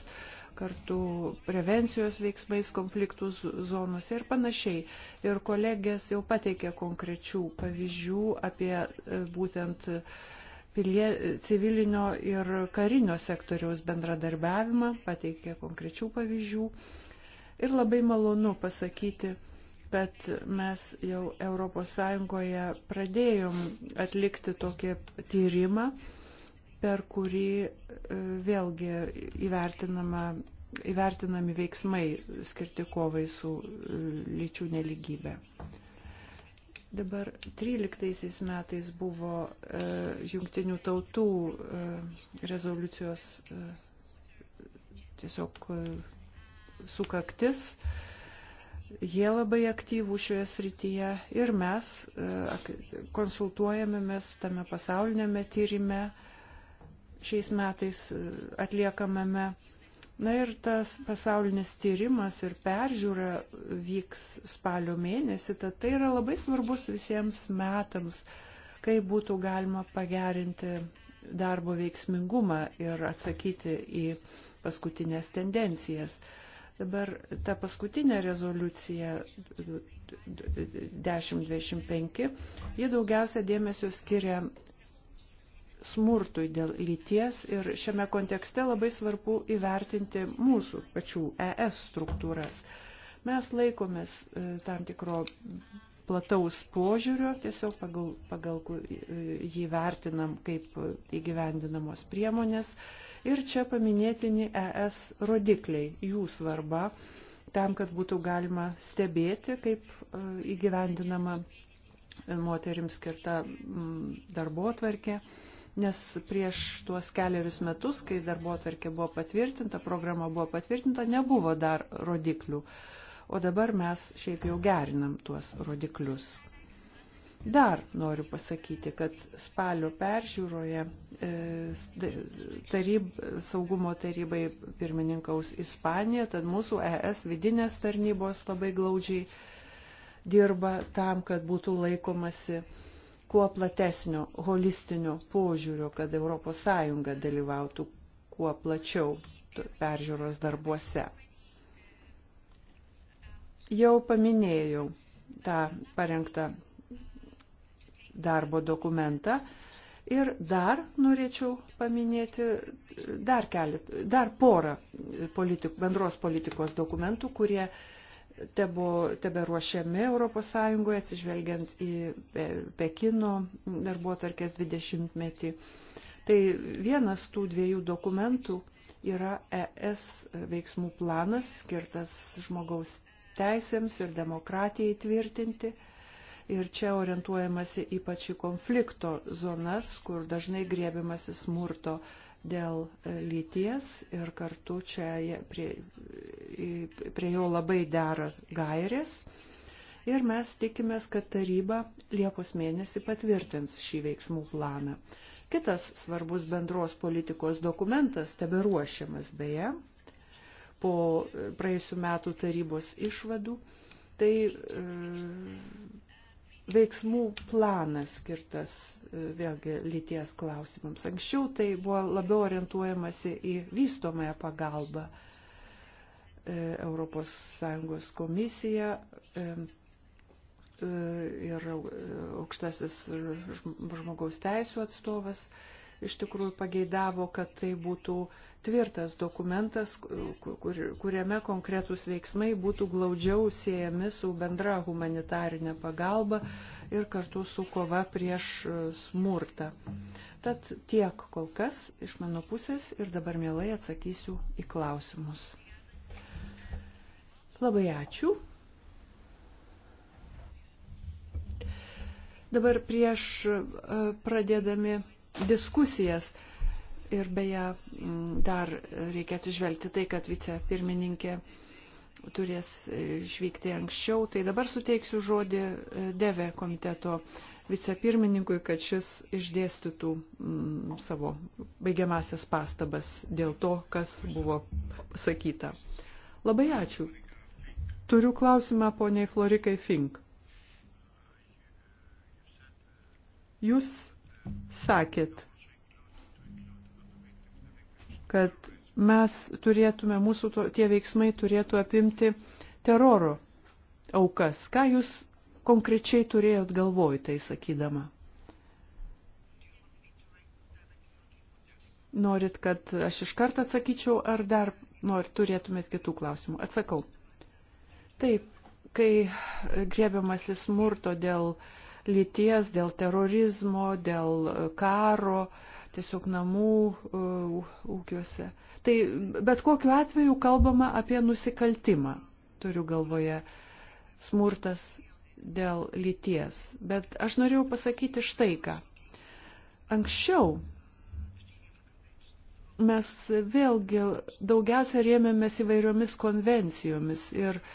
kartu prevencijos veiksmais, konfliktų zonose ir panašiai. Ir kolegės jau pateikė konkrečių pavyzdžių apie e, būtent pilie, civilinio ir karinio sektoriaus bendradarbiavimą, pateikė konkrečių pavyzdžių. Ir labai malonu pasakyti, kad mes jau ES pradėjom atlikti tokį tyrimą, per kurį e, vėlgi įvertinama, įvertinami veiksmai skirti kovai su e, lyčių neligybė. Dabar 13 metais buvo e, jungtinių tautų e, rezoliucijos e, tiesiog e, sukaktis. E, Jie labai aktyvų šioje srityje ir mes e, konsultuojame mes tame pasaulinėme tyrime šiais metais e, atliekamame. Na ir tas pasaulinis tyrimas ir peržiūra vyks spalio mėnesį, tad tai yra labai svarbus visiems metams, kai būtų galima pagerinti darbo veiksmingumą ir atsakyti į paskutinės tendencijas. Dabar ta paskutinė rezoliucija 1025, ji daugiausia dėmesio skiria smurtui dėl lyties ir šiame kontekste labai svarbu įvertinti mūsų pačių ES struktūras. Mes laikomės e, tam tikro plataus požiūrio, tiesiog pagal, pagal e, jį vertinam, kaip įgyvendinamos priemonės. Tai Ir čia paminėtini ES rodikliai, jų svarba tam, kad būtų galima stebėti, kaip e, įgyvendinama e, moterims skirta darbo atvarkė nes prieš tuos keliarius metus, kai darbo atvarkė buvo patvirtinta, programa buvo patvirtinta, nebuvo dar rodiklių. O dabar mes šiaip jau gerinam tuos rodiklius. Dar noriu pasakyti, kad spalio peržiūroje e, taryb, saugumo tarybai pirmininkaus Ispanija, tad mūsų ES vidinės tarnybos labai glaudžiai dirba tam, kad būtų laikomasi kuo platesnio, holistinio požiūrio, kad ES dalyvautų kuo plačiau peržiūros darbuose. Jau paminėjau tą parengtą darbo dokumentą. Ir dar norėčiau paminėti dar, kelet, dar porą politik, bendros politikos dokumentų, kurie tebo, tebe ruošiami ES atsižvelgiant į Pekino darbuotarkės 20-metį. Tai vienas tų dviejų dokumentų yra ES veiksmų planas skirtas žmogaus teisėms ir demokratijai tvirtinti. Ir čia orientuojamasi ypač į konflikto zonas, kur dažnai griebimasi smurto dėl e, lyties ir kartu čia prie, prie jo labai dera gairės. Ir mes tikimės, kad taryba Liepos mėnesį patvirtins šį veiksmų planą. Kitas svarbus bendros politikos dokumentas tebe ruošiamas beje po e, praėjusių metų tarybos išvadų. Tai e, veiksmų planas skirtas e, vėlgi lyties klausimams. Anksčiau tai buvo labiau orientuojamasi į vystomąją pagalbą. ES komisija e, e, ir aukštasis žmogaus teisų atstovas iš tikrųjų pageidavo, kad tai būtų tvirtas dokumentas, kur, kuriame konkretūs veiksmai būtų glaudžiau siejami su bendra humanitarinė pagalba ir kartu su kova prieš e, smurtą. Tad tiek kol kas iš mano pusės ir dabar mielai atsakysiu į klausimus. Labai ačiū. Dabar prieš e, pradėdami diskusijas. Ir beje, mm, dar reikia atsižvelgti tai, kad vicepirmininkė turės e, išvykti anksčiau. Tai dabar suteiksiu žodį e, Deve komiteto vicepirmininkui, kad šis išdėstytų mm, savo baigiamasias pastabas dėl to, kas buvo pasakyta. Labai ačiū. Turiu klausimą poniai Florikai Fink. Jūs sakėt, kad mes turėtume, mūsų to, tie veiksmai turėtų apimti teroro aukas. Ką jūs konkrečiai turėjot galvoj tai sakydama? Norit, kad aš iš karto atsakyčiau, ar dar norit, turėtumėt kitų klausimų? Atsakau. Taip, kai grėbiamasi smurto dėl uh, lyties, dėl terorizmo, dėl e, karo, tiesiog namų e, ūkiuose. Tai bet kokiu atveju kalbama apie nusikaltimą, turiu galvoje, smurtas dėl lyties. Bet aš norėjau pasakyti štai ką. Anksčiau mes vėlgi daugiausia rėmėmės įvairiomis konvencijomis ir uh,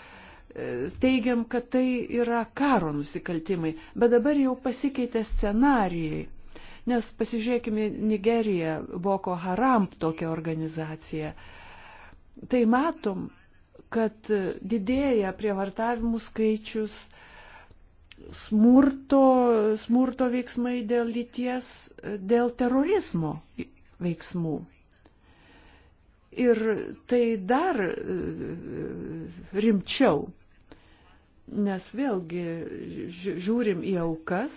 E, teigiam, kad tai yra karo nusikaltimai, bet dabar jau pasikeitė scenarijai. Nes pasižiūrėkime Nigeriją, Boko Haram tokia organizacija. Tai matom, kad didėja prievartavimų skaičius, smurto, smurto veiksmai dėl lyties, dėl terorizmo veiksmų. Ir tai dar e, rimčiau nes vėlgi žiūrim į aukas,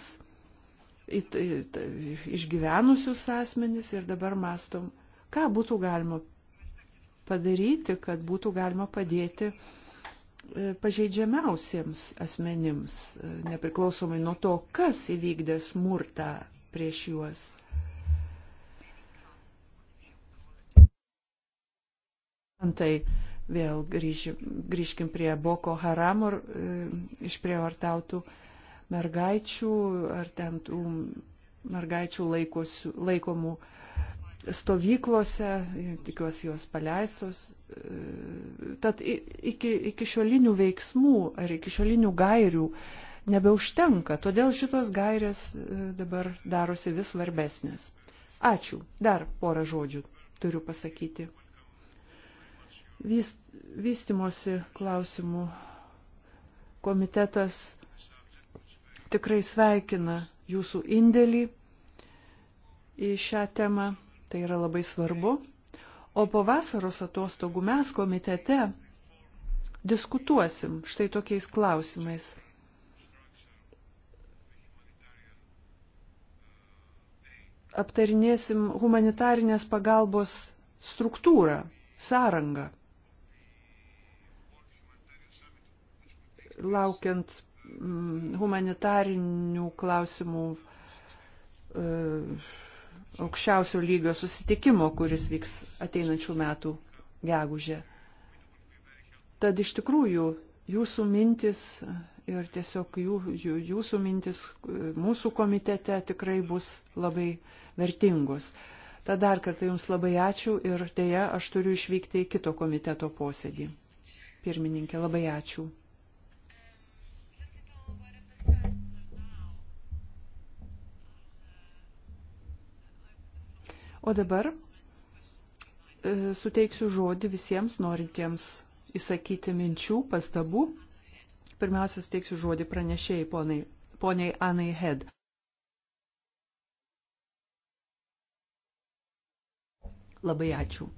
į, į, į išgyvenusius asmenys ir dabar mastom, ką būtų galima padaryti, kad būtų galima padėti e, pažeidžiamiausiems asmenims, e, nepriklausomai nuo to, kas įvykdė smurtą prieš juos. Antai, Vėl grįž, grįžkim prie Boko Haramo e, išprievartautų mergaičių ar ten tų mergaičių laikos, laikomų stovyklose, tikiuosi jos paleistos. E, tad iki, iki šiolinių veiksmų ar iki šiolinių gairių nebeužtenka, todėl šitos gairės e, dabar darosi vis svarbesnės. Ačiū. Dar porą žodžių turiu pasakyti vystimosi klausimų komitetas tikrai sveikina jūsų indėlį į šią temą, tai yra labai svarbu. O po vasaros atostogų mes komitete diskutuosim štai tokiais klausimais. Aptarinėsim humanitarinės pagalbos struktūrą, sąrangą. laukiant mm, humanitarinių klausimų e, aukščiausio lygio susitikimo, kuris vyks ateinančių metų gegužė. Tad iš tikrųjų jūsų mintis ir tiesiog jų, jų, jūsų mintis e, mūsų komitete tikrai bus labai vertingos. Tad dar kartą Jums labai ačiū ir dėja aš turiu išvykti į kito komiteto posėdį. Pirmininkė, labai ačiū. O dabar e, suteiksiu žodį visiems norintiems įsakyti minčių, pastabų. Pirmiausia, suteiksiu žodį pranešėjai poniai, poniai Anai Head. Labai ačiū.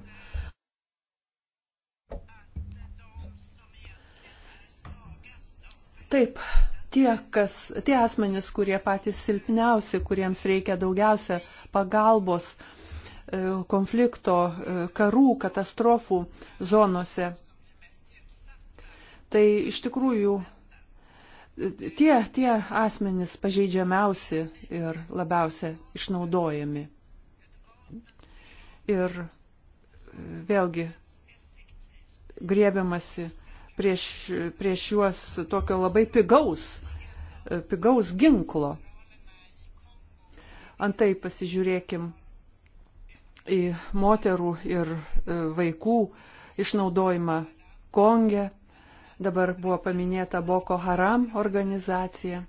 Taip, tie, kas, tie asmenys, kurie patys silpniausi, kuriems reikia daugiausia pagalbos, uh, E, konflikto, e, karų, katastrofų zonose. Tai iš tikrųjų e, tie, tie asmenys pažeidžiamiausi ir labiausia išnaudojami. Ir vėlgi grėbiamasi prieš, prieš juos tokio labai pigaus, pigaus ginklo. Antai pasižiūrėkim į moterų ir e, vaikų išnaudojimą Konge. Dabar buvo paminėta Boko Haram organizacija.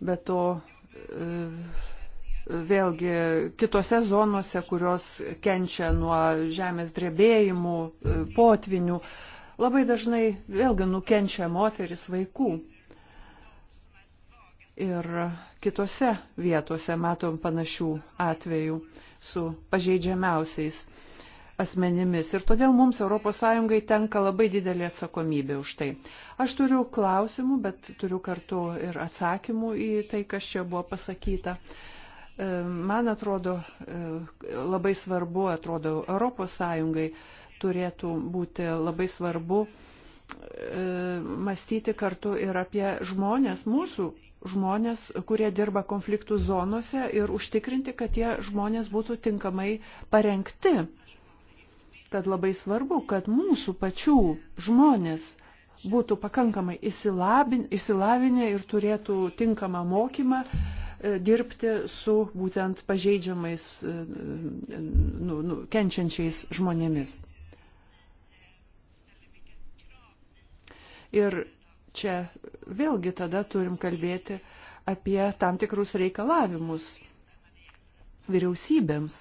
Be to e, vėlgi kitose zonose, kurios kenčia nuo žemės drebėjimų, e, potvinių, labai dažnai vėlgi nukenčia moteris vaikų ir kitose vietose matom panašių atvejų su pažeidžiamiausiais asmenimis. Ir todėl mums ES tenka labai didelė atsakomybė už tai. Aš turiu klausimų, bet turiu kartu ir atsakymų į tai, kas čia buvo pasakyta. E, man atrodo, e, labai svarbu, atrodo, ES turėtų būti labai svarbu e, mąstyti kartu ir apie žmonės, mūsų žmonės, kurie dirba konfliktų zonose ir užtikrinti, kad tie žmonės būtų tinkamai parengti. Tad labai svarbu, kad mūsų pačių žmonės būtų pakankamai įsilavinę ir turėtų tinkamą mokymą e, dirbti su būtent pažeidžiamais, e, nu, nu, kenčiančiais žmonėmis. Ir čia vėlgi tada turim kalbėti apie tam tikrus reikalavimus vyriausybėms,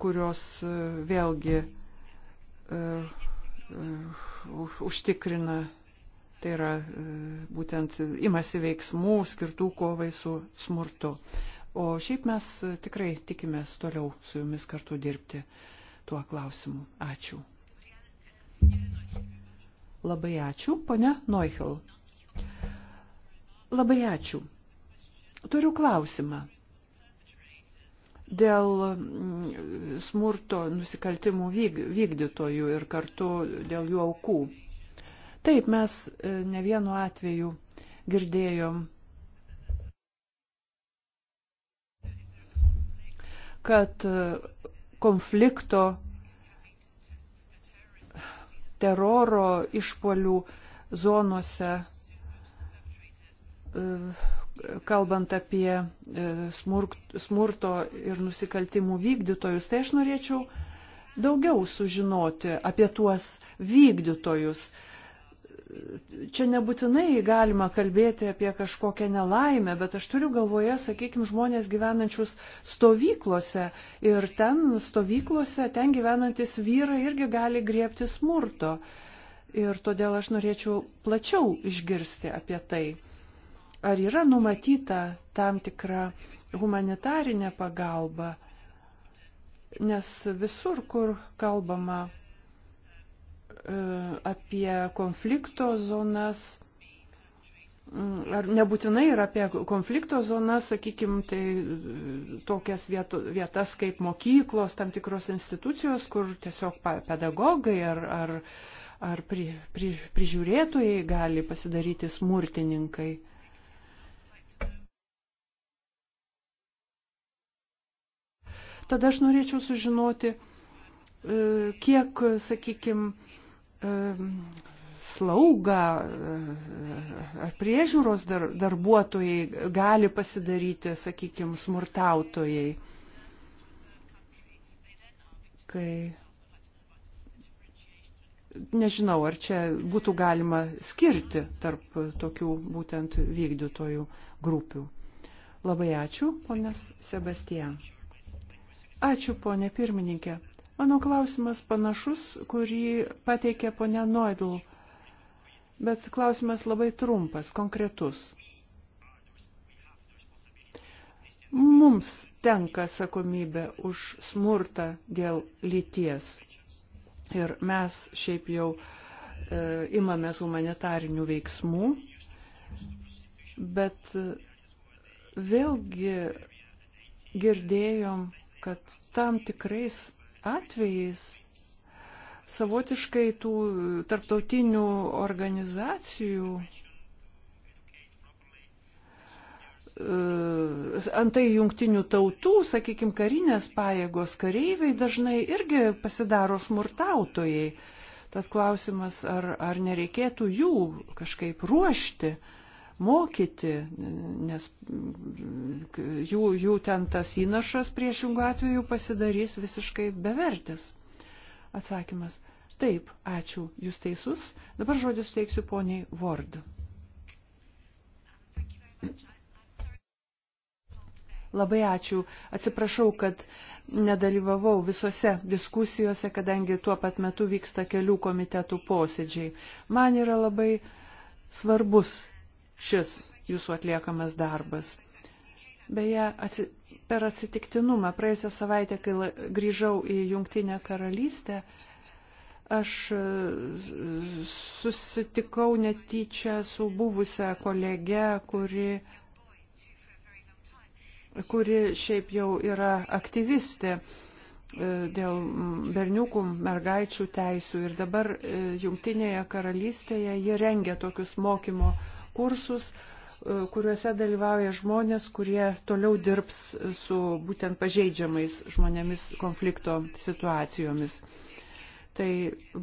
kurios e, vėlgi e, e, užtikrina, tai yra būtent imasi veiksmų skirtų kovai su smurtu. O šiaip mes tikrai tikimės toliau su jumis kartu dirbti tuo klausimu. Ačiū. Labai ačiū, ponia Neuchel. Labai ačiū. Turiu klausimą. Dėl mm, smurto nusikaltimų vykdytojų ir kartu dėl jų aukų. Taip, mes e, ne vienu atveju girdėjom, kad e, konflikto teroro išpolių zonuose, e, kalbant apie e, smurto ir nusikaltimų vykdytojus, tai aš norėčiau daugiau sužinoti apie tuos vykdytojus, čia nebūtinai galima kalbėti apie kažkokią nelaimę, bet aš turiu galvoje, sakykime, žmonės gyvenančius stovyklose ir ten stovyklose, ten gyvenantis vyrai irgi gali griebti smurto. Ir todėl aš norėčiau plačiau išgirsti apie tai. Ar yra numatyta tam tikra humanitarinė pagalba? Nes visur, kur kalbama E, apie konflikto zonas, mm, ar nebūtinai ir apie konflikto zonas, sakykime, tai e, tokias vietas kaip mokyklos, tam tikros institucijos, kur tiesiog pedagogai ar, ar, ar pri, pri, prižiūrėtojai gali pasidaryti smurtininkai. Tada aš norėčiau sužinoti, e, kiek, sakykime, slaugą ar priežiūros dar, darbuotojai gali pasidaryti, sakykime, smurtautojai. Kai nežinau, ar čia būtų galima skirti tarp tokių būtent vykdytojų grupių. Labai ačiū, ponas Sebastian. Ačiū, ponė pirmininkė. Mano klausimas panašus, kurį pateikė ponia Noidl, bet klausimas labai trumpas, konkretus. Mums tenka atsakomybė už smurtą dėl lyties. Ir mes šiaip jau e, imamės humanitarinių veiksmų, bet e, vėlgi girdėjom, kad tam tikrais atvejais savotiškai tų tarptautinių organizacijų e, antai jungtinių tautų, sakykime, karinės pajėgos kareiviai dažnai irgi pasidaro smurtautojai. Tad klausimas, ar, ar nereikėtų jų kažkaip ruošti uh, mokyti, nes jų, jų ten tas įnašas priešingų atveju pasidarys visiškai bevertis. Atsakymas. Taip, ačiū, jūs teisus. Dabar žodį suteiksiu poniai Ward. Labai ačiū. Atsiprašau, kad nedalyvavau visose diskusijose, kadangi tuo pat metu vyksta kelių komitetų posėdžiai. Man yra labai svarbus šis jūsų atliekamas darbas. Beje, atsi, per atsitiktinumą, praėjusią savaitę, kai la, grįžau į Jungtinę karalystę, aš e, susitikau netyčia su buvusią kolege, kuri, kuri šiaip jau yra aktyvistė e, dėl berniukų, mergaičių teisų. Ir dabar e, Jungtinėje karalystėje jie rengia tokius mokymo kursus, e, kuriuose dalyvauja žmonės, kurie toliau dirbs su būtent pažeidžiamais žmonėmis konflikto situacijomis. Tai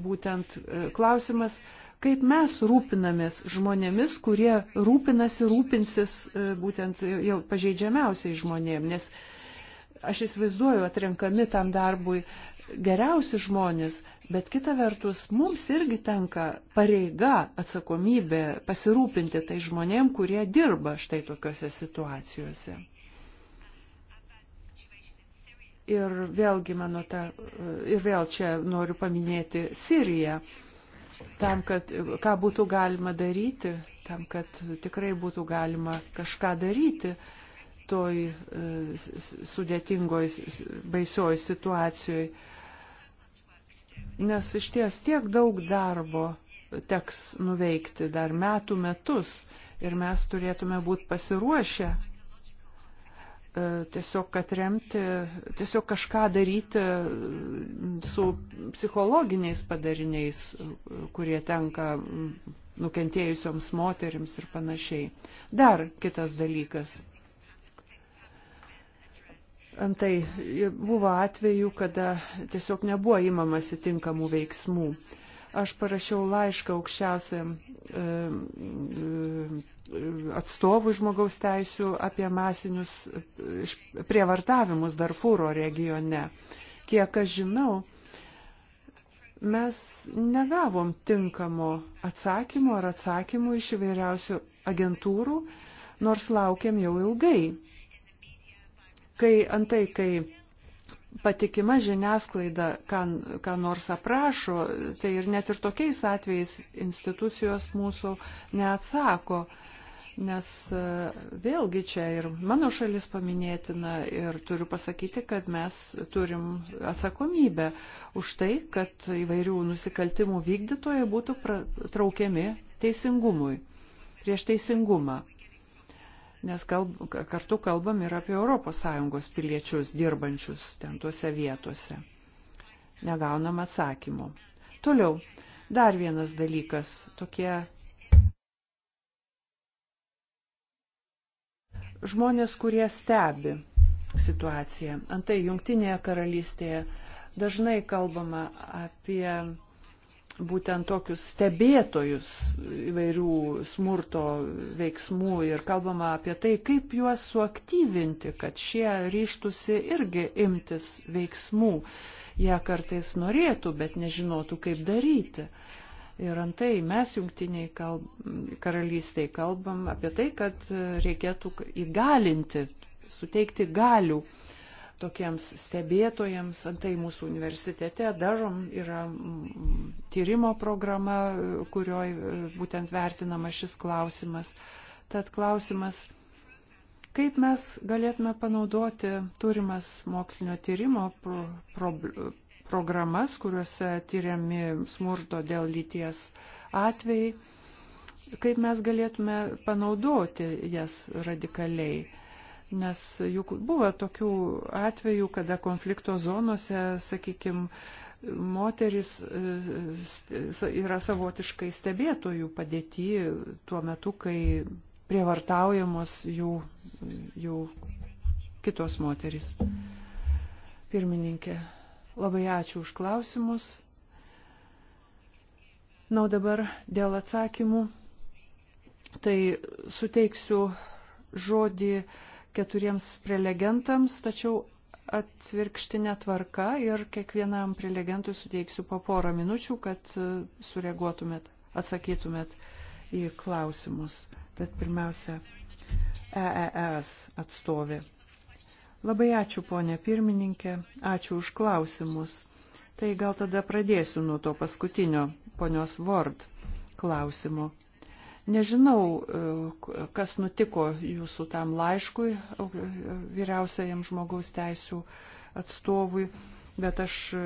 būtent e, klausimas, kaip mes rūpinamės žmonėmis, kurie rūpinasi, rūpinsis e, būtent jau pažeidžiamiausiai žmonėm, nes aš įsivaizduoju, atrenkami tam darbui geriausi žmonės, bet kita vertus mums irgi tenka pareiga, atsakomybė pasirūpinti tai žmonėm, kurie dirba štai tokiuose situacijose. Ir vėlgi mano ta, ir vėl čia noriu paminėti Siriją, tam, kad ką būtų galima daryti, tam, kad tikrai būtų galima kažką daryti toj e, sudėtingoj, baisioj situacijoje nes iš ties tiek daug darbo teks nuveikti dar metų metus ir mes turėtume būti pasiruošę e, tiesiog, kad remti, tiesiog kažką daryti su psichologiniais padariniais, kurie tenka nukentėjusioms moterims ir panašiai. Dar kitas dalykas Antai buvo atvejų, kada tiesiog nebuvo įmamasi tinkamų veiksmų. Aš parašiau laišką aukščiausiam e, e atstovų žmogaus teisų apie masinius prievartavimus Darfūro regione. Kiek aš žinau, mes negavom tinkamo atsakymo ar atsakymų iš įvairiausių agentūrų, nors laukiam jau ilgai Kai antai, kai patikima žiniasklaida, ką, ką nors aprašo, tai ir net ir tokiais atvejais institucijos mūsų neatsako. Nes e, vėlgi čia ir mano šalis paminėtina ir turiu pasakyti, kad mes turim atsakomybę už tai, kad įvairių nusikaltimų vykdytojai būtų traukiami teisingumui, prieš teisingumą nes kalb, kartu kalbam ir apie ES piliečius dirbančius ten tuose vietuose. Negaunam atsakymų. Toliau, dar vienas dalykas, tokie žmonės, kurie stebi situaciją. Antai Jungtinėje karalystėje dažnai kalbama apie būtent tokius stebėtojus įvairių smurto veiksmų ir kalbama apie tai, kaip juos suaktyvinti, kad šie ryštusi irgi imtis veiksmų. Jie kartais norėtų, bet nežinotų, kaip daryti. Ir antai mes jungtiniai kalb, karalystiai kalbam apie tai, kad reikėtų įgalinti, suteikti galių tokiems stebėtojams. Antai mūsų universitete dažom yra mm, tyrimo programa, kurioje būtent vertinama šis klausimas. Tad klausimas, kaip mes galėtume panaudoti turimas mokslinio tyrimo pro, pro, programas, kuriuose tyriami smurto dėl lyties atvejai, kaip mes galėtume panaudoti jas radikaliai nes juk buvo tokių atvejų, kada konflikto zonose, sakykime, moteris e, e, yra savotiškai stebėtojų padėti tuo metu, kai prievartaujamos jų, jų kitos moteris. Pirmininkė, labai ačiū už klausimus. Na, o dabar dėl atsakymų. Tai suteiksiu žodį uh, keturiems prelegentams, tačiau atvirkštinė tvarka ir kiekvienam prelegentui suteiksiu po porą minučių, kad e, sureaguotumėt, atsakytumėt į klausimus. Tad pirmiausia, EES atstovė. Labai ačiū, ponė pirmininkė, ačiū už klausimus. Tai gal tada pradėsiu nuo to paskutinio ponios Ward klausimo. Nežinau, e, kas nutiko jūsų tam laiškui e, vyriausiajam žmogaus teisų atstovui, bet aš e,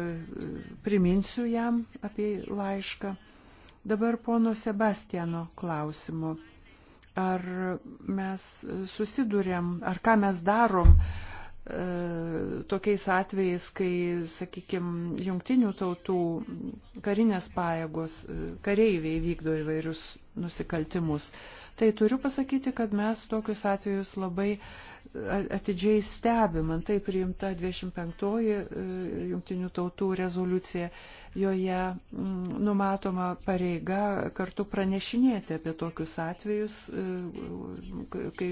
priminsiu jam apie laišką. Dabar pono Sebastiano klausimu. Ar mes susidurėm, ar ką mes darom tokiais atvejais, kai, sakykime, jungtinių tautų karinės pajėgos, kareiviai vykdo įvairius nusikaltimus. Tai turiu pasakyti, kad mes tokius atvejus labai atidžiai stebim. Antai priimta 25-oji e, jungtinių tautų rezoliucija, joje mm, numatoma pareiga kartu pranešinėti apie tokius atvejus, e, kai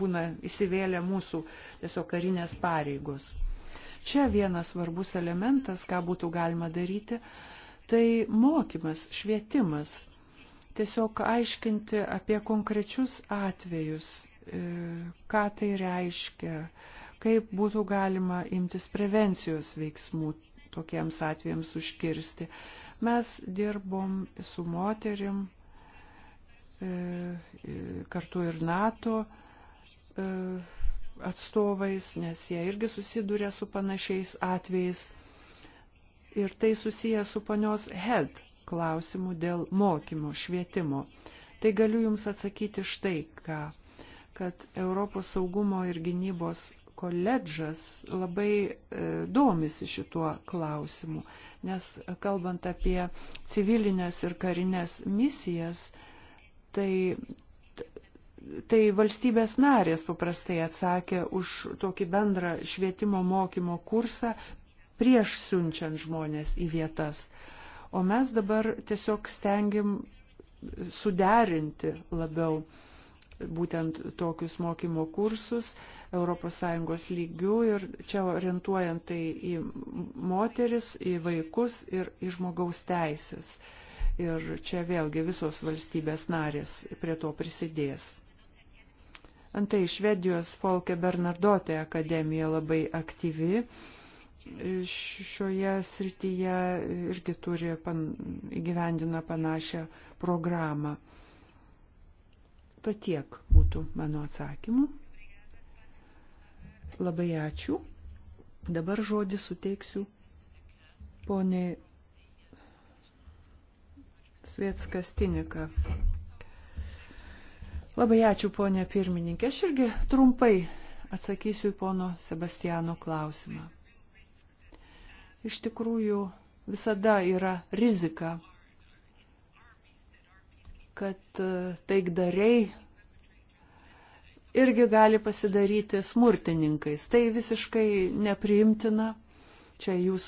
būna įsivėlę mūsų tiesiog karinės pareigos. Čia vienas svarbus elementas, ką būtų galima daryti, tai mokymas, švietimas tiesiog aiškinti apie konkrečius atvejus, e, ką tai reiškia, kaip būtų galima imtis prevencijos veiksmų tokiems atvejams užkirsti. Mes dirbom su moterim, e, e, kartu ir NATO atstovais, nes jie irgi susiduria su panašiais atvejais. Ir tai susiję su panios Head klausimų dėl mokymo, švietimo. Tai galiu Jums atsakyti štai ką, kad Europos saugumo ir gynybos koledžas labai e, domisi šituo klausimu, nes kalbant apie civilinės ir karinės misijas, tai, tai valstybės narės paprastai atsakė už tokį bendrą švietimo mokymo kursą prieš siunčiant žmonės į vietas. O mes dabar tiesiog stengiam suderinti labiau būtent tokius mokymo kursus ES lygių ir čia orientuojant tai į moteris, į vaikus ir į žmogaus teisės. Ir čia vėlgi visos valstybės narės prie to prisidės. Antai Švedijos Folke Bernardote akademija labai aktyvi šioje srityje irgi turi pan, įgyvendina panašią programą. Tad tiek būtų mano atsakymų. Labai ačiū. Dabar žodį suteiksiu poniai Svietskas Tinika. Labai ačiū, ponė pirmininkė. Aš irgi trumpai atsakysiu į pono Sebastiano klausimą iš tikrųjų visada yra rizika, kad e, taikdariai irgi gali pasidaryti smurtininkais. Tai visiškai nepriimtina. Čia jūs,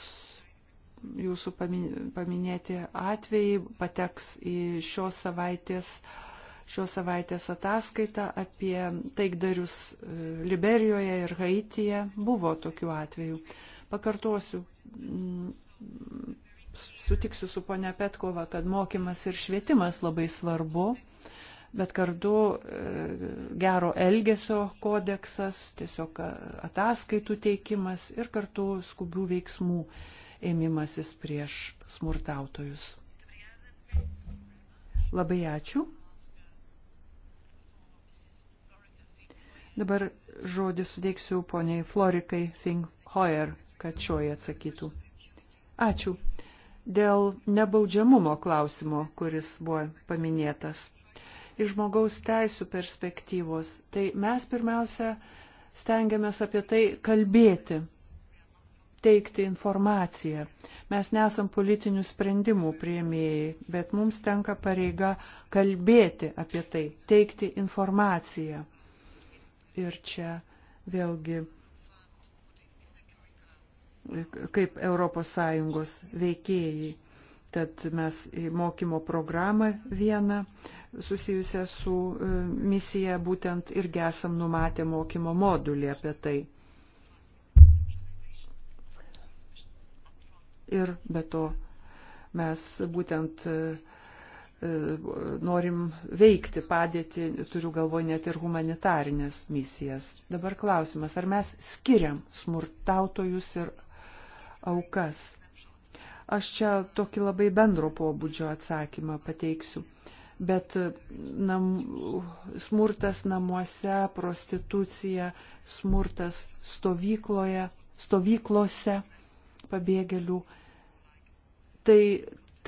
jūsų paminėti atvejai pateks į šios savaitės, šios savaitės ataskaitą apie taikdarius e, Liberijoje ir Haityje. Buvo tokių atvejų. Pakartosiu, mm, sutiksiu su ponia Petkova, kad mokymas ir švietimas labai svarbu, bet kartu e, gero elgesio kodeksas, tiesiog e, ataskaitų teikimas ir kartu skubių veiksmų ėmimasis prieš smurtautojus. Labai ačiū. Dabar žodį sudėksiu poniai Florikai Finghoyer kad šioji atsakytų. Ačiū. Dėl nebaudžiamumo klausimo, kuris buvo paminėtas. Iš žmogaus teisų perspektyvos, tai mes pirmiausia stengiamės apie tai kalbėti, teikti informaciją. Mes nesam politinių sprendimų prieimėjai, bet mums tenka pareiga kalbėti apie tai, teikti informaciją. Ir čia vėlgi kaip ES veikėjai. Tad mes į mokymo programą vieną susijusią su e, misija būtent irgi esam numatę mokymo modulį apie tai. Ir be to mes būtent e, e, norim veikti padėti, turiu galvoje net ir humanitarinės misijas. Dabar klausimas, ar mes skiriam smurtautojus ir aukas. Aš čia tokį labai bendro pobūdžio atsakymą pateiksiu. Bet e, nam, smurtas namuose, prostitucija, smurtas stovykloje, stovyklose pabėgėlių. Tai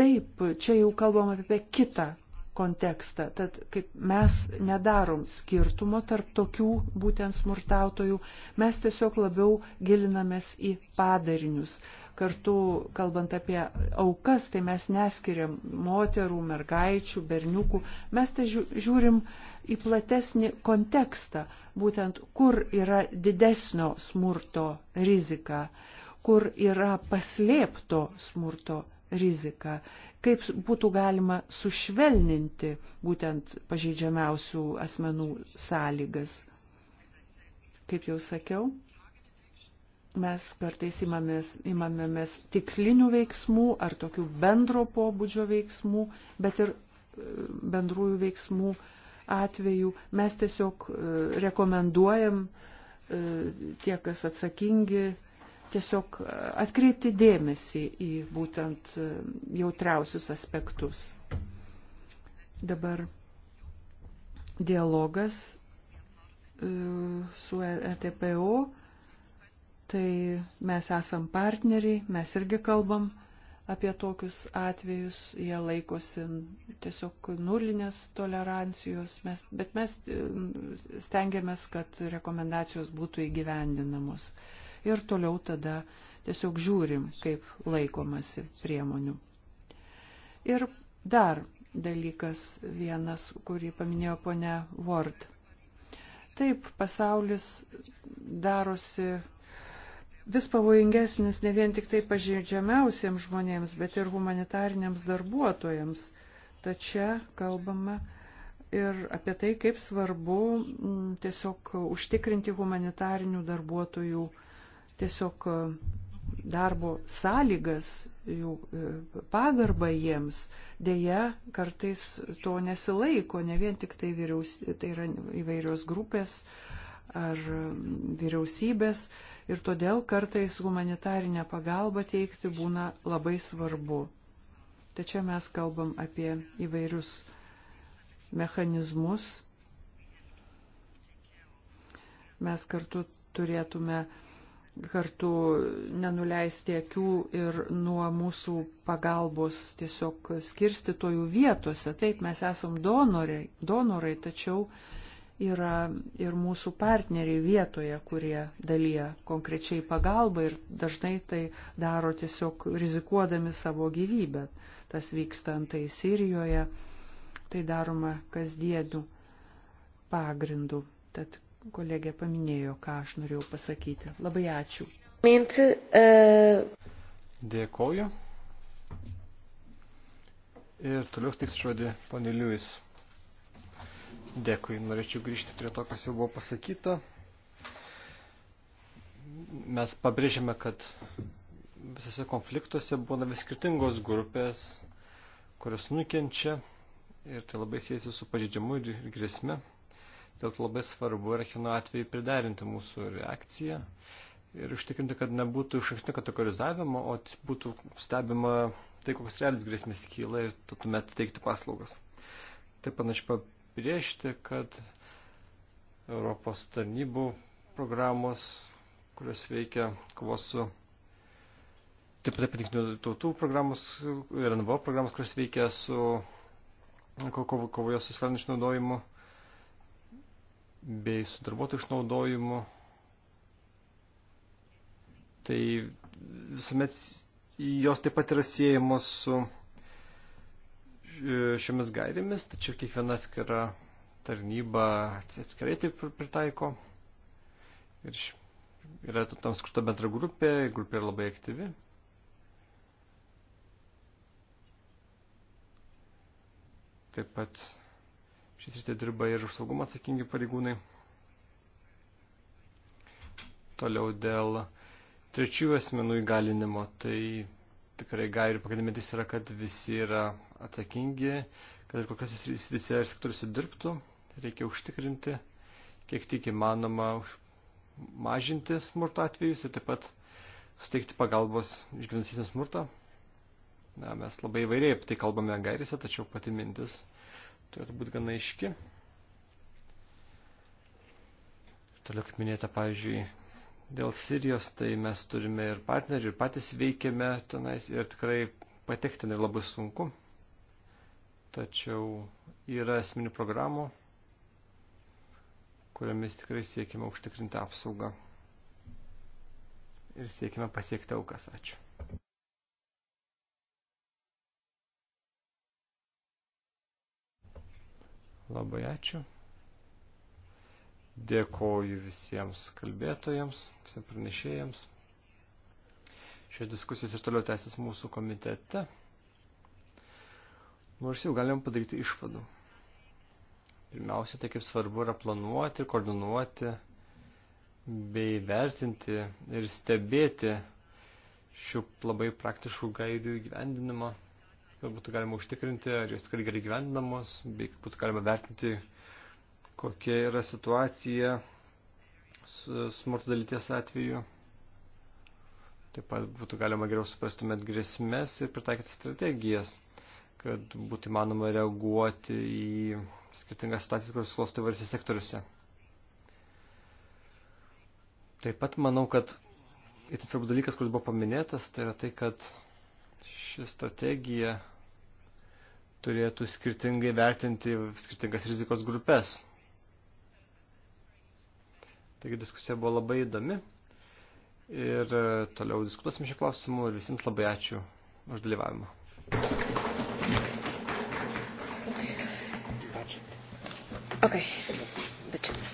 taip, čia jau kalbam apie kitą kontekstą. Tad kaip mes nedarom skirtumo tarp tokių būtent smurtautojų, mes tiesiog labiau gilinamės į padarinius. Kartu, kalbant apie aukas, tai mes neskiriam moterų, mergaičių, berniukų, mes tai žiūrim į platesnį kontekstą, būtent kur yra didesnio smurto rizika. Uh, kur yra paslėpto smurto rizika, kaip būtų galima sušvelninti būtent pažeidžiamiausių asmenų sąlygas. Kaip jau sakiau, mes kartais imamės, imamės tikslinių veiksmų ar tokių bendro pobūdžio veiksmų, bet ir e, bendrųjų veiksmų atveju mes tiesiog e, rekomenduojam e, tie, kas atsakingi tiesiog atkreipti dėmesį į būtent jautriausius aspektus. Dabar dialogas e, su ETPO, tai mes esam partneriai, mes irgi kalbam apie tokius atvejus, jie laikosi tiesiog nulinės tolerancijos, mes, bet mes e, stengiamės, kad rekomendacijos būtų įgyvendinamos. Uh, ir toliau tada tiesiog žiūrim, kaip laikomasi priemonių. Ir dar dalykas vienas, kurį paminėjo ponia Ward. Taip, pasaulis darosi vis pavojingesnis ne vien tik tai pažeidžiamiausiems žmonėms, bet ir humanitariniams darbuotojams. Tačiau kalbama ir apie tai, kaip svarbu m, tiesiog užtikrinti humanitarinių darbuotojų uh, tiesiog e, darbo sąlygas, jų e, pagarbą jiems, dėja kartais to nesilaiko, ne vien tik tai, vyriaus, tai yra įvairios grupės ar e, vyriausybės ir todėl kartais humanitarinę pagalbą teikti būna labai svarbu. Tačiau mes kalbam apie įvairius mechanizmus. Mes kartu turėtume uh, kartu nenuleisti akių ir nuo mūsų pagalbos tiesiog skirstytojų vietose. Taip, mes esam donorai, donorai tačiau yra ir mūsų partneriai vietoje, kurie dalyja konkrečiai pagalbą ir dažnai tai daro tiesiog rizikuodami savo gyvybę. Tas vyksta antai Sirijoje, tai daroma kasdienių pagrindų. Tad kolegė paminėjo, ką aš norėjau pasakyti. Labai ačiū. Minti, uh... Dėkoju. Ir toliau stiks žodį ponė Liuis. Dėkui, norėčiau grįžti prie to, kas jau buvo pasakyta. Mes pabrėžėme, kad visose konfliktuose būna vis skirtingos grupės, kurios nukenčia ir tai labai siejasi su pažydžiamu ir grėsme. Dėl to labai svarbu yra kiekvienu atveju priderinti mūsų reakciją ir užtikrinti, kad nebūtų iš anksto kategorizavimo, o būtų stebima tai, kokios realis grėsmės kyla ir tuomet teikti paslaugas. Taip panašiai pabrėžti, kad Europos tarnybų programos, kurios veikia kovos su taip pat apitinkinių tautų programos ir NVO programos, kurios veikia su kovoje su skaliniu išnaudojimu. Ko, ko, ko, bei su darbuotojų išnaudojimu, tai visuomet jos taip pat yra siejamos su e, šiomis gairėmis, tačiau kiekviena atskira tarnyba atskirai taip pritaiko. Ir yra tam skurta bendra grupė, grupė yra labai aktyvi. Taip pat Šis rytė dirba ir už saugumą atsakingi pareigūnai. Toliau dėl trečiųjų asmenų įgalinimo, tai tikrai gairių pagrindinėtis yra, kad visi yra atsakingi, kad ir kokias srityse ir sektoriuose dirbtų, reikia užtikrinti, kiek tik įmanoma mažinti smurto atvejus ir taip pat suteikti pagalbos išgyvenantysiams smurtą. Na, mes labai įvairiai apie tai kalbame gairėse, tačiau pati mintis turėtų būti gana aiški. Toliau, kaip minėta, pavyzdžiui, dėl Sirijos, tai mes turime ir partnerių, ir patys veikiame tenais, ir tikrai patekti ten labai sunku. Tačiau yra esminių programų, kuriamis tikrai siekime užtikrinti apsaugą ir siekime pasiekti aukas. Ačiū. Labai ačiū. Dėkoju visiems kalbėtojams, visiems pranešėjams. Šios diskusijos ir toliau tęsis mūsų komitete. Nors jau galim padaryti išvadų. Pirmiausia, tai kaip svarbu yra planuoti, koordinuoti bei vertinti ir stebėti šių labai praktiškų gairių įgyvendinimą kad būtų galima užtikrinti, ar jos tikrai gerai gyvendinamos, bei kad būtų galima vertinti, kokia yra situacija smurto dalyties atveju. Taip pat būtų galima geriau suprastumėt grėsmės ir pritaikyti strategijas, kad būtų įmanoma reaguoti į skirtingas situacijas, kurios klosto įvairiose sektoriuose. Taip pat manau, kad itin svarbus dalykas, kuris buvo paminėtas, tai yra tai, kad ši strategija turėtų skirtingai vertinti skirtingas rizikos grupės. Taigi diskusija buvo labai įdomi ir e, toliau diskutuosim šį klausimą ir visiems labai ačiū už dalyvavimą. Okay, bitches.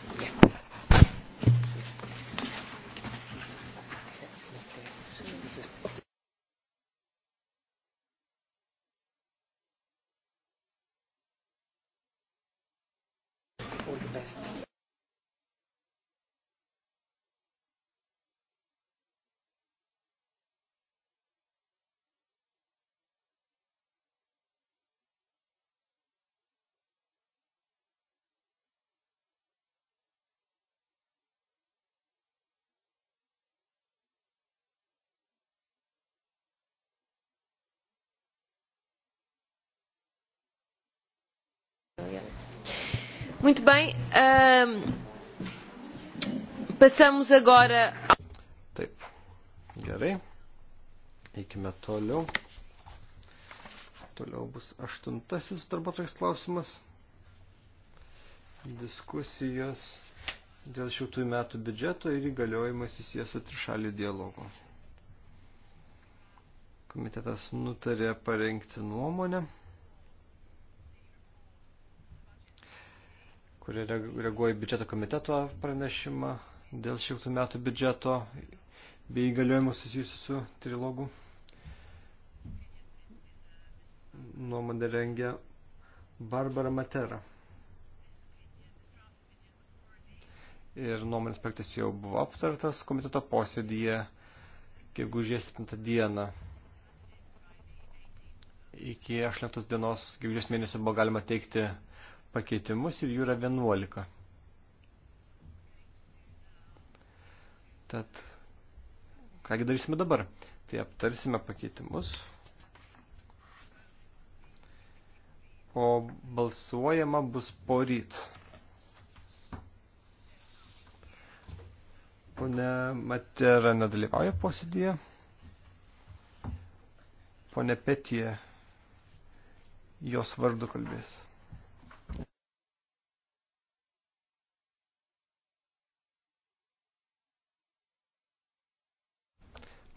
Muito bem. Um, passamos agora. Taip. Gerai. Eikime toliau. Toliau bus aštuntasis darbotojas klausimas. Diskusijos dėl šiltųjų metų biudžeto ir įgaliojimas įsijęs su trišalių dialogu. Komitetas nutarė parengti nuomonę. kurie reaguoja biudžeto komiteto pranešimą dėl šimtų metų biudžeto bei įgaliojimų susijusių su trilogu. Nuomonę rengia Barbara Matera. Ir nuomonės projektas jau buvo aptartas komiteto posėdyje gegužės 7 dieną. Iki 18 dienos gegužės mėnesio buvo galima teikti pakeitimus ir jų yra 11. Tad, kągi darysime dabar? Tai aptarsime pakeitimus. O balsuojama bus poryt. Pone Matera nedalyvauja posėdėje. Pone Petie jos vardu kalbės.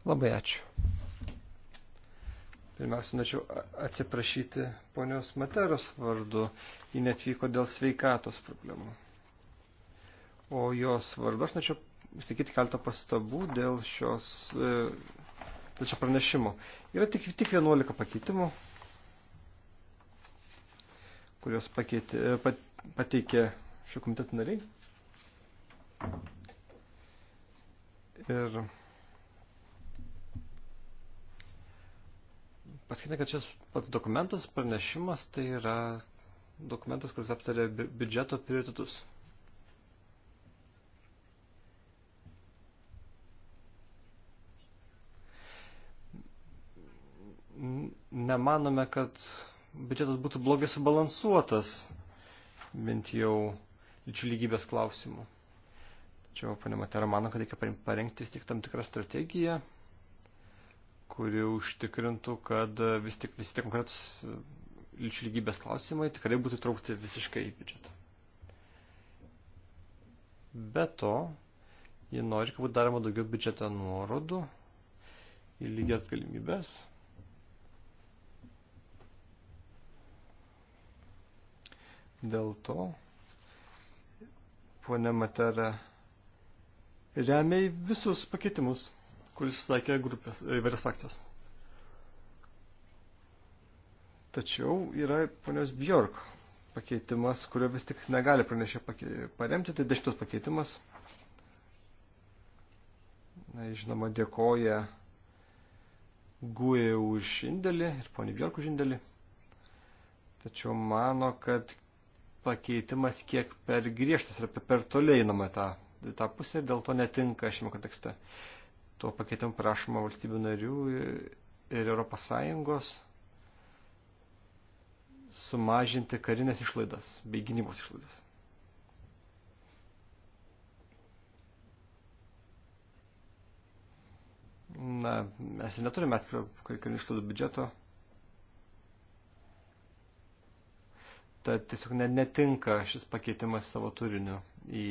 Labai ačiū. Pirmiausia, norėčiau atsiprašyti ponios Materos vardu. Ji netvyko dėl sveikatos problemų. O jos vardu aš norėčiau sakyti keltą pastabų dėl šios e, dėl šio pranešimo. Yra tik, tik 11 pakeitimų, kurios pakeitė, e, pat, pateikė šio komiteto nariai. Ir pasakyti, kad šis pats dokumentas, pranešimas, tai yra dokumentas, kuris aptarė bi biudžeto prioritetus. Nemanome, kad biudžetas būtų blogai subalansuotas, bent jau lyčių lygybės klausimų. Tačiau, ponė Matera, mano, kad reikia parengti vis tik tam tikrą strategiją kuri užtikrintų, kad vis tik, vis tik konkretus e, lyčių lygybės klausimai tikrai būtų traukti visiškai į biudžetą. Be to, jie nori, kad būtų daroma daugiau biudžeto nuorodų į lygias galimybės. Dėl to, ponė Matera, remia visus pakeitimus kuris sakė grupės, įvairias frakcijas. Tačiau yra ponios Bjork pakeitimas, kurio vis tik negali pranešė paremti, tai dešimtas pakeitimas. Na, žinoma, dėkoja Guje už indėlį ir poni Bjork už indėlį. Tačiau mano, kad pakeitimas kiek per griežtas ir per toliai einama tą, tą pusę ir dėl to netinka šiame kontekste. Tuo pakeitimu prašoma valstybių narių ir ES sumažinti karinės išlaidas bei gynybos išlaidas. Na, mes ir neturime atskiro karinių išlaidų biudžeto. Tad tiesiog netinka šis pakeitimas savo turiniu į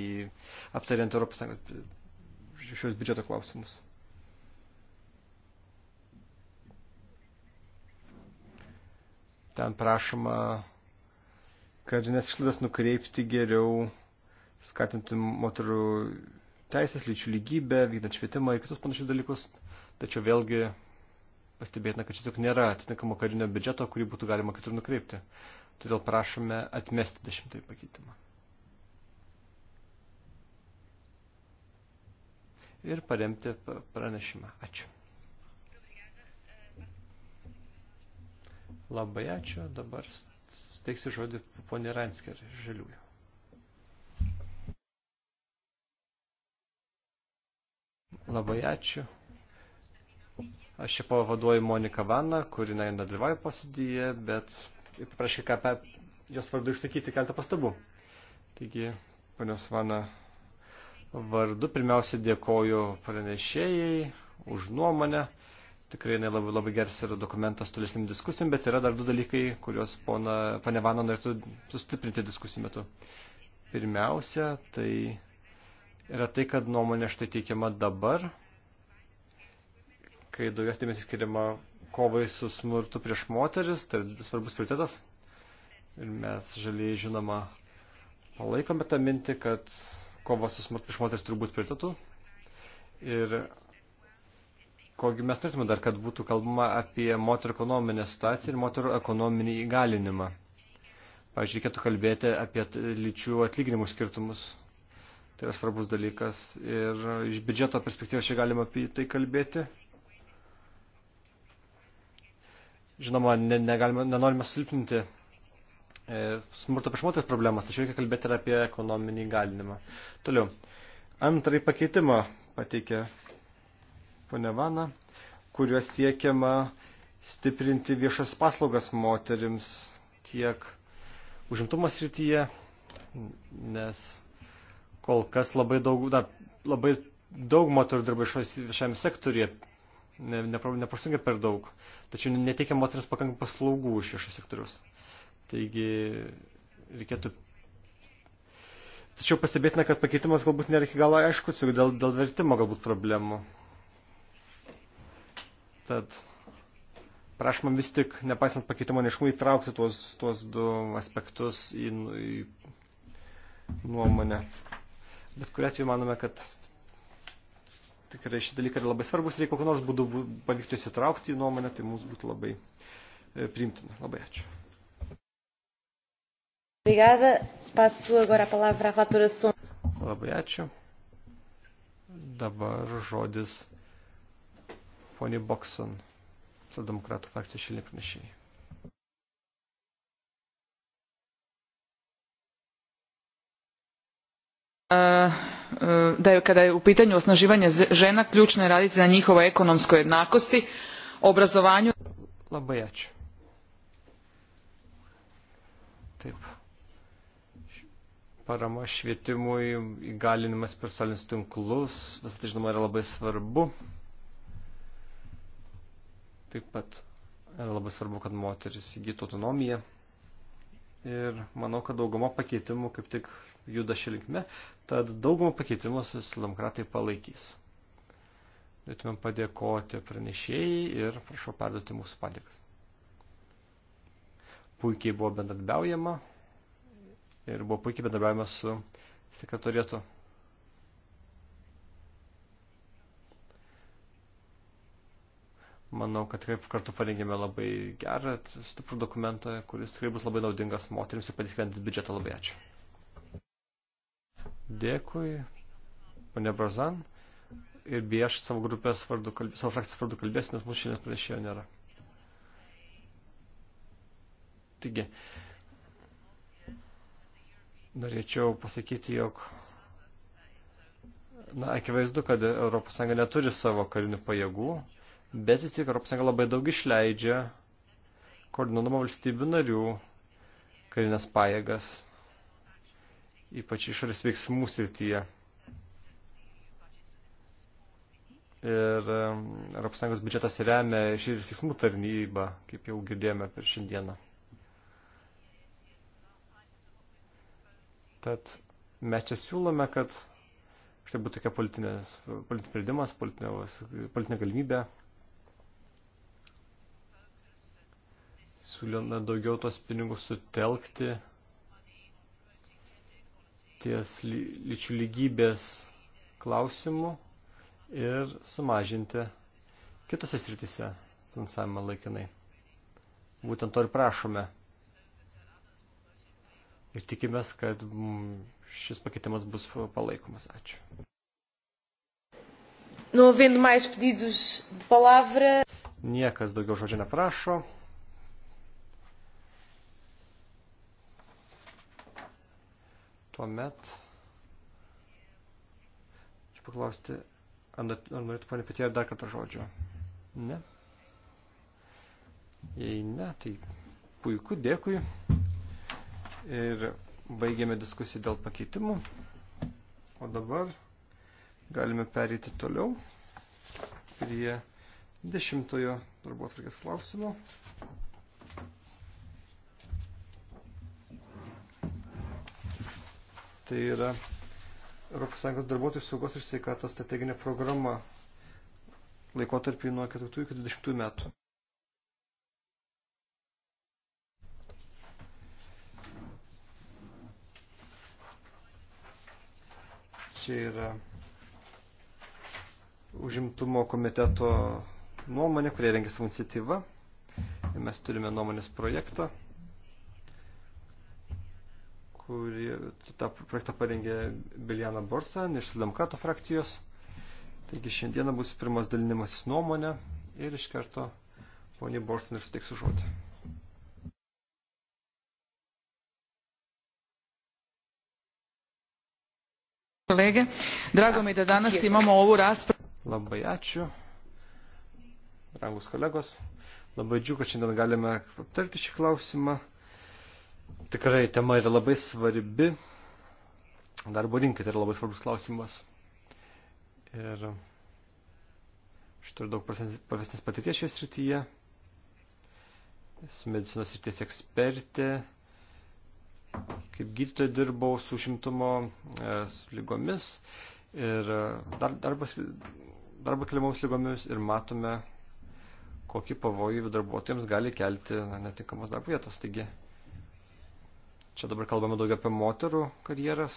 aptariant Europos Sąjungos šios biudžeto klausimus. Ten prašoma, kad žinias išlaidas nukreipti geriau, skatinti moterų teisės, lyčių lygybę, vykdant švietimą ir kitus panašius dalykus. Tačiau vėlgi pastebėtina, kad tiesiog nėra atitinkamo karinio biudžeto, kurį būtų galima kitur nukreipti. Todėl prašome atmesti dešimtąjį pakeitimą. ir paremti pranešimą. Ačiū. Labai ačiū. Dabar steiksiu žodį ponė Ransker Žaliųjų. Labai ačiū. Aš čia pavaduoju Moniką Vaną, kuri nedalyvauja posėdyje, bet paprašė, ką apie jos vardu išsakyti keletą pastabų. Taigi, ponios Vana vardu, pirmiausia dėkoju pranešėjai už nuomonę tikrai labai, labai geras yra dokumentas tolesnim diskusijom, bet yra dar du dalykai, kuriuos pana, pane Vana norėtų sustiprinti diskusijų metu. Pirmiausia, tai yra tai, kad nuomonė štai teikiama dabar, kai daugiausiai dėmesį skiriama kovai su smurtu prieš moteris, tai svarbus prioritetas. Ir mes žaliai žinoma palaikome tą mintį, kad kova su smurtu prieš moteris turi būti prioritetu. Ir kogi mes turėtume dar, kad būtų kalbama apie moterų ekonominę situaciją ir moterų ekonominį įgalinimą. Pavyzdžiui, reikėtų kalbėti apie lyčių atlyginimų skirtumus. Tai yra svarbus dalykas ir iš biudžeto perspektyvos čia galima apie tai kalbėti. Žinoma, ne, negalima, nenorime silpninti e, smurto prieš moteris problemas, tačiau reikia kalbėti ir apie ekonominį įgalinimą. Toliau. Antrai pakeitimą pateikė ponia Vana, kuriuo siekiama stiprinti viešas paslaugas moterims tiek užimtumo srityje, nes kol kas labai daug, na, labai daug moterų dirba viešajame sektorije, neprosingai ne, ne per daug, tačiau neteikia moteris pakankamai paslaugų iš viešo sektoriaus. Taigi reikėtų. Tačiau pastebėtina, kad pakeitimas galbūt nėra iki galo aiškus, dėl, dėl vertimo galbūt problemų. Tad prašoma vis tik, nepaisant pakeitimo neišmų, įtraukti tuos, tuos du aspektus į, į nuomonę. Bet kuriu atveju manome, kad tikrai šį dalyką yra labai svarbus ir jei kokiu nors būdu pavyktų įsitraukti į nuomonę, tai mums būtų labai e, priimtina. Labai ačiū. Obrigada. Passo agora a palavra à relatora Sombra. Labai ačiū. Dabar žodis poniai Bokson, Saldemokratų frakcija šiandien pranešėjai. da je kada je u pitanju osnaživanje žena ključno je raditi na njihovoj ekonomskoj jednakosti, obrazovanju. Labai ačiū. Taip. Parama švietimui, įgalinimas per salinius tinklus, visą tai žinoma yra labai svarbu. Taip pat labai svarbu, kad moteris įgytų autonomiją. Ir manau, kad dauguma pakeitimų kaip tik juda šia linkme, tad dauguma pakeitimų socialdemokratai palaikys. Norėtumėm padėkoti pranešėjai ir prašau perduoti mūsų padėkas. Puikiai buvo bendradarbiaujama ir buvo puikiai bendradarbiaujama su sekretorietu. Manau, kad tikrai kartu parengėme labai gerą, stiprų dokumentą, kuris tikrai bus labai naudingas moteriams ir patiskrintis biudžetą. Labai ačiū. Dėkui, ponė Brazan. Ir bei aš savo grupės vardu, kalbės, savo frakcijos vardu kalbės, nes mūsų šiandien pranešėjo nėra. Taigi, norėčiau pasakyti, jog na, akivaizdu, kad ES neturi savo karinių pajėgų bet vis tiek Europos Sąjunga labai daug išleidžia koordinuodama valstybių narių karinės pajėgas, ypač išorės veiksmų srityje. Ir Europos Sąjungos biudžetas remia išorės veiksmų tarnybą, kaip jau girdėjome per šiandieną. Tad mes čia siūlome, kad štai būtų tokia politinė sprendimas, politinė, politinė galimybė siūlėme daugiau tos pinigus sutelkti ties lyčių lygybės klausimų ir sumažinti kitose sritise finansavimą laikinai. Būtent to ir prašome. Ir tikimės, kad šis pakeitimas bus palaikomas. Ačiū. Não havendo mais pedidos de palavra. Niekas daugiau žodžio neprašo. Tuomet, aš paklausti, ar norėtų ponė Petėjo dar kartą žodžio? Ne? Jei ne, tai puiku, dėkui. Ir baigėme diskusiją dėl pakeitimų. O dabar galime perėti toliau prie dešimtojo darbo atvarkės klausimo. Tai yra ES darbuotojų saugos ir sveikatos strateginė programa laikotarpį nuo 4 iki 20 metų. Čia yra užimtumo komiteto nuomonė, kurie rengia savo iniciatyvą. Mes turime nuomonės projektą kurį tą projektą parengė Biljana Borsan iš Sudamkrato frakcijos. Taigi šiandieną bus pirmas dalinimasis nuomonė ir iš karto ponė Borsan ir suteiksiu žodį. Kolege, drago mi da danas imamo ovu raspravu. Labai ačiū, brangus kolegos. Labai džiugu, kad šiandien galime aptarti šį klausimą. Tikrai tema yra labai svarbi. Darbo rinkai tai yra labai svarbus klausimas. Ir aš turiu daug profesinės patirties šioje srityje. Esu medicinos srities ekspertė. Kaip gydytoja dirbau su šimtumo e, su lygomis ir e, dar, darbas, darbo keliamoms lygomis ir matome, kokį pavojų darbuotojams gali kelti na, netinkamos darbo vietos. Taigi, Čia dabar kalbame daugiau apie moterų karjeras,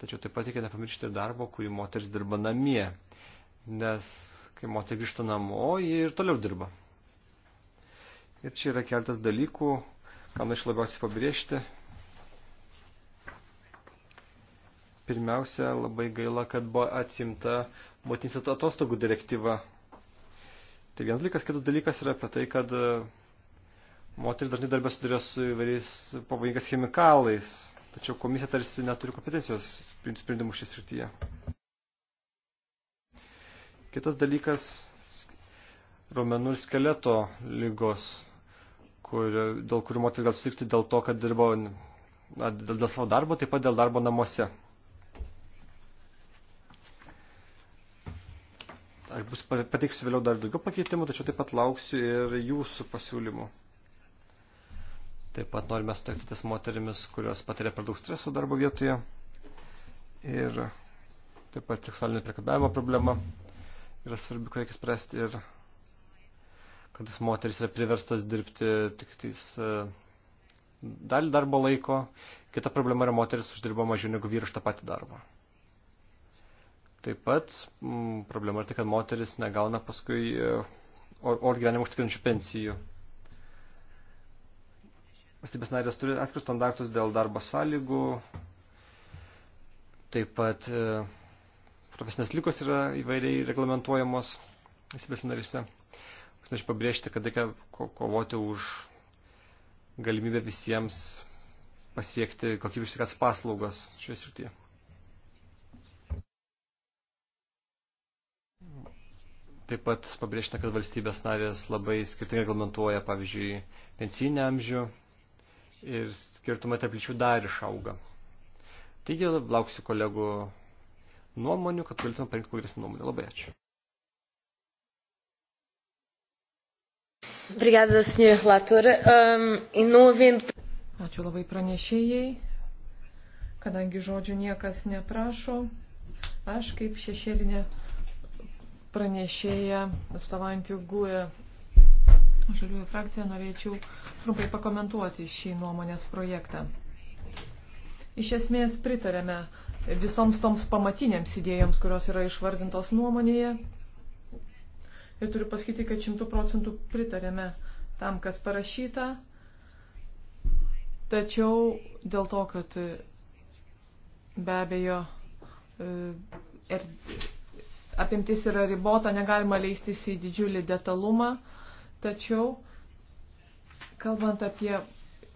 tačiau taip pat reikia nepamiršti ir darbo, kurį moteris dirba namie, nes kai moteris grįžta namo, jie ir toliau dirba. Ir čia yra keltas dalykų, ką aš labiausiai pabrėžti. Pirmiausia, labai gaila, kad buvo atsimta motinys atostogų direktyva. Tai vienas dalykas, kitas dalykas yra apie tai, kad Moteris dažnai darbė sudarė su įvairiais pavojingas chemikalais, tačiau komisija tarsi neturi kompetencijos priimti sprendimų šį srityje. Kitas dalykas – raumenų ir skeleto lygos, kur, dėl kurių moteris gali susirgti dėl to, kad dirbo na, dėl, dėl savo darbo, taip pat dėl darbo namuose. Aš bus pateiksiu vėliau dar daugiau pakeitimų, tačiau taip pat lauksiu ir jūsų pasiūlymų. Taip pat norime sutelkti tas moterimis, kurios patiria per daug streso darbo vietoje. Ir taip pat seksualinio priekabiavimo problema yra svarbi, kurią reikia spręsti. Ir kartais moteris yra priverstas dirbti tik tais e, dalį darbo laiko. Kita problema yra moteris uždirba mažiau negu vyras tą patį darbą. Taip pat m, problema yra tai, kad moteris negauna paskui e, or, or gyvenimo užtikrinčių pensijų. Valstybės narės turi atskirus standartus dėl darbo sąlygų, taip pat e, profesinės likos yra įvairiai reglamentuojamos valstybės narėse. Aš norėčiau pabrėžti, kad reikia kovoti už galimybę visiems pasiekti kokybiškas paslaugas šioje srityje. Taip pat pabrėžtina, kad valstybės narės labai skirtingai reglamentuoja, pavyzdžiui, pensinį amžių, ir skirtumai tarp lyčių dar išauga. Taigi lauksiu kolegų nuomonių, kad galėtume parinkti kuo geresnį nuomonę. Labai ačiū. Obrigada, senhora relatora. Um, e não havendo... Ačiū labai pranešėjai. Kadangi žodžių niekas neprašo, aš kaip šešėlinė pranešėja atstovaujantį GUE Žaliųjų frakciją norėčiau trumpai pakomentuoti šį nuomonės projektą. Iš esmės pritarėme visoms toms pamatinėms idėjoms, kurios yra išvardintos nuomonėje. Ir turiu pasakyti, kad šimtų procentų pritarėme tam, kas parašyta. Tačiau dėl to, kad be abejo e, er, apimtis yra ribota, negalima leistis į didžiulį detalumą. Tačiau, kalbant apie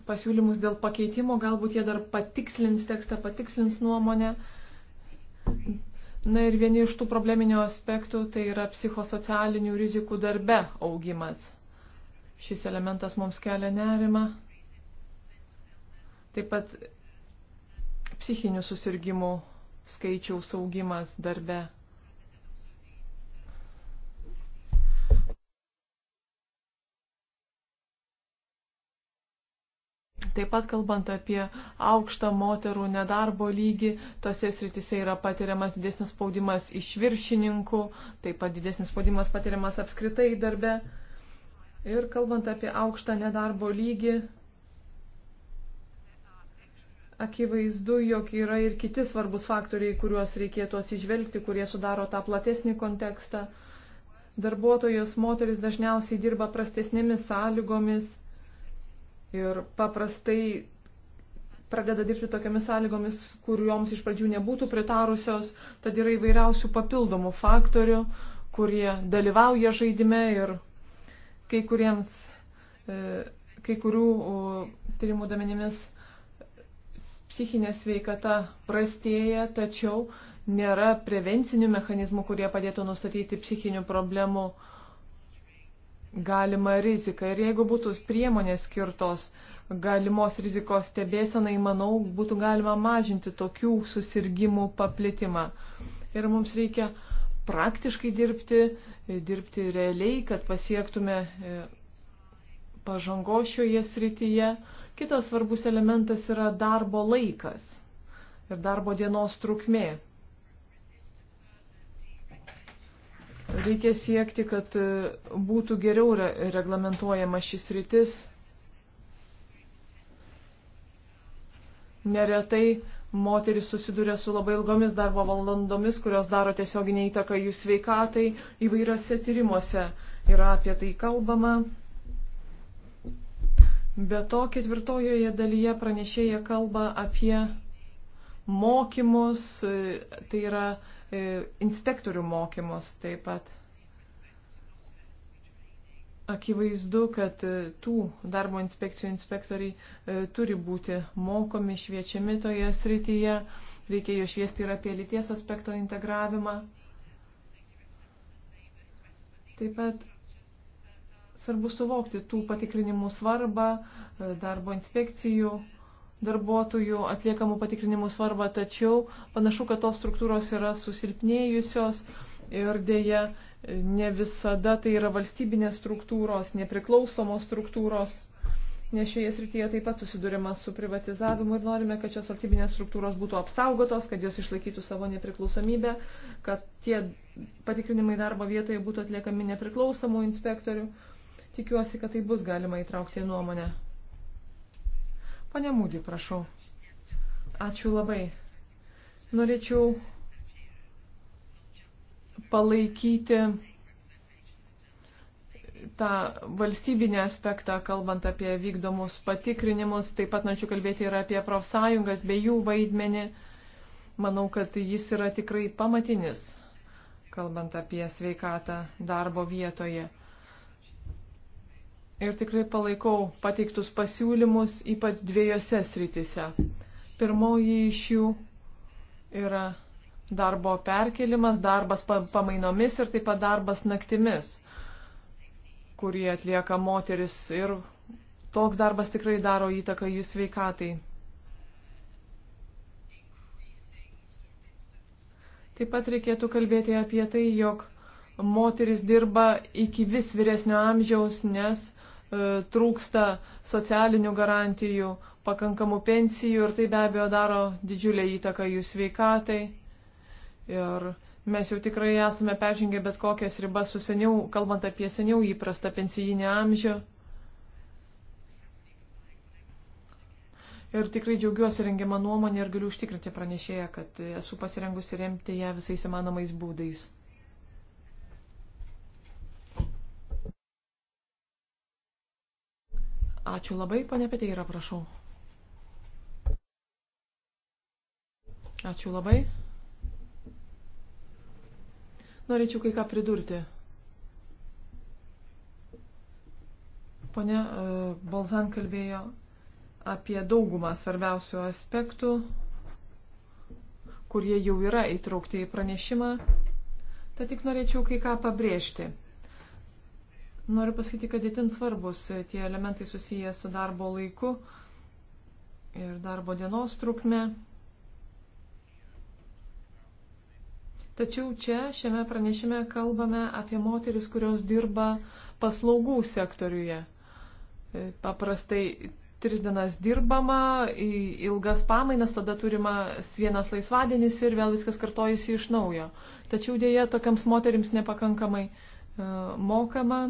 pasiūlymus dėl pakeitimo, galbūt jie dar patikslins tekstą, patikslins nuomonę. Na ir vieni iš tų probleminių aspektų tai yra psichosocialinių rizikų darbe augimas. Šis elementas mums kelia nerimą. Taip pat psichinių susirgymų skaičiaus augimas darbe. Taip pat kalbant apie aukštą moterų nedarbo lygį, tose sritise yra patiriamas didesnis spaudimas iš viršininkų, taip pat didesnis spaudimas patiriamas apskritai darbe. Ir kalbant apie aukštą nedarbo lygį, akivaizdu, jog yra ir kiti svarbus faktoriai, kuriuos reikėtų atsižvelgti, kurie sudaro tą platesnį kontekstą. Darbuotojos moteris dažniausiai dirba prastesnėmis sąlygomis, ir paprastai pradeda dirbti tokiamis sąlygomis, kurioms iš pradžių nebūtų pritarusios, tad yra įvairiausių papildomų faktorių, kurie dalyvauja žaidime ir kai kuriems, e, kai kurių tyrimų domenimis psichinė sveikata prastėja, tačiau nėra prevencinių mechanizmų, kurie padėtų nustatyti psichinių problemų uh, galima rizika. Ir jeigu būtų priemonės skirtos galimos rizikos stebėsenai, manau, būtų galima mažinti tokių susirgymų paplitimą. Ir mums reikia praktiškai dirbti, dirbti realiai, kad pasiektume e, pažango šioje srityje. Kitas svarbus elementas yra darbo laikas ir darbo dienos trukmė. Reikia siekti, kad e, būtų geriau reglamentuojama šis rytis. Neretai moteris susiduria su labai ilgomis darbo valandomis, kurios daro tiesioginį įtaką jų sveikatai. Įvairiose tyrimuose yra apie tai kalbama. Be to, ketvirtojoje dalyje pranešėja kalba apie mokymus, e, tai yra E, inspektorių mokymus taip pat. Akivaizdu, kad e, tų darbo inspekcijų inspektoriai e, turi būti mokomi, šviečiami toje srityje, reikia jo šviesti ir apie lyties aspekto integravimą. Taip pat svarbu suvokti tų patikrinimų svarbą, darbo inspekcijų darbuotojų atliekamų patikrinimų svarbą, tačiau panašu, kad tos struktūros yra susilpnėjusios ir dėja ne visada tai yra valstybinės struktūros, nepriklausomos struktūros, nes šioje srityje taip pat susidurima su privatizavimu ir norime, kad šios valstybinės struktūros būtų apsaugotos, kad jos išlaikytų savo nepriklausomybę, kad tie patikrinimai darbo vietoje būtų atliekami nepriklausomų inspektorių. Tikiuosi, kad tai bus galima įtraukti į nuomonę. Pane Mūdį, prašau. Ačiū labai. Norėčiau palaikyti tą valstybinį aspektą, kalbant apie vykdomus patikrinimus. Taip pat norėčiau kalbėti ir apie profsąjungas bei jų vaidmenį. Manau, kad jis yra tikrai pamatinis, kalbant apie sveikatą darbo vietoje ir tikrai palaikau pateiktus pasiūlymus, ypač dviejose srityse. Pirmoji iš jų yra darbo perkelimas, darbas pamainomis ir taip pat darbas naktimis, kurį atlieka moteris ir toks darbas tikrai daro įtaką jų sveikatai. Taip pat reikėtų kalbėti apie tai, jog moteris dirba iki vis vyresnio amžiaus, nes E, trūksta socialinių garantijų, pakankamų pensijų ir tai be abejo daro didžiulę įtaką jų sveikatai. Ir mes jau tikrai esame peržengę bet kokias ribas su seniau, kalbant apie seniau įprastą pensijinį amžių. Ir tikrai džiaugiuosi rengiamą nuomonę ir galiu užtikrinti pranešėją, kad esu pasirengusi remti ją visais įmanomais būdais. Ačiū labai, ponė Peteira, prašau. Ačiū labai. Norėčiau kai ką pridurti. Pone e, Bolzan kalbėjo apie daugumą svarbiausių aspektų, kurie jau yra įtraukti į pranešimą. Tad tik norėčiau kai ką pabrėžti. Noriu pasakyti, kad itin svarbus e, tie elementai susiję su darbo laiku ir darbo dienos trukme. Tačiau čia šiame pranešime kalbame apie moteris, kurios dirba paslaugų sektoriuje. E, paprastai tris dienas dirbama, ilgas pamainas, tada turima vienas laisvadienis ir vėl viskas kartojasi iš naujo. Tačiau dėja tokiams moteriams nepakankamai e, mokama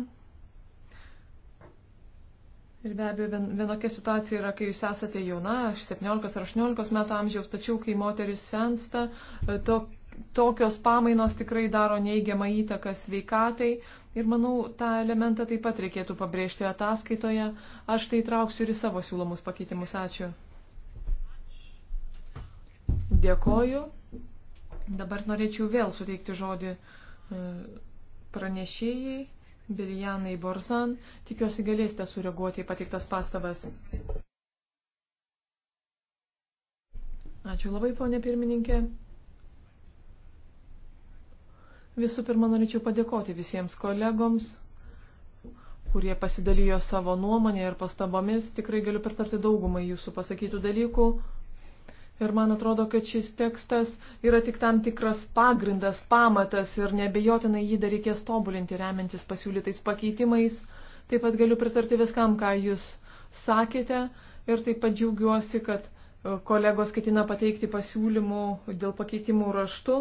Ir be abejo, vien, vienokia situacija yra, kai jūs esate jauna, 17 ar 18 metų amžiaus, tačiau kai moteris sensta, e, to, tokios pamainos tikrai daro neigiamą įtaką sveikatai. Ir manau, tą elementą taip pat reikėtų pabrėžti ataskaitoje. Aš tai trauksiu ir į savo siūlomus pakeitimus. Ačiū. Dėkoju. Dabar norėčiau vėl suteikti žodį e, pranešėjai. Viljanai Borsan. Tikiuosi galėsite sureaguoti į pateiktas pastabas. Ačiū labai, ponė pirmininkė. Visų pirma, norėčiau padėkoti visiems kolegoms, kurie pasidalijo savo nuomonę ir pastabomis. Tikrai galiu pritarti daugumai jūsų pasakytų dalykų. Ir man atrodo, kad šis tekstas yra tik tam tikras pagrindas, pamatas ir nebejotinai jį dar reikės tobulinti remiantis pasiūlytais pakeitimais. Taip pat galiu pritarti viskam, ką jūs sakėte ir taip pat džiaugiuosi, kad e, kolegos ketina pateikti pasiūlymų dėl pakeitimų raštu.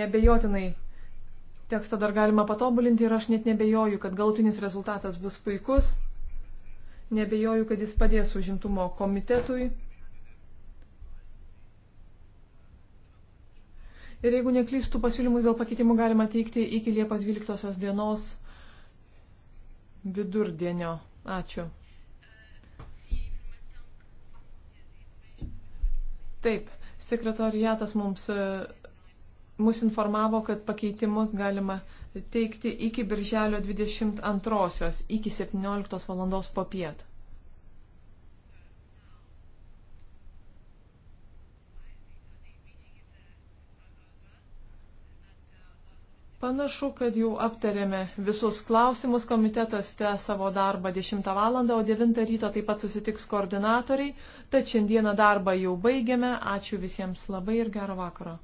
Nebejotinai tekstą dar galima patobulinti ir aš net nebejoju, kad galtinis rezultatas bus puikus. Nebejoju, kad jis padės užimtumo komitetui. Ir jeigu neklystų pasiūlymus dėl pakeitimų galima teikti iki Liepos 12 dienos vidurdienio. Ačiū. Taip, sekretoriatas mums e, mus informavo, kad pakeitimus galima teikti iki birželio 22-osios, iki 17 valandos po pietų. Panašu, kad jau aptarėme visus klausimus. Komitetas te savo darbą 10 val. o 9 ryto taip pat susitiks koordinatoriai. Tad šiandieną darbą jau baigėme. Ačiū visiems labai ir gero vakaro.